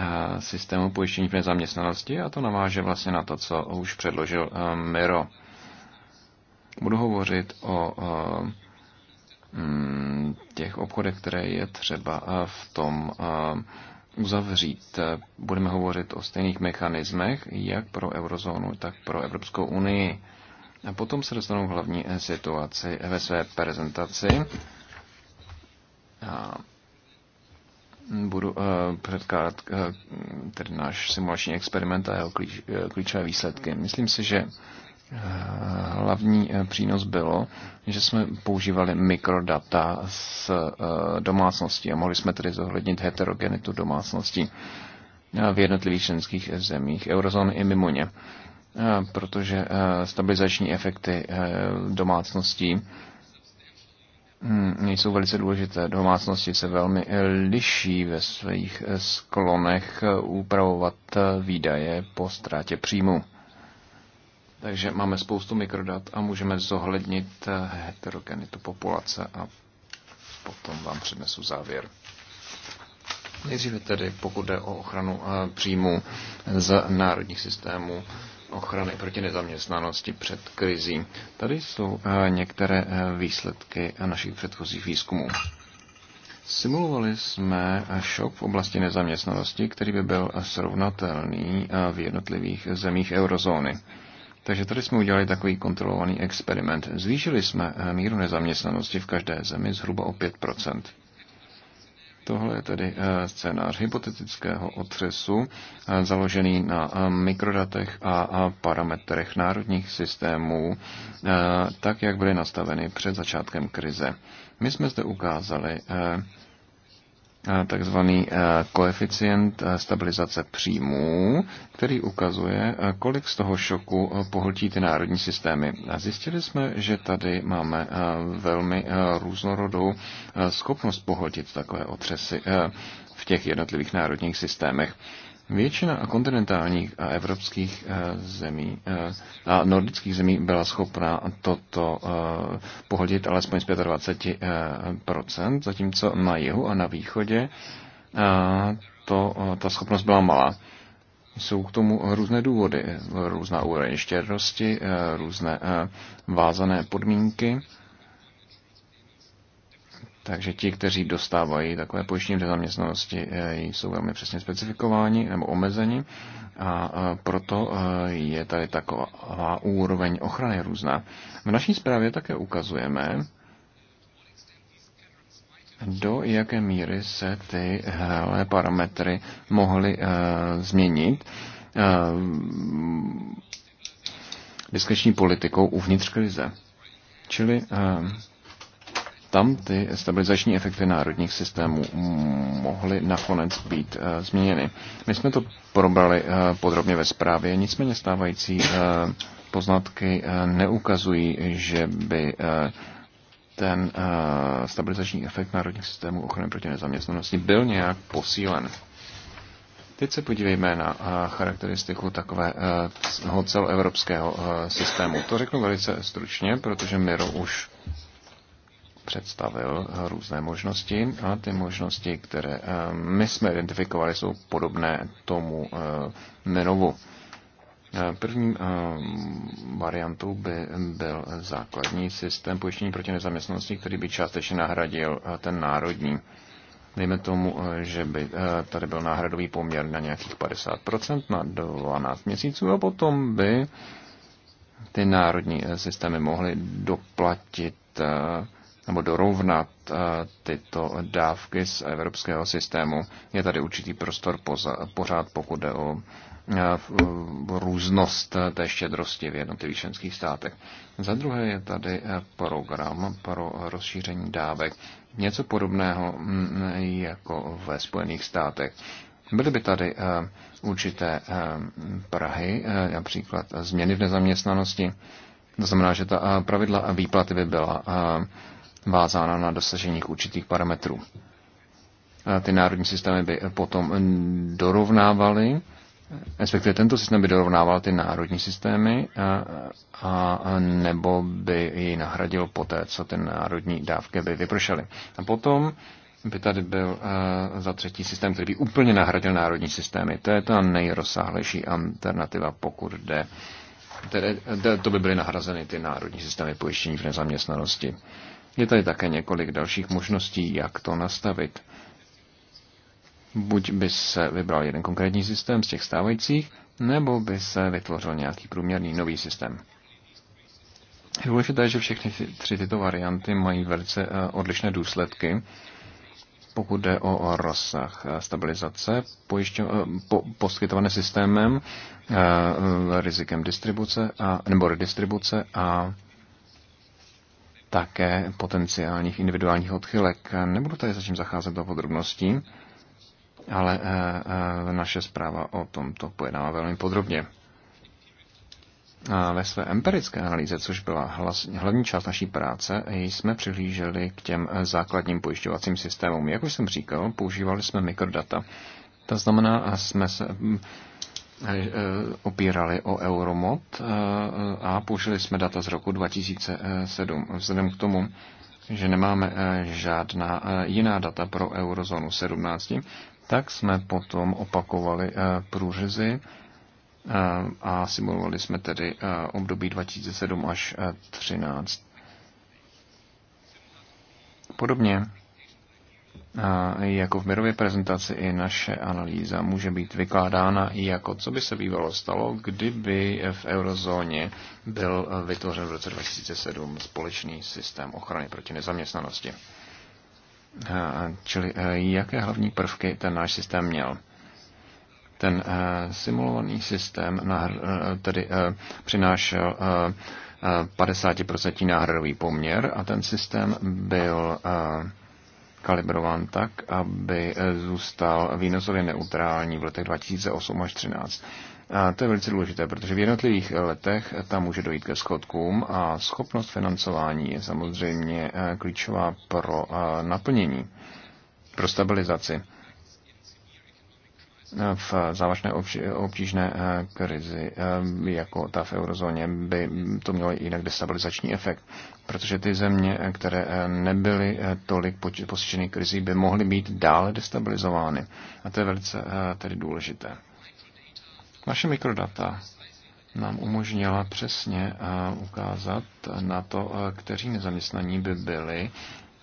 Eh, systému pojištění v nezaměstnanosti a to naváže vlastně na to, co už předložil eh, Miro. Budu hovořit o eh, mm, těch obchodech, které je třeba v tom uzavřít. Budeme hovořit o stejných mechanismech, jak pro eurozónu, tak pro Evropskou unii. A potom se dostanou k hlavní situaci ve své prezentaci. A budu eh, předkládat eh, tedy náš simulační experiment a jeho klíč, eh, klíčové výsledky. Myslím si, že hlavní přínos bylo, že jsme používali mikrodata z domácností a mohli jsme tedy zohlednit heterogenitu domácností v jednotlivých členských zemích eurozóny i mimo ně, protože stabilizační efekty domácností Hmm, jsou velice důležité. Domácnosti se velmi eh, liší ve svých eh, sklonech eh, upravovat výdaje po ztrátě příjmu. Takže máme spoustu mikrodat a můžeme zohlednit heterogenitu populace a potom vám přednesu závěr. Nejdříve tedy, pokud jde o ochranu příjmu z národních systémů, ochrany proti nezaměstnanosti před krizí. Tady jsou eh, některé eh, výsledky našich předchozích výzkumů. Simulovali jsme eh, šok v oblasti nezaměstnanosti, který by byl srovnatelný v jednotlivých zemích eurozóny. Takže tady jsme udělali takový kontrolovaný experiment. Zvýšili jsme míru nezaměstnanosti v každé zemi zhruba o 5 Tohle je tedy eh, scénář hypotetického otřesu, eh, založený na eh, mikrodatech a parametrech národních systémů, tak jak byly nastaveny před začátkem krize. My jsme zde ukázali, takzvaný eh, koeficient eh, stabilizace příjmů, který ukazuje, eh, kolik z toho šoku pohltí ty národní systémy. zjistili jsme, že tady máme velmi různorodou schopnost pohltit takové otřesy v těch jednotlivých národních systémech. Většina kontinentálních a evropských eh, zemí eh, a nordických zemí byla schopná toto eh, pohodit alespoň z 25%, zatímco na jihu a na východě to, ta schopnost byla malá. Jsou k tomu různé důvody, různá úroveň štědrosti, různé vázané podmínky takže ti, kteří dostávají takové pojištění v nezaměstnanosti, eh, jsou velmi přesně specifikováni nebo omezeni a eh, proto eh, je tady taková úroveň ochrany různá. V naší zprávě také ukazujeme, do jaké míry se tyhle parametry mohly změnit diskreční politikou uvnitř krize. Čili tam ty stabilizační efekty národních systémů mohly nakonec být eh, změněny. My jsme to probrali eh, podrobně ve zprávě, nicméně stávající eh, poznatky neukazují, že by ten stabilizační efekt národních systémů ochrany proti nezaměstnanosti byl nějak posílen. Teď se podívejme na charakteristiku takového celoevropského systému. To řeknu velice stručně, protože Miro už představil eh, různé možnosti a ty možnosti, které eh, my jsme identifikovali, jsou podobné tomu eh, menovu. První variantou by byl základní systém pojištění proti nezaměstnanosti, který by částečně nahradil ten národní. Dejme tomu, že by tady byl náhradový poměr na nějakých 50% na 12 měsíců a potom by ty národní systémy mohly doplatit nebo dorovnat eh, tyto dávky z evropského systému. Je tady určitý prostor pořád, pokud jde o eh, různost eh, té štědrosti v jednotlivých členských státech. Za druhé je tady program pro rozšíření dávek. Něco podobného mm, jako ve Spojených státech. Byly by tady určité Prahy, například změny v nezaměstnanosti. To znamená, že ta pravidla výplaty by byla vázána na dosažení určitých parametrů. Ty národní systémy by potom dorovnávaly, respektive tento systém by dorovnával ty národní systémy a, a nebo by ji nahradil poté, co ty národní dávky by vypršely. A potom by tady byl uh, za třetí systém, který by úplně nahradil národní systémy. To je ta nejrozsáhlejší alternativa, pokud jde. Tedy, to by byly nahrazeny ty národní systémy pojištění v nezaměstnanosti. Je tady také několik dalších možností, jak to nastavit. Buď by se vybral jeden konkrétní systém z těch stávajících, nebo by se vytvořil nějaký průměrný nový systém. Je důležité, že všechny tři tyto varianty mají velice eh, odlišné důsledky, pokud jde o rozsah eh, stabilizace pojišťo, eh, po, poskytované systémem, rizikem distribuce a, nebo redistribuce a také potenciálních individuálních odchylek. Nebudu tady zatím zacházet do podrobností, ale eh, eh, naše zpráva o tomto pojednává velmi podrobně. A ve své empirické analýze, což byla hlas, hlavní část naší práce, jsme přihlíželi k těm eh, základním pojišťovacím systémům. Jak už jsem říkal, používali jsme mikrodata. To znamená, jsme se hm, Eh, opírali o Euromod eh, a použili jsme data z roku 2007. Vzhledem k tomu, že nemáme eh, žádná jiná data pro eurozónu 17, tak jsme potom opakovali průřezy a simulovali jsme tedy období 2007 až 2013. Podobně jako v Mirově prezentaci i naše analýza může být vykládána i jako, co by se bývalo stalo, kdyby v eurozóně byl vytvořen v roce 2007 společný systém ochrany proti nezaměstnanosti. Čili e, jaké hlavní prvky ten náš systém měl? Ten e, simulovaný systém e, tedy přinášel 50% náhradový poměr a ten systém byl kalibrován tak, aby eh, zůstal výnosově neutrální v letech 2008 až 2013. A to je velice důležité, protože v jednotlivých letech tam může dojít ke schodkům a schopnost financování je samozřejmě eh, klíčová pro eh, naplnění, pro stabilizaci v závažné obtížné eh, krizi, eh, jako ta v eurozóně, by to mělo jinak destabilizační efekt. Protože ty země, eh, které nebyly tolik postiženy krizí, by mohly být dále destabilizovány. A to je velice tedy důležité. Naše mikrodata nám umožnila přesně ukázat na to, kteří nezaměstnaní by byli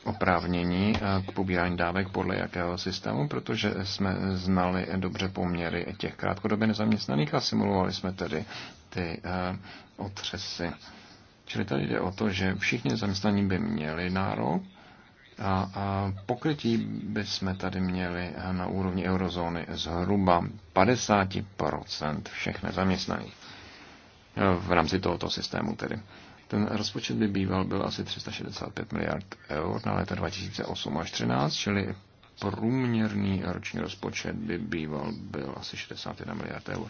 oprávnění eh, k pobírání dávek podle jakého systému, protože jsme znali dobře poměry těch krátkodobě nezaměstnaných a simulovali jsme tedy ty eh, otřesy. Čili tady jde o to, že všichni zaměstnaní by měli nárok a, a pokrytí by jsme tady měli eh, na úrovni eurozóny zhruba 50% všech nezaměstnaných v rámci tohoto systému tedy. Ten rozpočet by býval byl asi 365 miliard eur na léta 2008 až 2013, čili průměrný roční rozpočet by býval byl asi 61 miliard eur.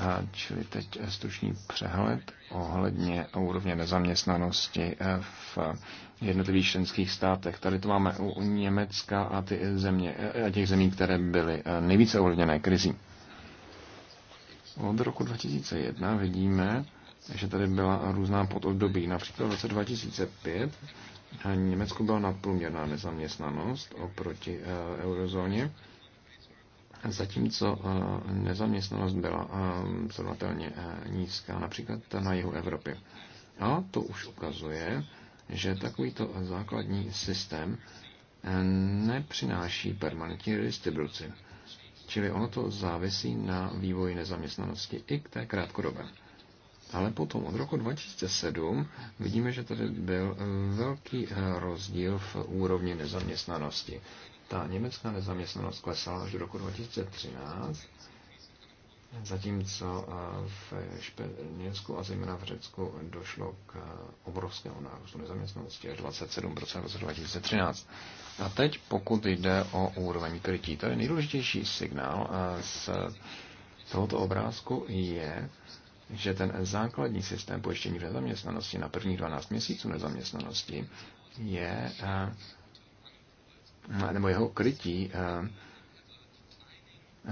A čili teď stručný přehled ohledně úrovně nezaměstnanosti v jednotlivých členských státech. Tady to máme u Německa a, ty země, a těch zemí, které byly nejvíce ovlivněné krizí. Od roku 2001 vidíme, že tady byla různá podobdobí. Například v roce 2005 eh, Německo byla nadprůměrná nezaměstnanost oproti eh, eurozóně, zatímco eh, nezaměstnanost byla srovnatelně nízká, například na jihu Evropy. A to už ukazuje, že takovýto základní systém nepřináší permanentní redistribuci. Čili ono to závisí na vývoji nezaměstnanosti i k té krátkodobé. Ale potom od roku 2007 vidíme, že tady byl eh, velký eh, rozdíl v úrovni nezaměstnanosti. Ta německá nezaměstnanost klesala až do roku 2013, zatímco eh, v Španělsku a zejména v Řecku došlo k obrovskému nárůstu nezaměstnanosti až 27% v roce 2013. A teď pokud jde o úroveň krytí, to je nejdůležitější signál z tohoto obrázku je, že ten základní systém pojištění v nezaměstnanosti na prvních 12 měsíců nezaměstnanosti je, eh, nebo jeho krytí eh,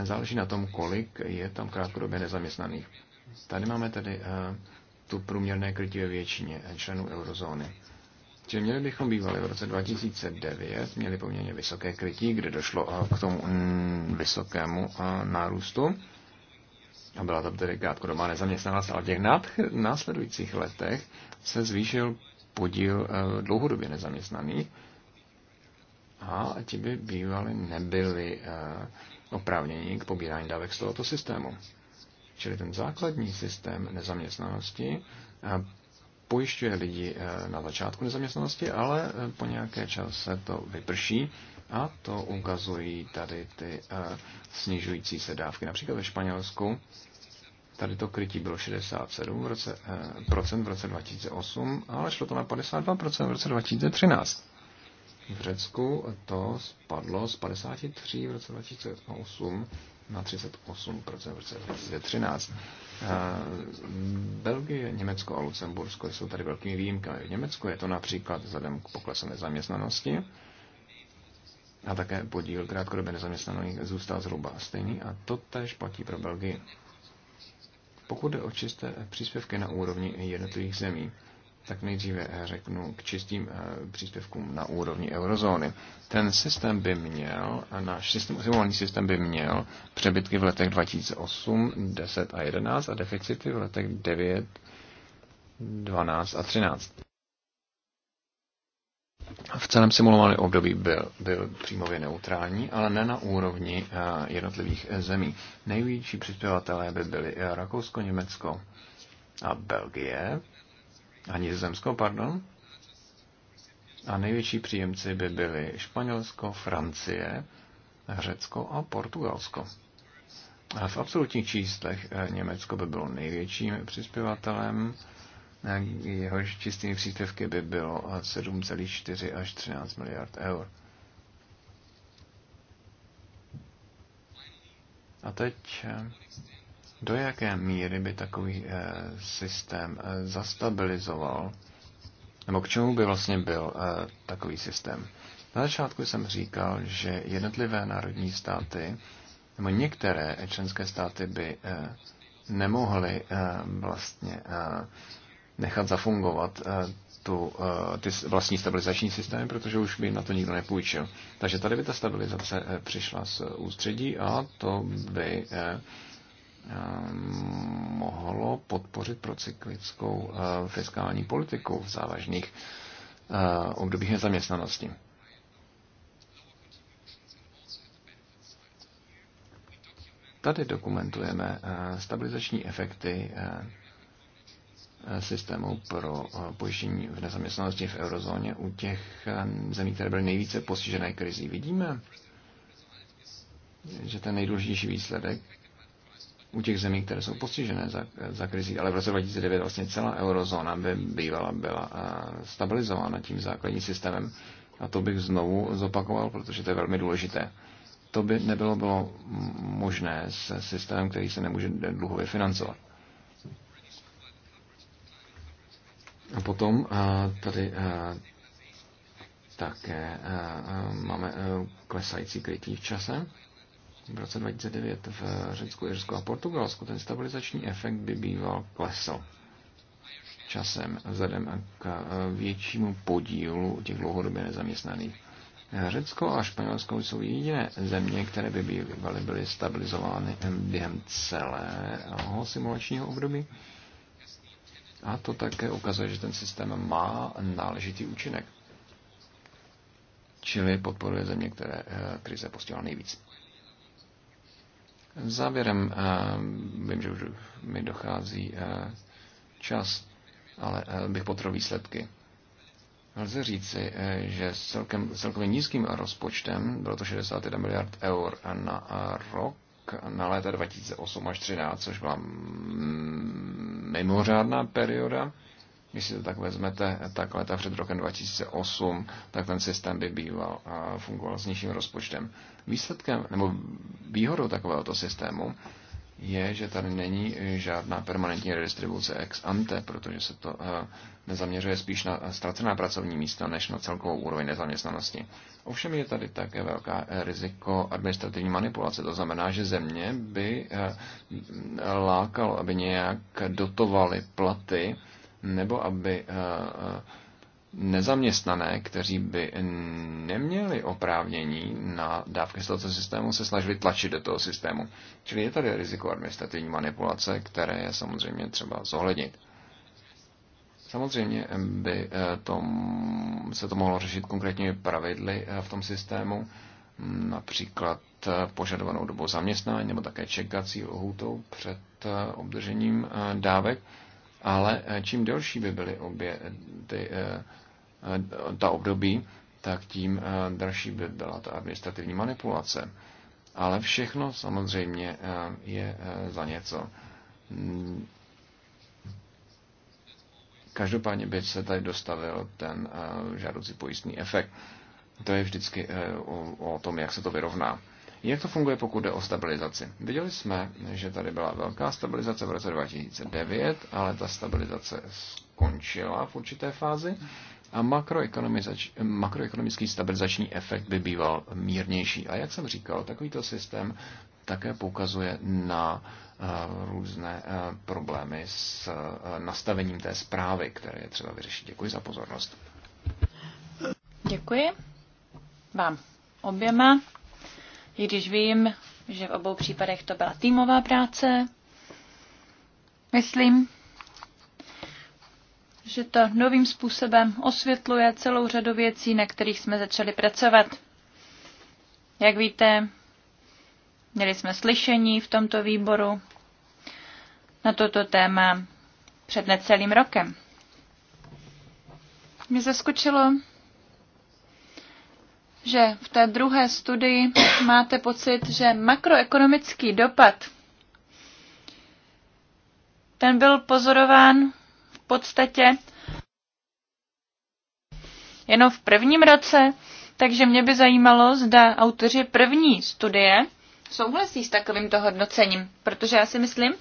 záleží na tom, kolik je tam krátkodobě nezaměstnaných. Tady máme tedy eh, tu průměrné krytí ve většině členů eurozóny. Čili měli bychom bývali v roce 2009, měli poměrně vysoké krytí, kde došlo k tomu mm, vysokému nárůstu a byla tam tedy doma nezaměstnanost, ale v těch následujících letech se zvýšil podíl eh, dlouhodobě nezaměstnaných a ti by bývali nebyli eh, oprávnění k pobírání dávek z tohoto systému. Čili ten základní systém nezaměstnanosti eh, pojišťuje lidi na začátku nezaměstnanosti, ale po nějaké čase to vyprší a to ukazují tady ty uh, snižující se dávky. Například ve Španělsku tady to krytí bylo 67% v roce, uh, procent v roce 2008, ale šlo to na 52% v roce 2013. V Řecku to spadlo z 53 v roce 2008 na 38 v roce 2013. Eh, Belgie, Německo a Lucembursko jsou tady velkými výjimkami. V Německu je to například vzhledem k poklesu nezaměstnanosti a také podíl krátkodobě nezaměstnaných zůstal zhruba stejný a to též platí pro Belgii. Pokud jde o čisté příspěvky na úrovni jednotlivých zemí, tak nejdříve řeknu k čistým eh, příspěvkům na úrovni eurozóny. Ten systém by měl, náš systém, simulovaný systém by měl přebytky v letech 2008, 10 a 11 a deficity v letech 9, 12 a 13 v celém simulovaném období byl, byl přímově neutrální, ale ne na úrovni eh, jednotlivých eh, zemí. Největší přispěvatelé by byly eh, Rakousko, Německo a Belgie, a Nizozemsko, pardon. A největší příjemci by byly Španělsko, Francie, Řecko a Portugalsko. A v absolutních číslech Německo by bylo největším přispěvatelem, jehož čistými příspěvky by bylo 7,4 až 13 miliard eur. A teď, eh, do jaké míry by takový eh, systém eh, zastabilizoval, nebo k čemu by vlastně byl takový systém? Na začátku jsem říkal, že jednotlivé národní státy, nebo některé členské státy by nemohly vlastně nechat zafungovat eh, tu, eh, ty vlastní stabilizační systémy, protože už by na to nikdo nepůjčil. Takže tady by ta stabilizace eh, přišla z ústředí a to by mohlo podpořit procyklickou fiskální politiku v závažných obdobích nezaměstnanosti. Tady dokumentujeme stabilizační efekty Eh, systému pro eh, pojištění v nezaměstnanosti v eurozóně u těch eh, zemí, které byly nejvíce postižené krizí. Vidíme, že ten nejdůležitější výsledek u těch zemí, které jsou postižené za, za krizí, ale v roce 2009 vlastně celá eurozóna by bývala byla stabilizována tím základním systémem. A to bych znovu zopakoval, protože to je velmi důležité. To by nebylo bylo možné s systémem, který se nemůže dluhově financovat. A potom eh, tady eh, také eh, máme klesající krytí v čase. V roce 2009 v Řecku, Jirsku a Portugalsku ten stabilizační efekt by býval klesl časem vzhledem k většímu podílu těch dlouhodobě nezaměstnaných. Řecko a Španělsko jsou jediné země, které by byly, byly stabilizovány během celého simulačního období. A to také ukazuje, že ten systém má náležitý účinek. Čili podporuje země, které eh, krize postihla nejvíc. Závěrem, eh, vím, že už mi dochází eh, čas, ale bych potřeboval výsledky. Lze říci, že s celkem, celkově nízkým rozpočtem, bylo to 61 miliard eur na rok, na léta 2008 až 2013, což byla mimořádná perioda. Když si to tak vezmete, tak léta před rokem 2008, tak ten systém by býval a fungoval s nižším rozpočtem. Výsledkem nebo výhodou takovéhoto systému je, že tady není žádná permanentní redistribuce ex ante, protože se to eh, nezaměřuje spíš na ztracená pracovní místa, než na celkovou úroveň nezaměstnanosti. Ovšem je tady také velká eh, riziko administrativní manipulace. To znamená, že země by eh, lákalo, aby nějak dotovali platy, nebo aby nezaměstnané, kteří by neměli oprávnění na dávky z tohoto systému, se snažili tlačit do toho systému. Čili je tady riziko administrativní manipulace, které je samozřejmě třeba zohlednit. Samozřejmě by eh, to, se to mohlo řešit konkrétními pravidly eh, v tom systému, například eh, požadovanou dobou zaměstnání nebo také čekací lhůtou před obdržením dávek, ale čím delší by byly obě ty Eh, ta období, tak tím eh, dražší by byla ta administrativní manipulace. Ale všechno samozřejmě eh, je za něco. Každopádně by se tady dostavil ten žádoucí pojistný efekt. To je vždycky o tom, jak se to vyrovná. Jak to funguje, pokud jde o stabilizaci? Viděli jsme, že tady byla velká stabilizace v roce 2009, ale ta stabilizace skončila v určité fázi a makroekonomický stabilizační efekt by býval mírnější. A jak jsem říkal, takovýto systém také poukazuje na eh, různé eh, problémy s eh, nastavením té zprávy, které je třeba vyřešit. Děkuji za pozornost. Děkuji vám oběma, i když vím, že v obou případech to byla týmová práce. Myslím, že to novým způsobem osvětluje celou řadu věcí, na kterých jsme začali pracovat. Jak víte, měli jsme slyšení v tomto výboru na toto téma před necelým rokem. Mě zaskočilo, že v té druhé studii máte pocit, že makroekonomický dopad ten byl pozorován podstatě jenom v prvním roce, takže mě by zajímalo, zda autoři první studie souhlasí s takovýmto hodnocením, protože já si myslím,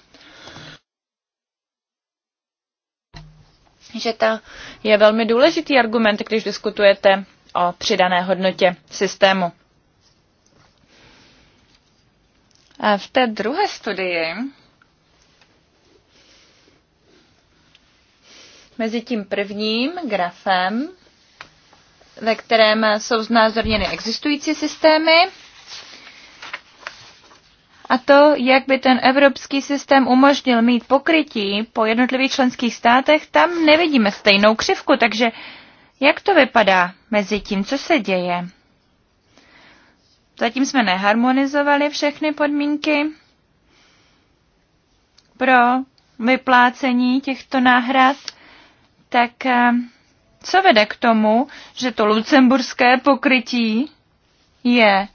že to je velmi důležitý argument, když diskutujete o přidané hodnotě systému. A v té druhé studii mezi tím prvním grafem, ve kterém jsou znázorněny existující systémy, a to, jak by ten evropský systém umožnil mít pokrytí po jednotlivých členských státech, tam nevidíme stejnou křivku, takže jak to vypadá mezi tím, co se děje? Zatím jsme neharmonizovali všechny podmínky pro vyplácení těchto náhrad tak eh, co vede k tomu, že to lucemburské pokrytí je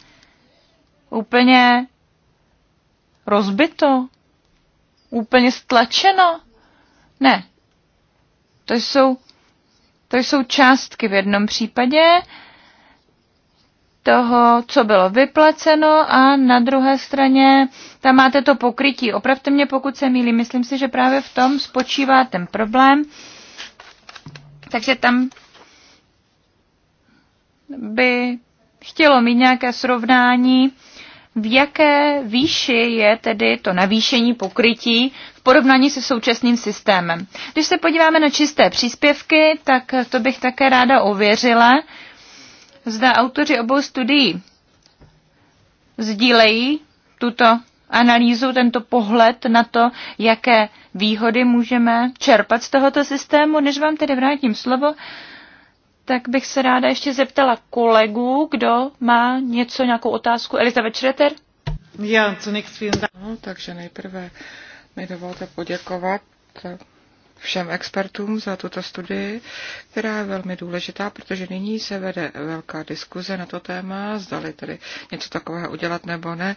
úplně rozbito, úplně stlačeno? Ne. To jsou, to jsou částky v jednom případě toho, co bylo vyplaceno a na druhé straně tam máte to pokrytí. Opravte mě, pokud se mýlím. Myslím si, že právě v tom spočívá ten problém, takže tam by chtělo mít nějaké srovnání, v jaké výši je tedy to navýšení pokrytí v porovnání se současným systémem. Když se podíváme na čisté příspěvky, tak to bych také ráda ověřila. Zda autoři obou studií sdílejí tuto analýzu, tento pohled na to, jaké výhody můžeme čerpat z tohoto systému. Než vám tedy vrátím slovo, tak bych se ráda ještě zeptala kolegů, kdo má něco, nějakou otázku. Elizabeth Schroeder? Já, co nechci. No, takže nejprve mi dovolte poděkovat všem expertům za tuto studii, která je velmi důležitá, protože nyní se vede velká diskuze na to téma, zdali tedy něco takového udělat nebo ne,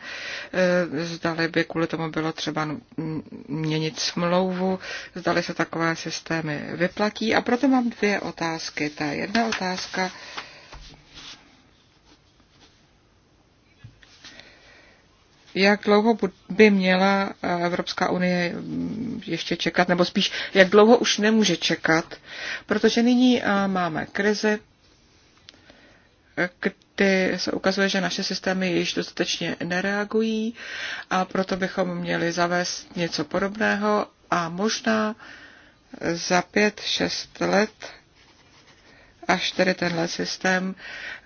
e, zdali by kvůli tomu bylo třeba měnit smlouvu, zdali se takové systémy vyplatí. A proto mám dvě otázky. Ta jedna otázka jak dlouho by měla eh, Evropská unie mm, ještě čekat, nebo spíš jak dlouho už nemůže čekat, protože nyní eh, máme krizi, eh, kdy se ukazuje, že naše systémy již dostatečně nereagují a proto bychom měli zavést něco podobného a možná za pět, šest let až tedy tenhle systém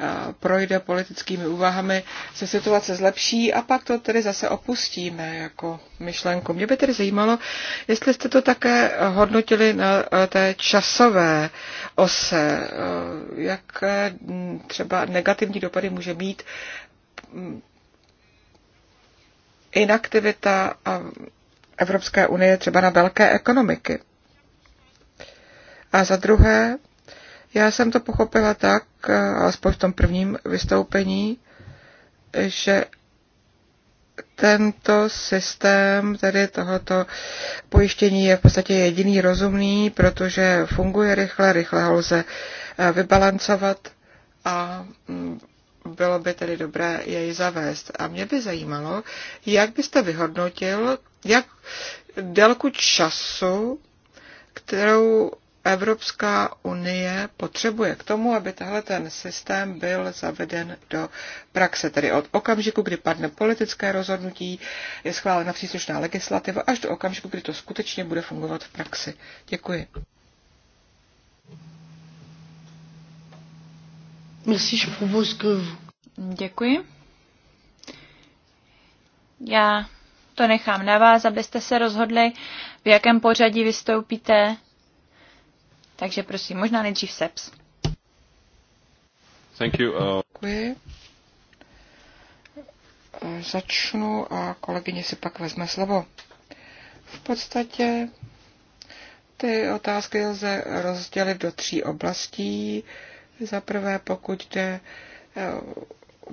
eh, projde politickými úvahami, se situace zlepší a pak to tedy zase opustíme jako myšlenku. Mě by tedy zajímalo, jestli jste to také hodnotili na eh, té časové ose, eh, jak hm, třeba negativní dopady může mít hm, inaktivita Evropské unie třeba na velké ekonomiky. A za druhé, já jsem to pochopila tak, eh, alespoň v tom prvním vystoupení, že tento systém tedy tohoto pojištění je v podstatě jediný rozumný, protože funguje rychle, rychle ho lze eh, vybalancovat a mm, bylo by tedy dobré jej zavést. A mě by zajímalo, jak byste vyhodnotil, jak délku času, kterou Evropská unie potřebuje k tomu, aby tahle ten systém byl zaveden do praxe, tedy od okamžiku, kdy padne politické rozhodnutí, je schválena příslušná legislativa, až do okamžiku, kdy to skutečně bude fungovat v praxi. Děkuji. Merci, Děkuji. Já to nechám na vás, abyste se rozhodli, v jakém pořadí vystoupíte takže prosím, možná nejdřív SEPS. Thank you. Uh... Děkuji. Začnu a kolegyně si pak vezme slovo. V podstatě ty otázky lze rozdělit do tří oblastí. Za prvé, pokud jde eh,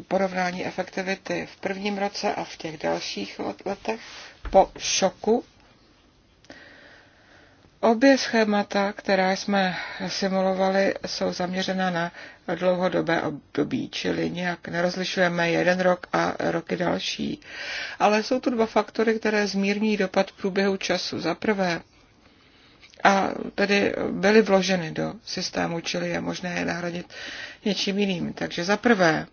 porovnání efektivity v prvním roce a v těch dalších letech po šoku Obě schémata, která jsme simulovali, jsou zaměřena na dlouhodobé období, čili nějak nerozlišujeme jeden rok a roky další. Ale jsou tu dva faktory, které zmírní dopad v průběhu času. Za prvé, a tedy byly vloženy do systému, čili je možné je nahradit něčím jiným. Takže za prvé,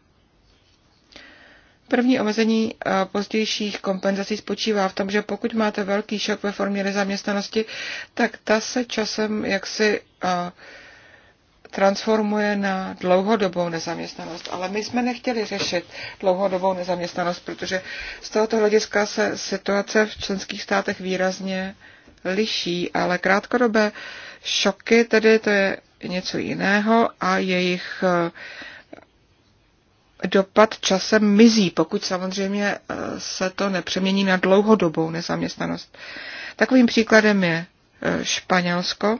První omezení eh, pozdějších kompenzací spočívá v tom, že pokud máte velký šok ve formě nezaměstnanosti, tak ta se časem jaksi eh, transformuje na dlouhodobou nezaměstnanost. Ale my jsme nechtěli řešit dlouhodobou nezaměstnanost, protože z tohoto hlediska se situace v členských státech výrazně liší, ale krátkodobé šoky, tedy to je něco jiného a jejich uh, dopad časem mizí, pokud samozřejmě eh, se to nepřemění na dlouhodobou nezaměstnanost. Takovým příkladem je eh, Španělsko.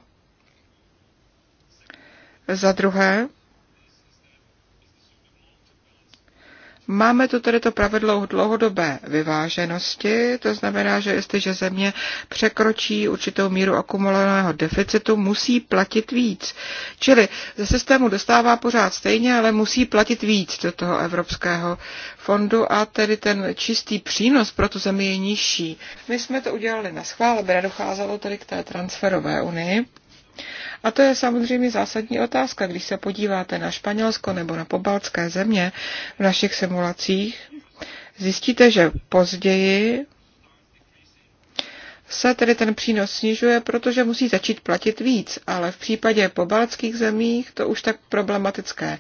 Za druhé, Máme tu tedy to pravidlo dlouhodobé vyváženosti, to znamená, že jestliže země překročí určitou míru akumulovaného deficitu, musí platit víc. Čili ze systému dostává pořád stejně, ale musí platit víc do toho Evropského fondu a tedy ten čistý přínos pro tu zemi je nižší. My jsme to udělali na schvál, aby nedocházelo tedy k té transferové unii. A to je samozřejmě zásadní otázka, když se podíváte na Španělsko nebo na pobaltské země v našich simulacích, zjistíte, že později se tedy ten přínos snižuje, protože musí začít platit víc, ale v případě pobaltských zemích to už tak problematické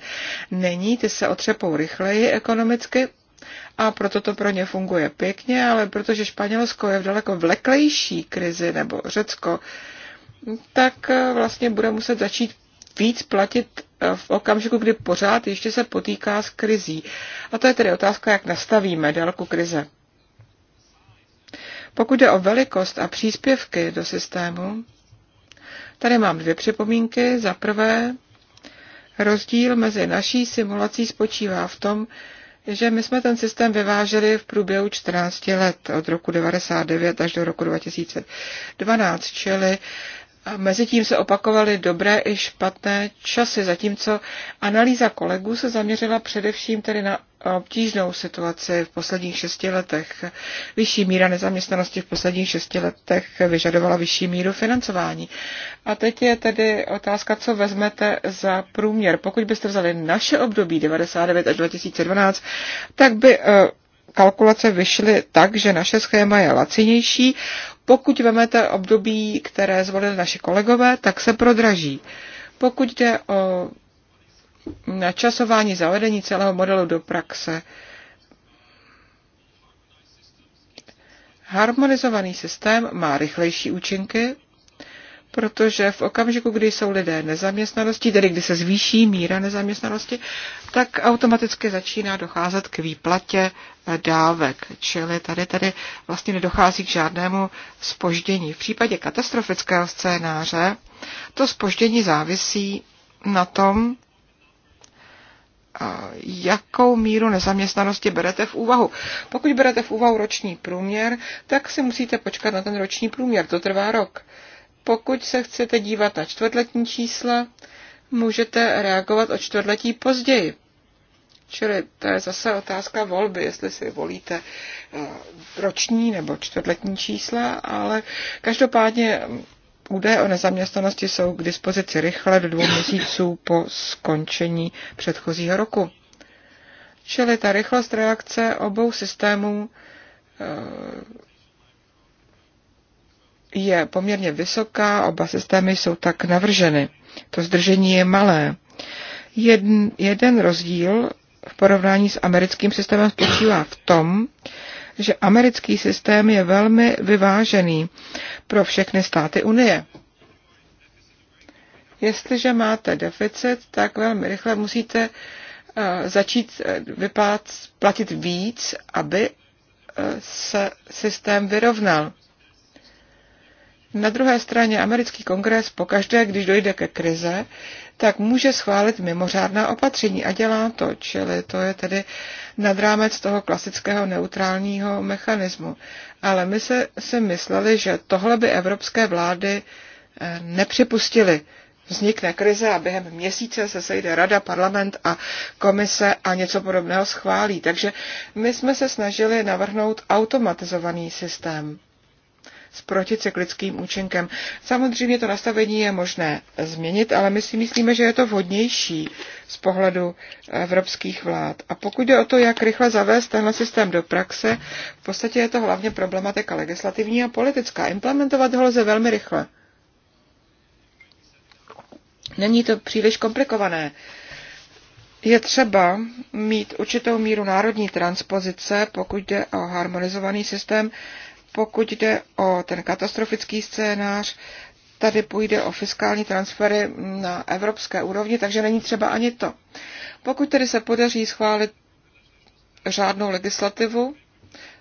není, ty se otřepou rychleji ekonomicky a proto to pro ně funguje pěkně, ale protože Španělsko je v daleko vleklejší krizi nebo Řecko, tak eh, vlastně bude muset začít víc platit eh, v okamžiku, kdy pořád ještě se potýká s krizí. A to je tedy otázka, jak nastavíme délku krize. Pokud jde o velikost a příspěvky do systému, tady mám dvě připomínky. Za prvé, rozdíl mezi naší simulací spočívá v tom, že my jsme ten systém vyváželi v průběhu 14 let, od roku 99 až do roku 2012, čili Mezitím se opakovaly dobré i špatné časy, zatímco analýza kolegů se zaměřila především tedy na obtížnou situaci v posledních šesti letech. Vyšší míra nezaměstnanosti v posledních šesti letech vyžadovala vyšší míru financování. A teď je tedy otázka, co vezmete za průměr. Pokud byste vzali naše období 99 až 2012, tak by eh, kalkulace vyšly tak, že naše schéma je lacinější. Pokud vemete období, které zvolili naši kolegové, tak se prodraží. Pokud jde o načasování zavedení celého modelu do praxe, harmonizovaný systém má rychlejší účinky, protože v okamžiku, kdy jsou lidé nezaměstnanosti, tedy kdy se zvýší míra nezaměstnanosti, tak automaticky začíná docházet k výplatě eh, dávek. Čili tady tady vlastně nedochází k žádnému spoždění. V případě katastrofického scénáře to spoždění závisí na tom, eh, jakou míru nezaměstnanosti berete v úvahu. Pokud berete v úvahu roční průměr, tak si musíte počkat na ten roční průměr. To trvá rok. Pokud se chcete dívat na čtvrtletní čísla, můžete reagovat o čtvrtletí později. Čili to je zase otázka volby, jestli si volíte eh, roční nebo čtvrtletní čísla, ale každopádně údaje o nezaměstnanosti jsou k dispozici rychle do dvou měsíců po skončení předchozího roku. Čili ta rychlost reakce obou systémů eh, je poměrně vysoká, oba systémy jsou tak navrženy. To zdržení je malé. Jeden, jeden rozdíl v porovnání s americkým systémem spočívá v tom, že americký systém je velmi vyvážený pro všechny státy Unie. Jestliže máte deficit, tak velmi rychle musíte eh, začít eh, vypát, platit víc, aby eh, se systém vyrovnal. Na druhé straně americký kongres pokaždé, když dojde ke krize, tak může schválit mimořádná opatření a dělá to, čili to je tedy nad rámec toho klasického neutrálního mechanismu. Ale my se, si mysleli, že tohle by evropské vlády eh, nepřipustili. Vznikne krize a během měsíce se sejde rada, parlament a komise a něco podobného schválí. Takže my jsme se snažili navrhnout automatizovaný systém s proticyklickým účinkem. Samozřejmě to nastavení je možné změnit, ale my si myslíme, že je to vhodnější z pohledu evropských vlád. A pokud jde o to, jak rychle zavést tenhle systém do praxe, v podstatě je to hlavně problematika legislativní a politická. Implementovat ho lze velmi rychle. Není to příliš komplikované. Je třeba mít určitou míru národní transpozice, pokud jde o harmonizovaný systém pokud jde o ten katastrofický scénář, tady půjde o fiskální transfery na evropské úrovni, takže není třeba ani to. Pokud tedy se podaří schválit řádnou legislativu,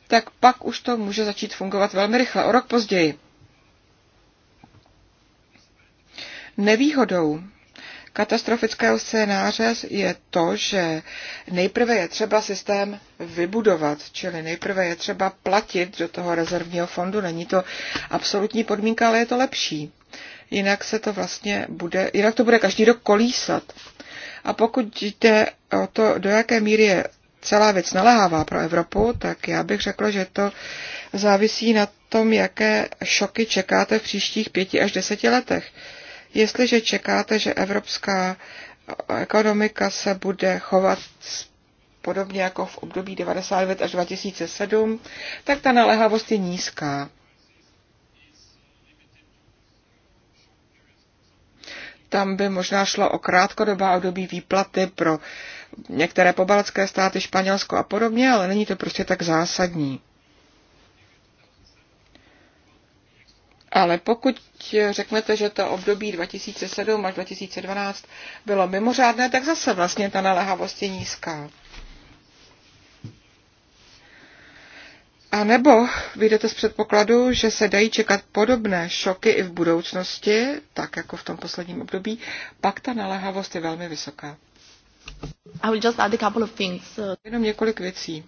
tak pak už to může začít fungovat velmi rychle, o rok později. Nevýhodou katastrofického scénáře je to, že nejprve je třeba systém vybudovat, čili nejprve je třeba platit do toho rezervního fondu. Není to absolutní podmínka, ale je to lepší. Jinak se to vlastně bude, jinak to bude každý rok kolísat. A pokud jde o to, do jaké míry je celá věc nalehává pro Evropu, tak já bych řekla, že to závisí na tom, jaké šoky čekáte v příštích pěti až deseti letech. Jestliže čekáte, že evropská ekonomika se bude chovat podobně jako v období 99 až 2007, tak ta naléhavost je nízká. Tam by možná šlo o krátkodobá období výplaty pro některé pobaltské státy, Španělsko a podobně, ale není to prostě tak zásadní. Ale pokud řeknete, že to období 2007 až 2012 bylo mimořádné, tak zase vlastně ta naléhavost je nízká. A nebo vyjdete z předpokladu, že se dají čekat podobné šoky i v budoucnosti, tak jako v tom posledním období, pak ta naléhavost je velmi vysoká. I will just add a couple of things. Jenom několik věcí.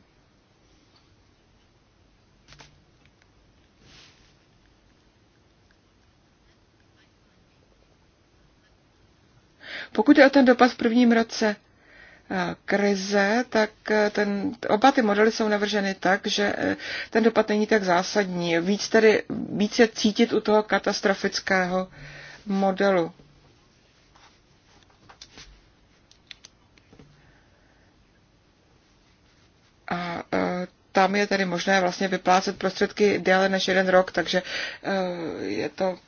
Pokud je o ten dopad v prvním roce eh, krize, tak eh, ten, oba ty modely jsou navrženy tak, že eh, ten dopad není tak zásadní. Víc, tedy, víc je cítit u toho katastrofického modelu. A tam je tedy možné vlastně vyplácet prostředky déle než jeden rok, takže je to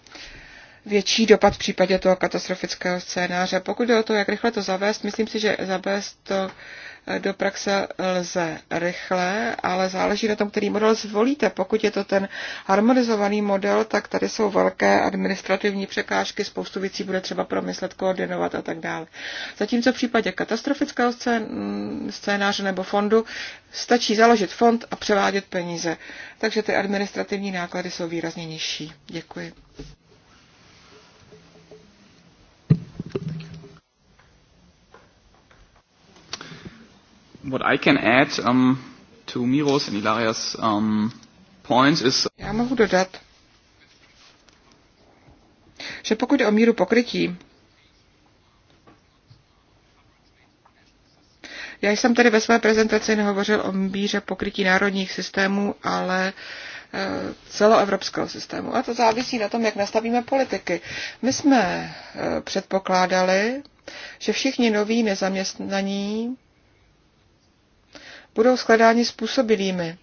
větší dopad v případě toho katastrofického scénáře. Pokud jde o to, jak rychle to zavést, myslím si, že zavést to eh, do praxe lze rychle, ale záleží na tom, který model zvolíte. Pokud je to ten harmonizovaný model, tak tady jsou velké administrativní překážky, spoustu věcí bude třeba promyslet, koordinovat a tak dále. Zatímco v případě katastrofického mm, scénáře nebo fondu stačí založit fond a převádět peníze. Takže ty administrativní náklady jsou výrazně nižší. Děkuji. What I can add um, to Miros and Ilaria's um, points is... Já mohu dodat, že pokud o míru pokrytí, Já jsem tady ve své prezentaci nehovořil o míře pokrytí národních systémů, ale eh, celoevropského systému. A to závisí na tom, jak nastavíme politiky. My jsme eh, předpokládali, že všichni noví nezaměstnaní budou shledáni způsobilými.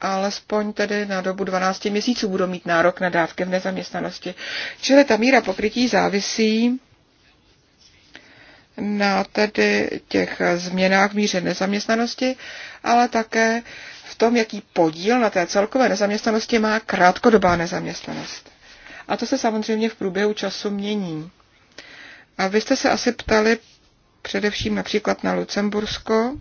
Alespoň tedy na dobu 12 měsíců budou mít nárok na dávky v nezaměstnanosti. Čili ta míra pokrytí závisí na tedy těch změnách v míře nezaměstnanosti, ale také v tom, jaký podíl na té celkové nezaměstnanosti má krátkodobá nezaměstnanost. A to se samozřejmě v průběhu času mění. A vy jste se asi ptali především například na Lucembursko.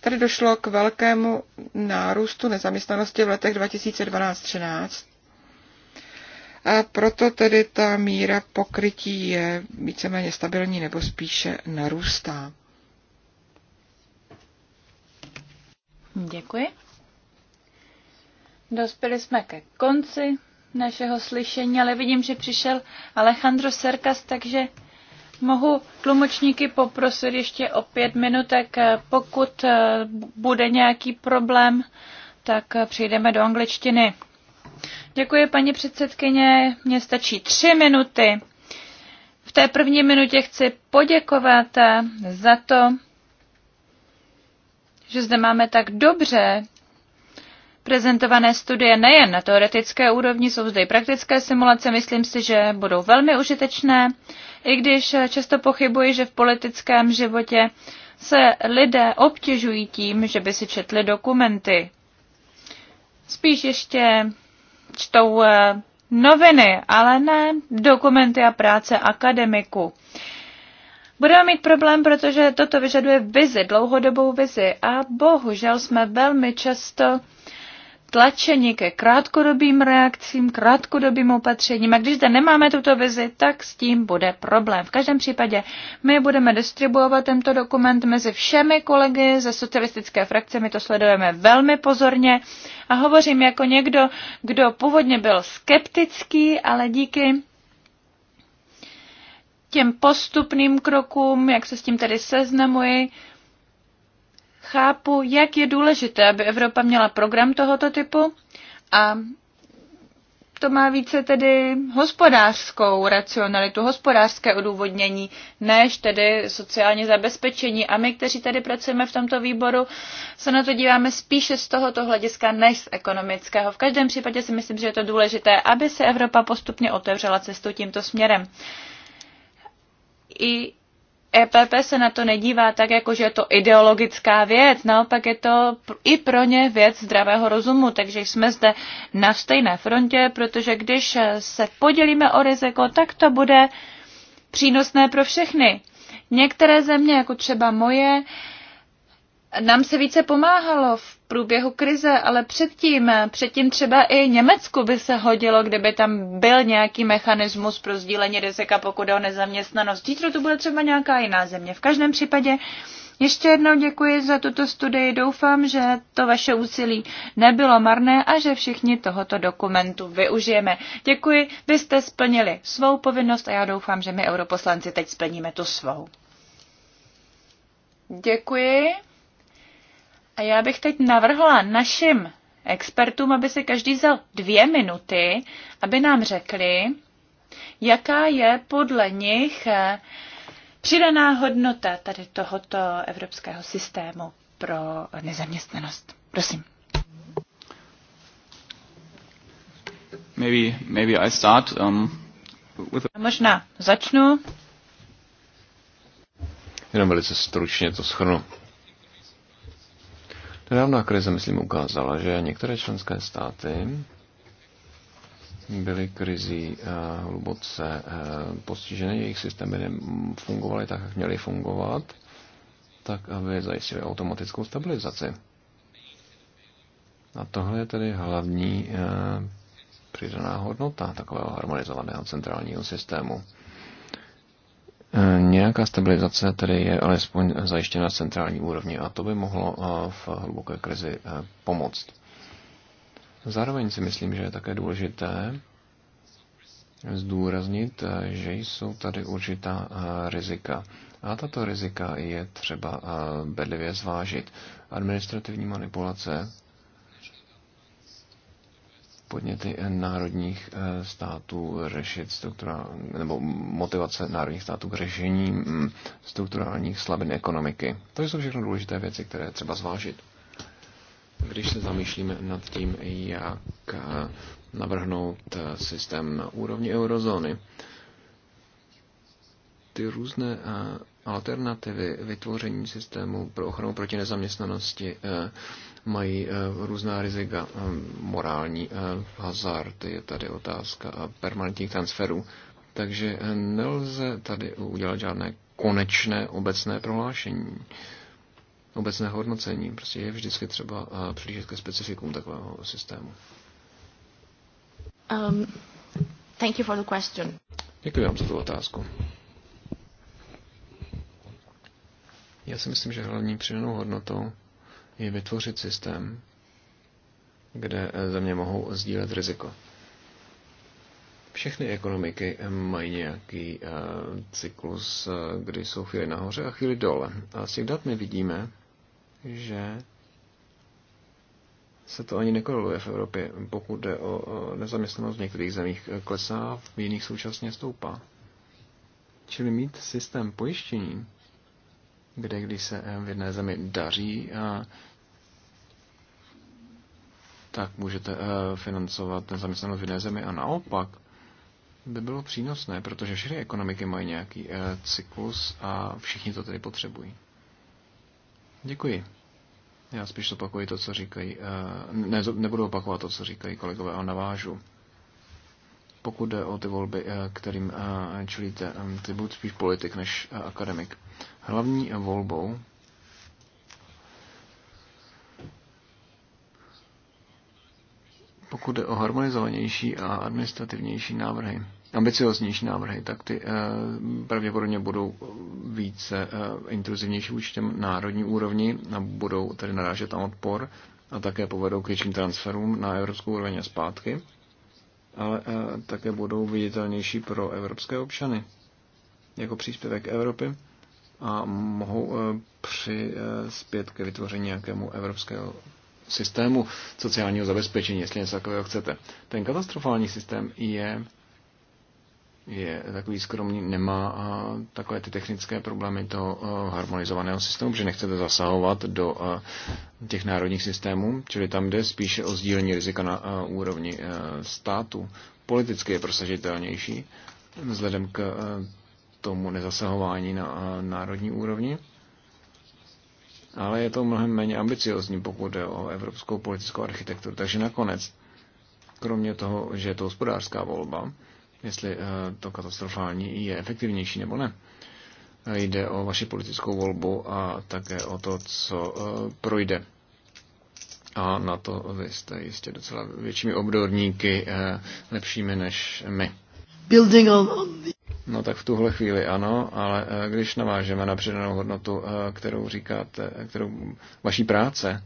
Tady došlo k velkému nárůstu nezaměstnanosti v letech 2012-13 a proto tedy ta míra pokrytí je víceméně stabilní nebo spíše narůstá. Děkuji. Dospěli jsme ke konci našeho slyšení, ale vidím, že přišel Alejandro Serkas, takže Mohu tlumočníky poprosit ještě o pět minutek. Pokud eh, bude nějaký problém, tak eh, přejdeme do angličtiny. Děkuji, paní předsedkyně. Mně stačí tři minuty. V té první minutě chci poděkovat eh, za to, že zde máme tak dobře prezentované studie nejen na teoretické úrovni, jsou zde i praktické simulace, myslím si, že budou velmi užitečné, i když často pochybuji, že v politickém životě se lidé obtěžují tím, že by si četli dokumenty. Spíš ještě čtou eh, noviny, ale ne dokumenty a práce akademiku. Budeme mít problém, protože toto vyžaduje vizi, dlouhodobou vizi a bohužel jsme velmi často tlačeni ke krátkodobým reakcím, krátkodobým opatřením. A když zde nemáme tuto vizi, tak s tím bude problém. V každém případě my budeme distribuovat tento dokument mezi všemi kolegy ze socialistické frakce. My to sledujeme velmi pozorně a hovořím jako někdo, kdo původně byl skeptický, ale díky těm postupným krokům, jak se s tím tedy seznamuji, chápu, jak je důležité, aby Evropa měla program tohoto typu a to má více tedy hospodářskou racionalitu, hospodářské odůvodnění, než tedy sociální zabezpečení. A my, kteří tady pracujeme v tomto výboru, se na to díváme spíše z tohoto hlediska než z ekonomického. V každém případě si myslím, že je to důležité, aby se Evropa postupně otevřela cestu tímto směrem. I EPP se na to nedívá tak, jako že je to ideologická věc, naopak je to i pro ně věc zdravého rozumu, takže jsme zde na stejné frontě, protože když se podělíme o riziko, tak to bude přínosné pro všechny. Některé země, jako třeba moje, uh, nám se více pomáhalo v průběhu krize, ale předtím, předtím třeba i Německu by se hodilo, kdyby tam byl nějaký mechanismus pro sdílení rizika, pokud o nezaměstnanost. Zítra to bude třeba nějaká jiná země. V každém případě ještě jednou děkuji za tuto studii. Doufám, že to vaše úsilí nebylo marné a že všichni tohoto dokumentu využijeme. Děkuji, vy jste splnili svou povinnost a já doufám, že my europoslanci teď splníme tu svou. Děkuji. A já bych teď navrhla našim expertům, aby si každý vzal dvě minuty, aby nám řekli, jaká je podle nich eh, přidaná hodnota tady tohoto evropského systému pro nezaměstnanost. Prosím. Maybe, maybe I start, um, with a... Možná začnu. Jenom velice stručně to schrnu. Nedávná krize, myslím, ukázala, že některé členské státy byly krizí eh, hluboce eh, postiženy, jejich systémy nefungovaly tak, jak měly fungovat, tak aby zajistili automatickou stabilizaci. A tohle je tedy hlavní eh, přidaná hodnota takového harmonizovaného centrálního systému. Nějaká stabilizace tedy je alespoň zajištěna centrální úrovni a to by mohlo eh, v hluboké krizi eh, pomoct. Zároveň si myslím, že je také důležité zdůraznit, eh, že jsou tady určitá rizika. A tato rizika je třeba bedlivě zvážit. Administrativní manipulace podněty národních eh, států řešit struktura, nebo motivace národních států k řešení mm, strukturálních slabin ekonomiky. To jsou všechno důležité věci, které je třeba zvážit. Když se zamýšlíme nad tím, jak eh, navrhnout eh, systém na úrovni eurozóny, ty různé alternativy vytvoření systému pro ochranu proti nezaměstnanosti mají eh, různá rizika. Eh, morální eh, hazard je tady otázka permanentních transferů. Takže nelze tady udělat žádné konečné obecné prohlášení, obecné hodnocení. Prostě je vždycky třeba přilížet ke specifikům takového systému. Um, thank you for the question. Děkuji vám za tu otázku. Já si myslím, že hlavní přidanou hodnotou je vytvořit systém, kde eh, země mohou sdílet riziko. Všechny ekonomiky mají nějaký uh, cyklus, eh, kdy jsou chvíli nahoře a chvíli dole. A z těch dat my vidíme, že se to ani nekoroluje v Evropě. Pokud jde o nezaměstnanost v některých zemích klesá, v jiných současně stoupá. Čili mít systém pojištění, kde když se v jedné zemi daří, a tak můžete eh, financovat nezaměstnanost v jiné zemi. A naopak by bylo přínosné, protože všechny ekonomiky mají nějaký eh, cyklus a všichni to tedy potřebují. Děkuji. Já spíš opakuji to, co říkají, eh, ne, nebudu opakovat to, co říkají kolegové, ale navážu. Pokud jde o ty volby, kterým čelíte, ty budu spíš politik než akademik. Hlavní volbou pokud jde o harmonizovanější a administrativnější návrhy, ambicioznější návrhy, tak ty eh, pravděpodobně budou více eh, intruzivnější vůči těm národní úrovni a budou tedy narážet tam odpor a také povedou k větším transferům na evropskou úroveň a zpátky, ale eh, také budou viditelnější pro evropské občany jako příspěvek Evropy a mohou přispět ke vytvoření nějakému evropského systému sociálního zabezpečení, jestli něco takového chcete. Ten katastrofální systém je, je takový skromný, nemá takové ty technické problémy toho harmonizovaného systému, že nechcete zasahovat do těch národních systémů, čili tam jde spíše o sdílení rizika na úrovni státu. Politicky je prosažitelnější vzhledem k tomu nezasahování na národní úrovni ale je to mnohem méně ambiciozní, pokud jde o evropskou politickou architekturu. Takže nakonec, kromě toho, že je to hospodářská volba, jestli eh, to katastrofální je efektivnější nebo ne, eh, jde o vaši politickou volbu a také o to, co eh, projde. A na to vy jste jistě docela většími obdorníky, lepšími než my. Building on, on the... No tak v tuhle chvíli ano, ale eh, když navážeme na přidanou hodnotu, eh, kterou říkáte, eh, kterou vaší práce,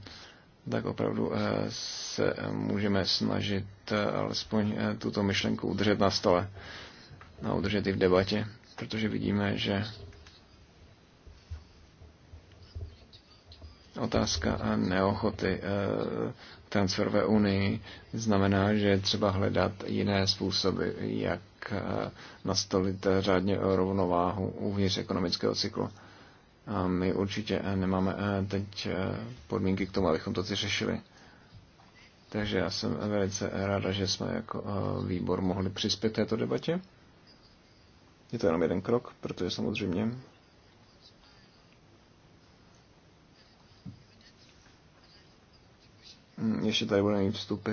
tak opravdu se můžeme snažit alespoň tuto myšlenku udržet na stole a udržet i v debatě, protože vidíme, že otázka a neochoty transferové unii znamená, že je třeba hledat jiné způsoby, jak Eh, nastolit řádně rovnováhu uvnitř ekonomického cyklu. A my určitě eh, nemáme eh, teď podmínky k tomu, abychom to ty řešili. Takže já jsem velice ráda, že jsme jako výbor mohli přispět této debatě. Je to jenom jeden krok, protože samozřejmě ještě tady budeme mít vstupy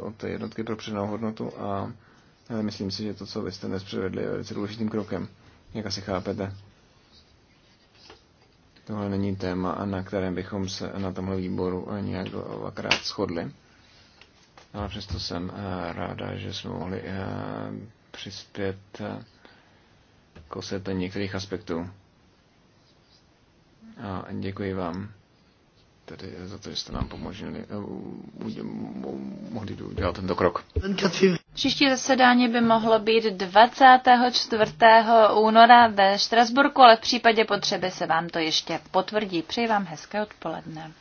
od té jednotky pro přednou hodnotu a ale myslím si, že to, co vy jste dnes předvedli, je velice důležitým krokem, jak asi chápete. Tohle není téma, na kterém bychom se na tomhle výboru nějak dvakrát shodli. Ale přesto jsem eh, ráda, že jsme mohli eh, přispět eh, k osvětlení některých aspektů. A děkuji vám tedy za to, že jste nám pomožili, mohli udělat tento krok. Příští zasedání by mohlo být 24. února ve Štrasburku, ale v případě potřeby se vám to ještě potvrdí. Přeji vám hezké odpoledne.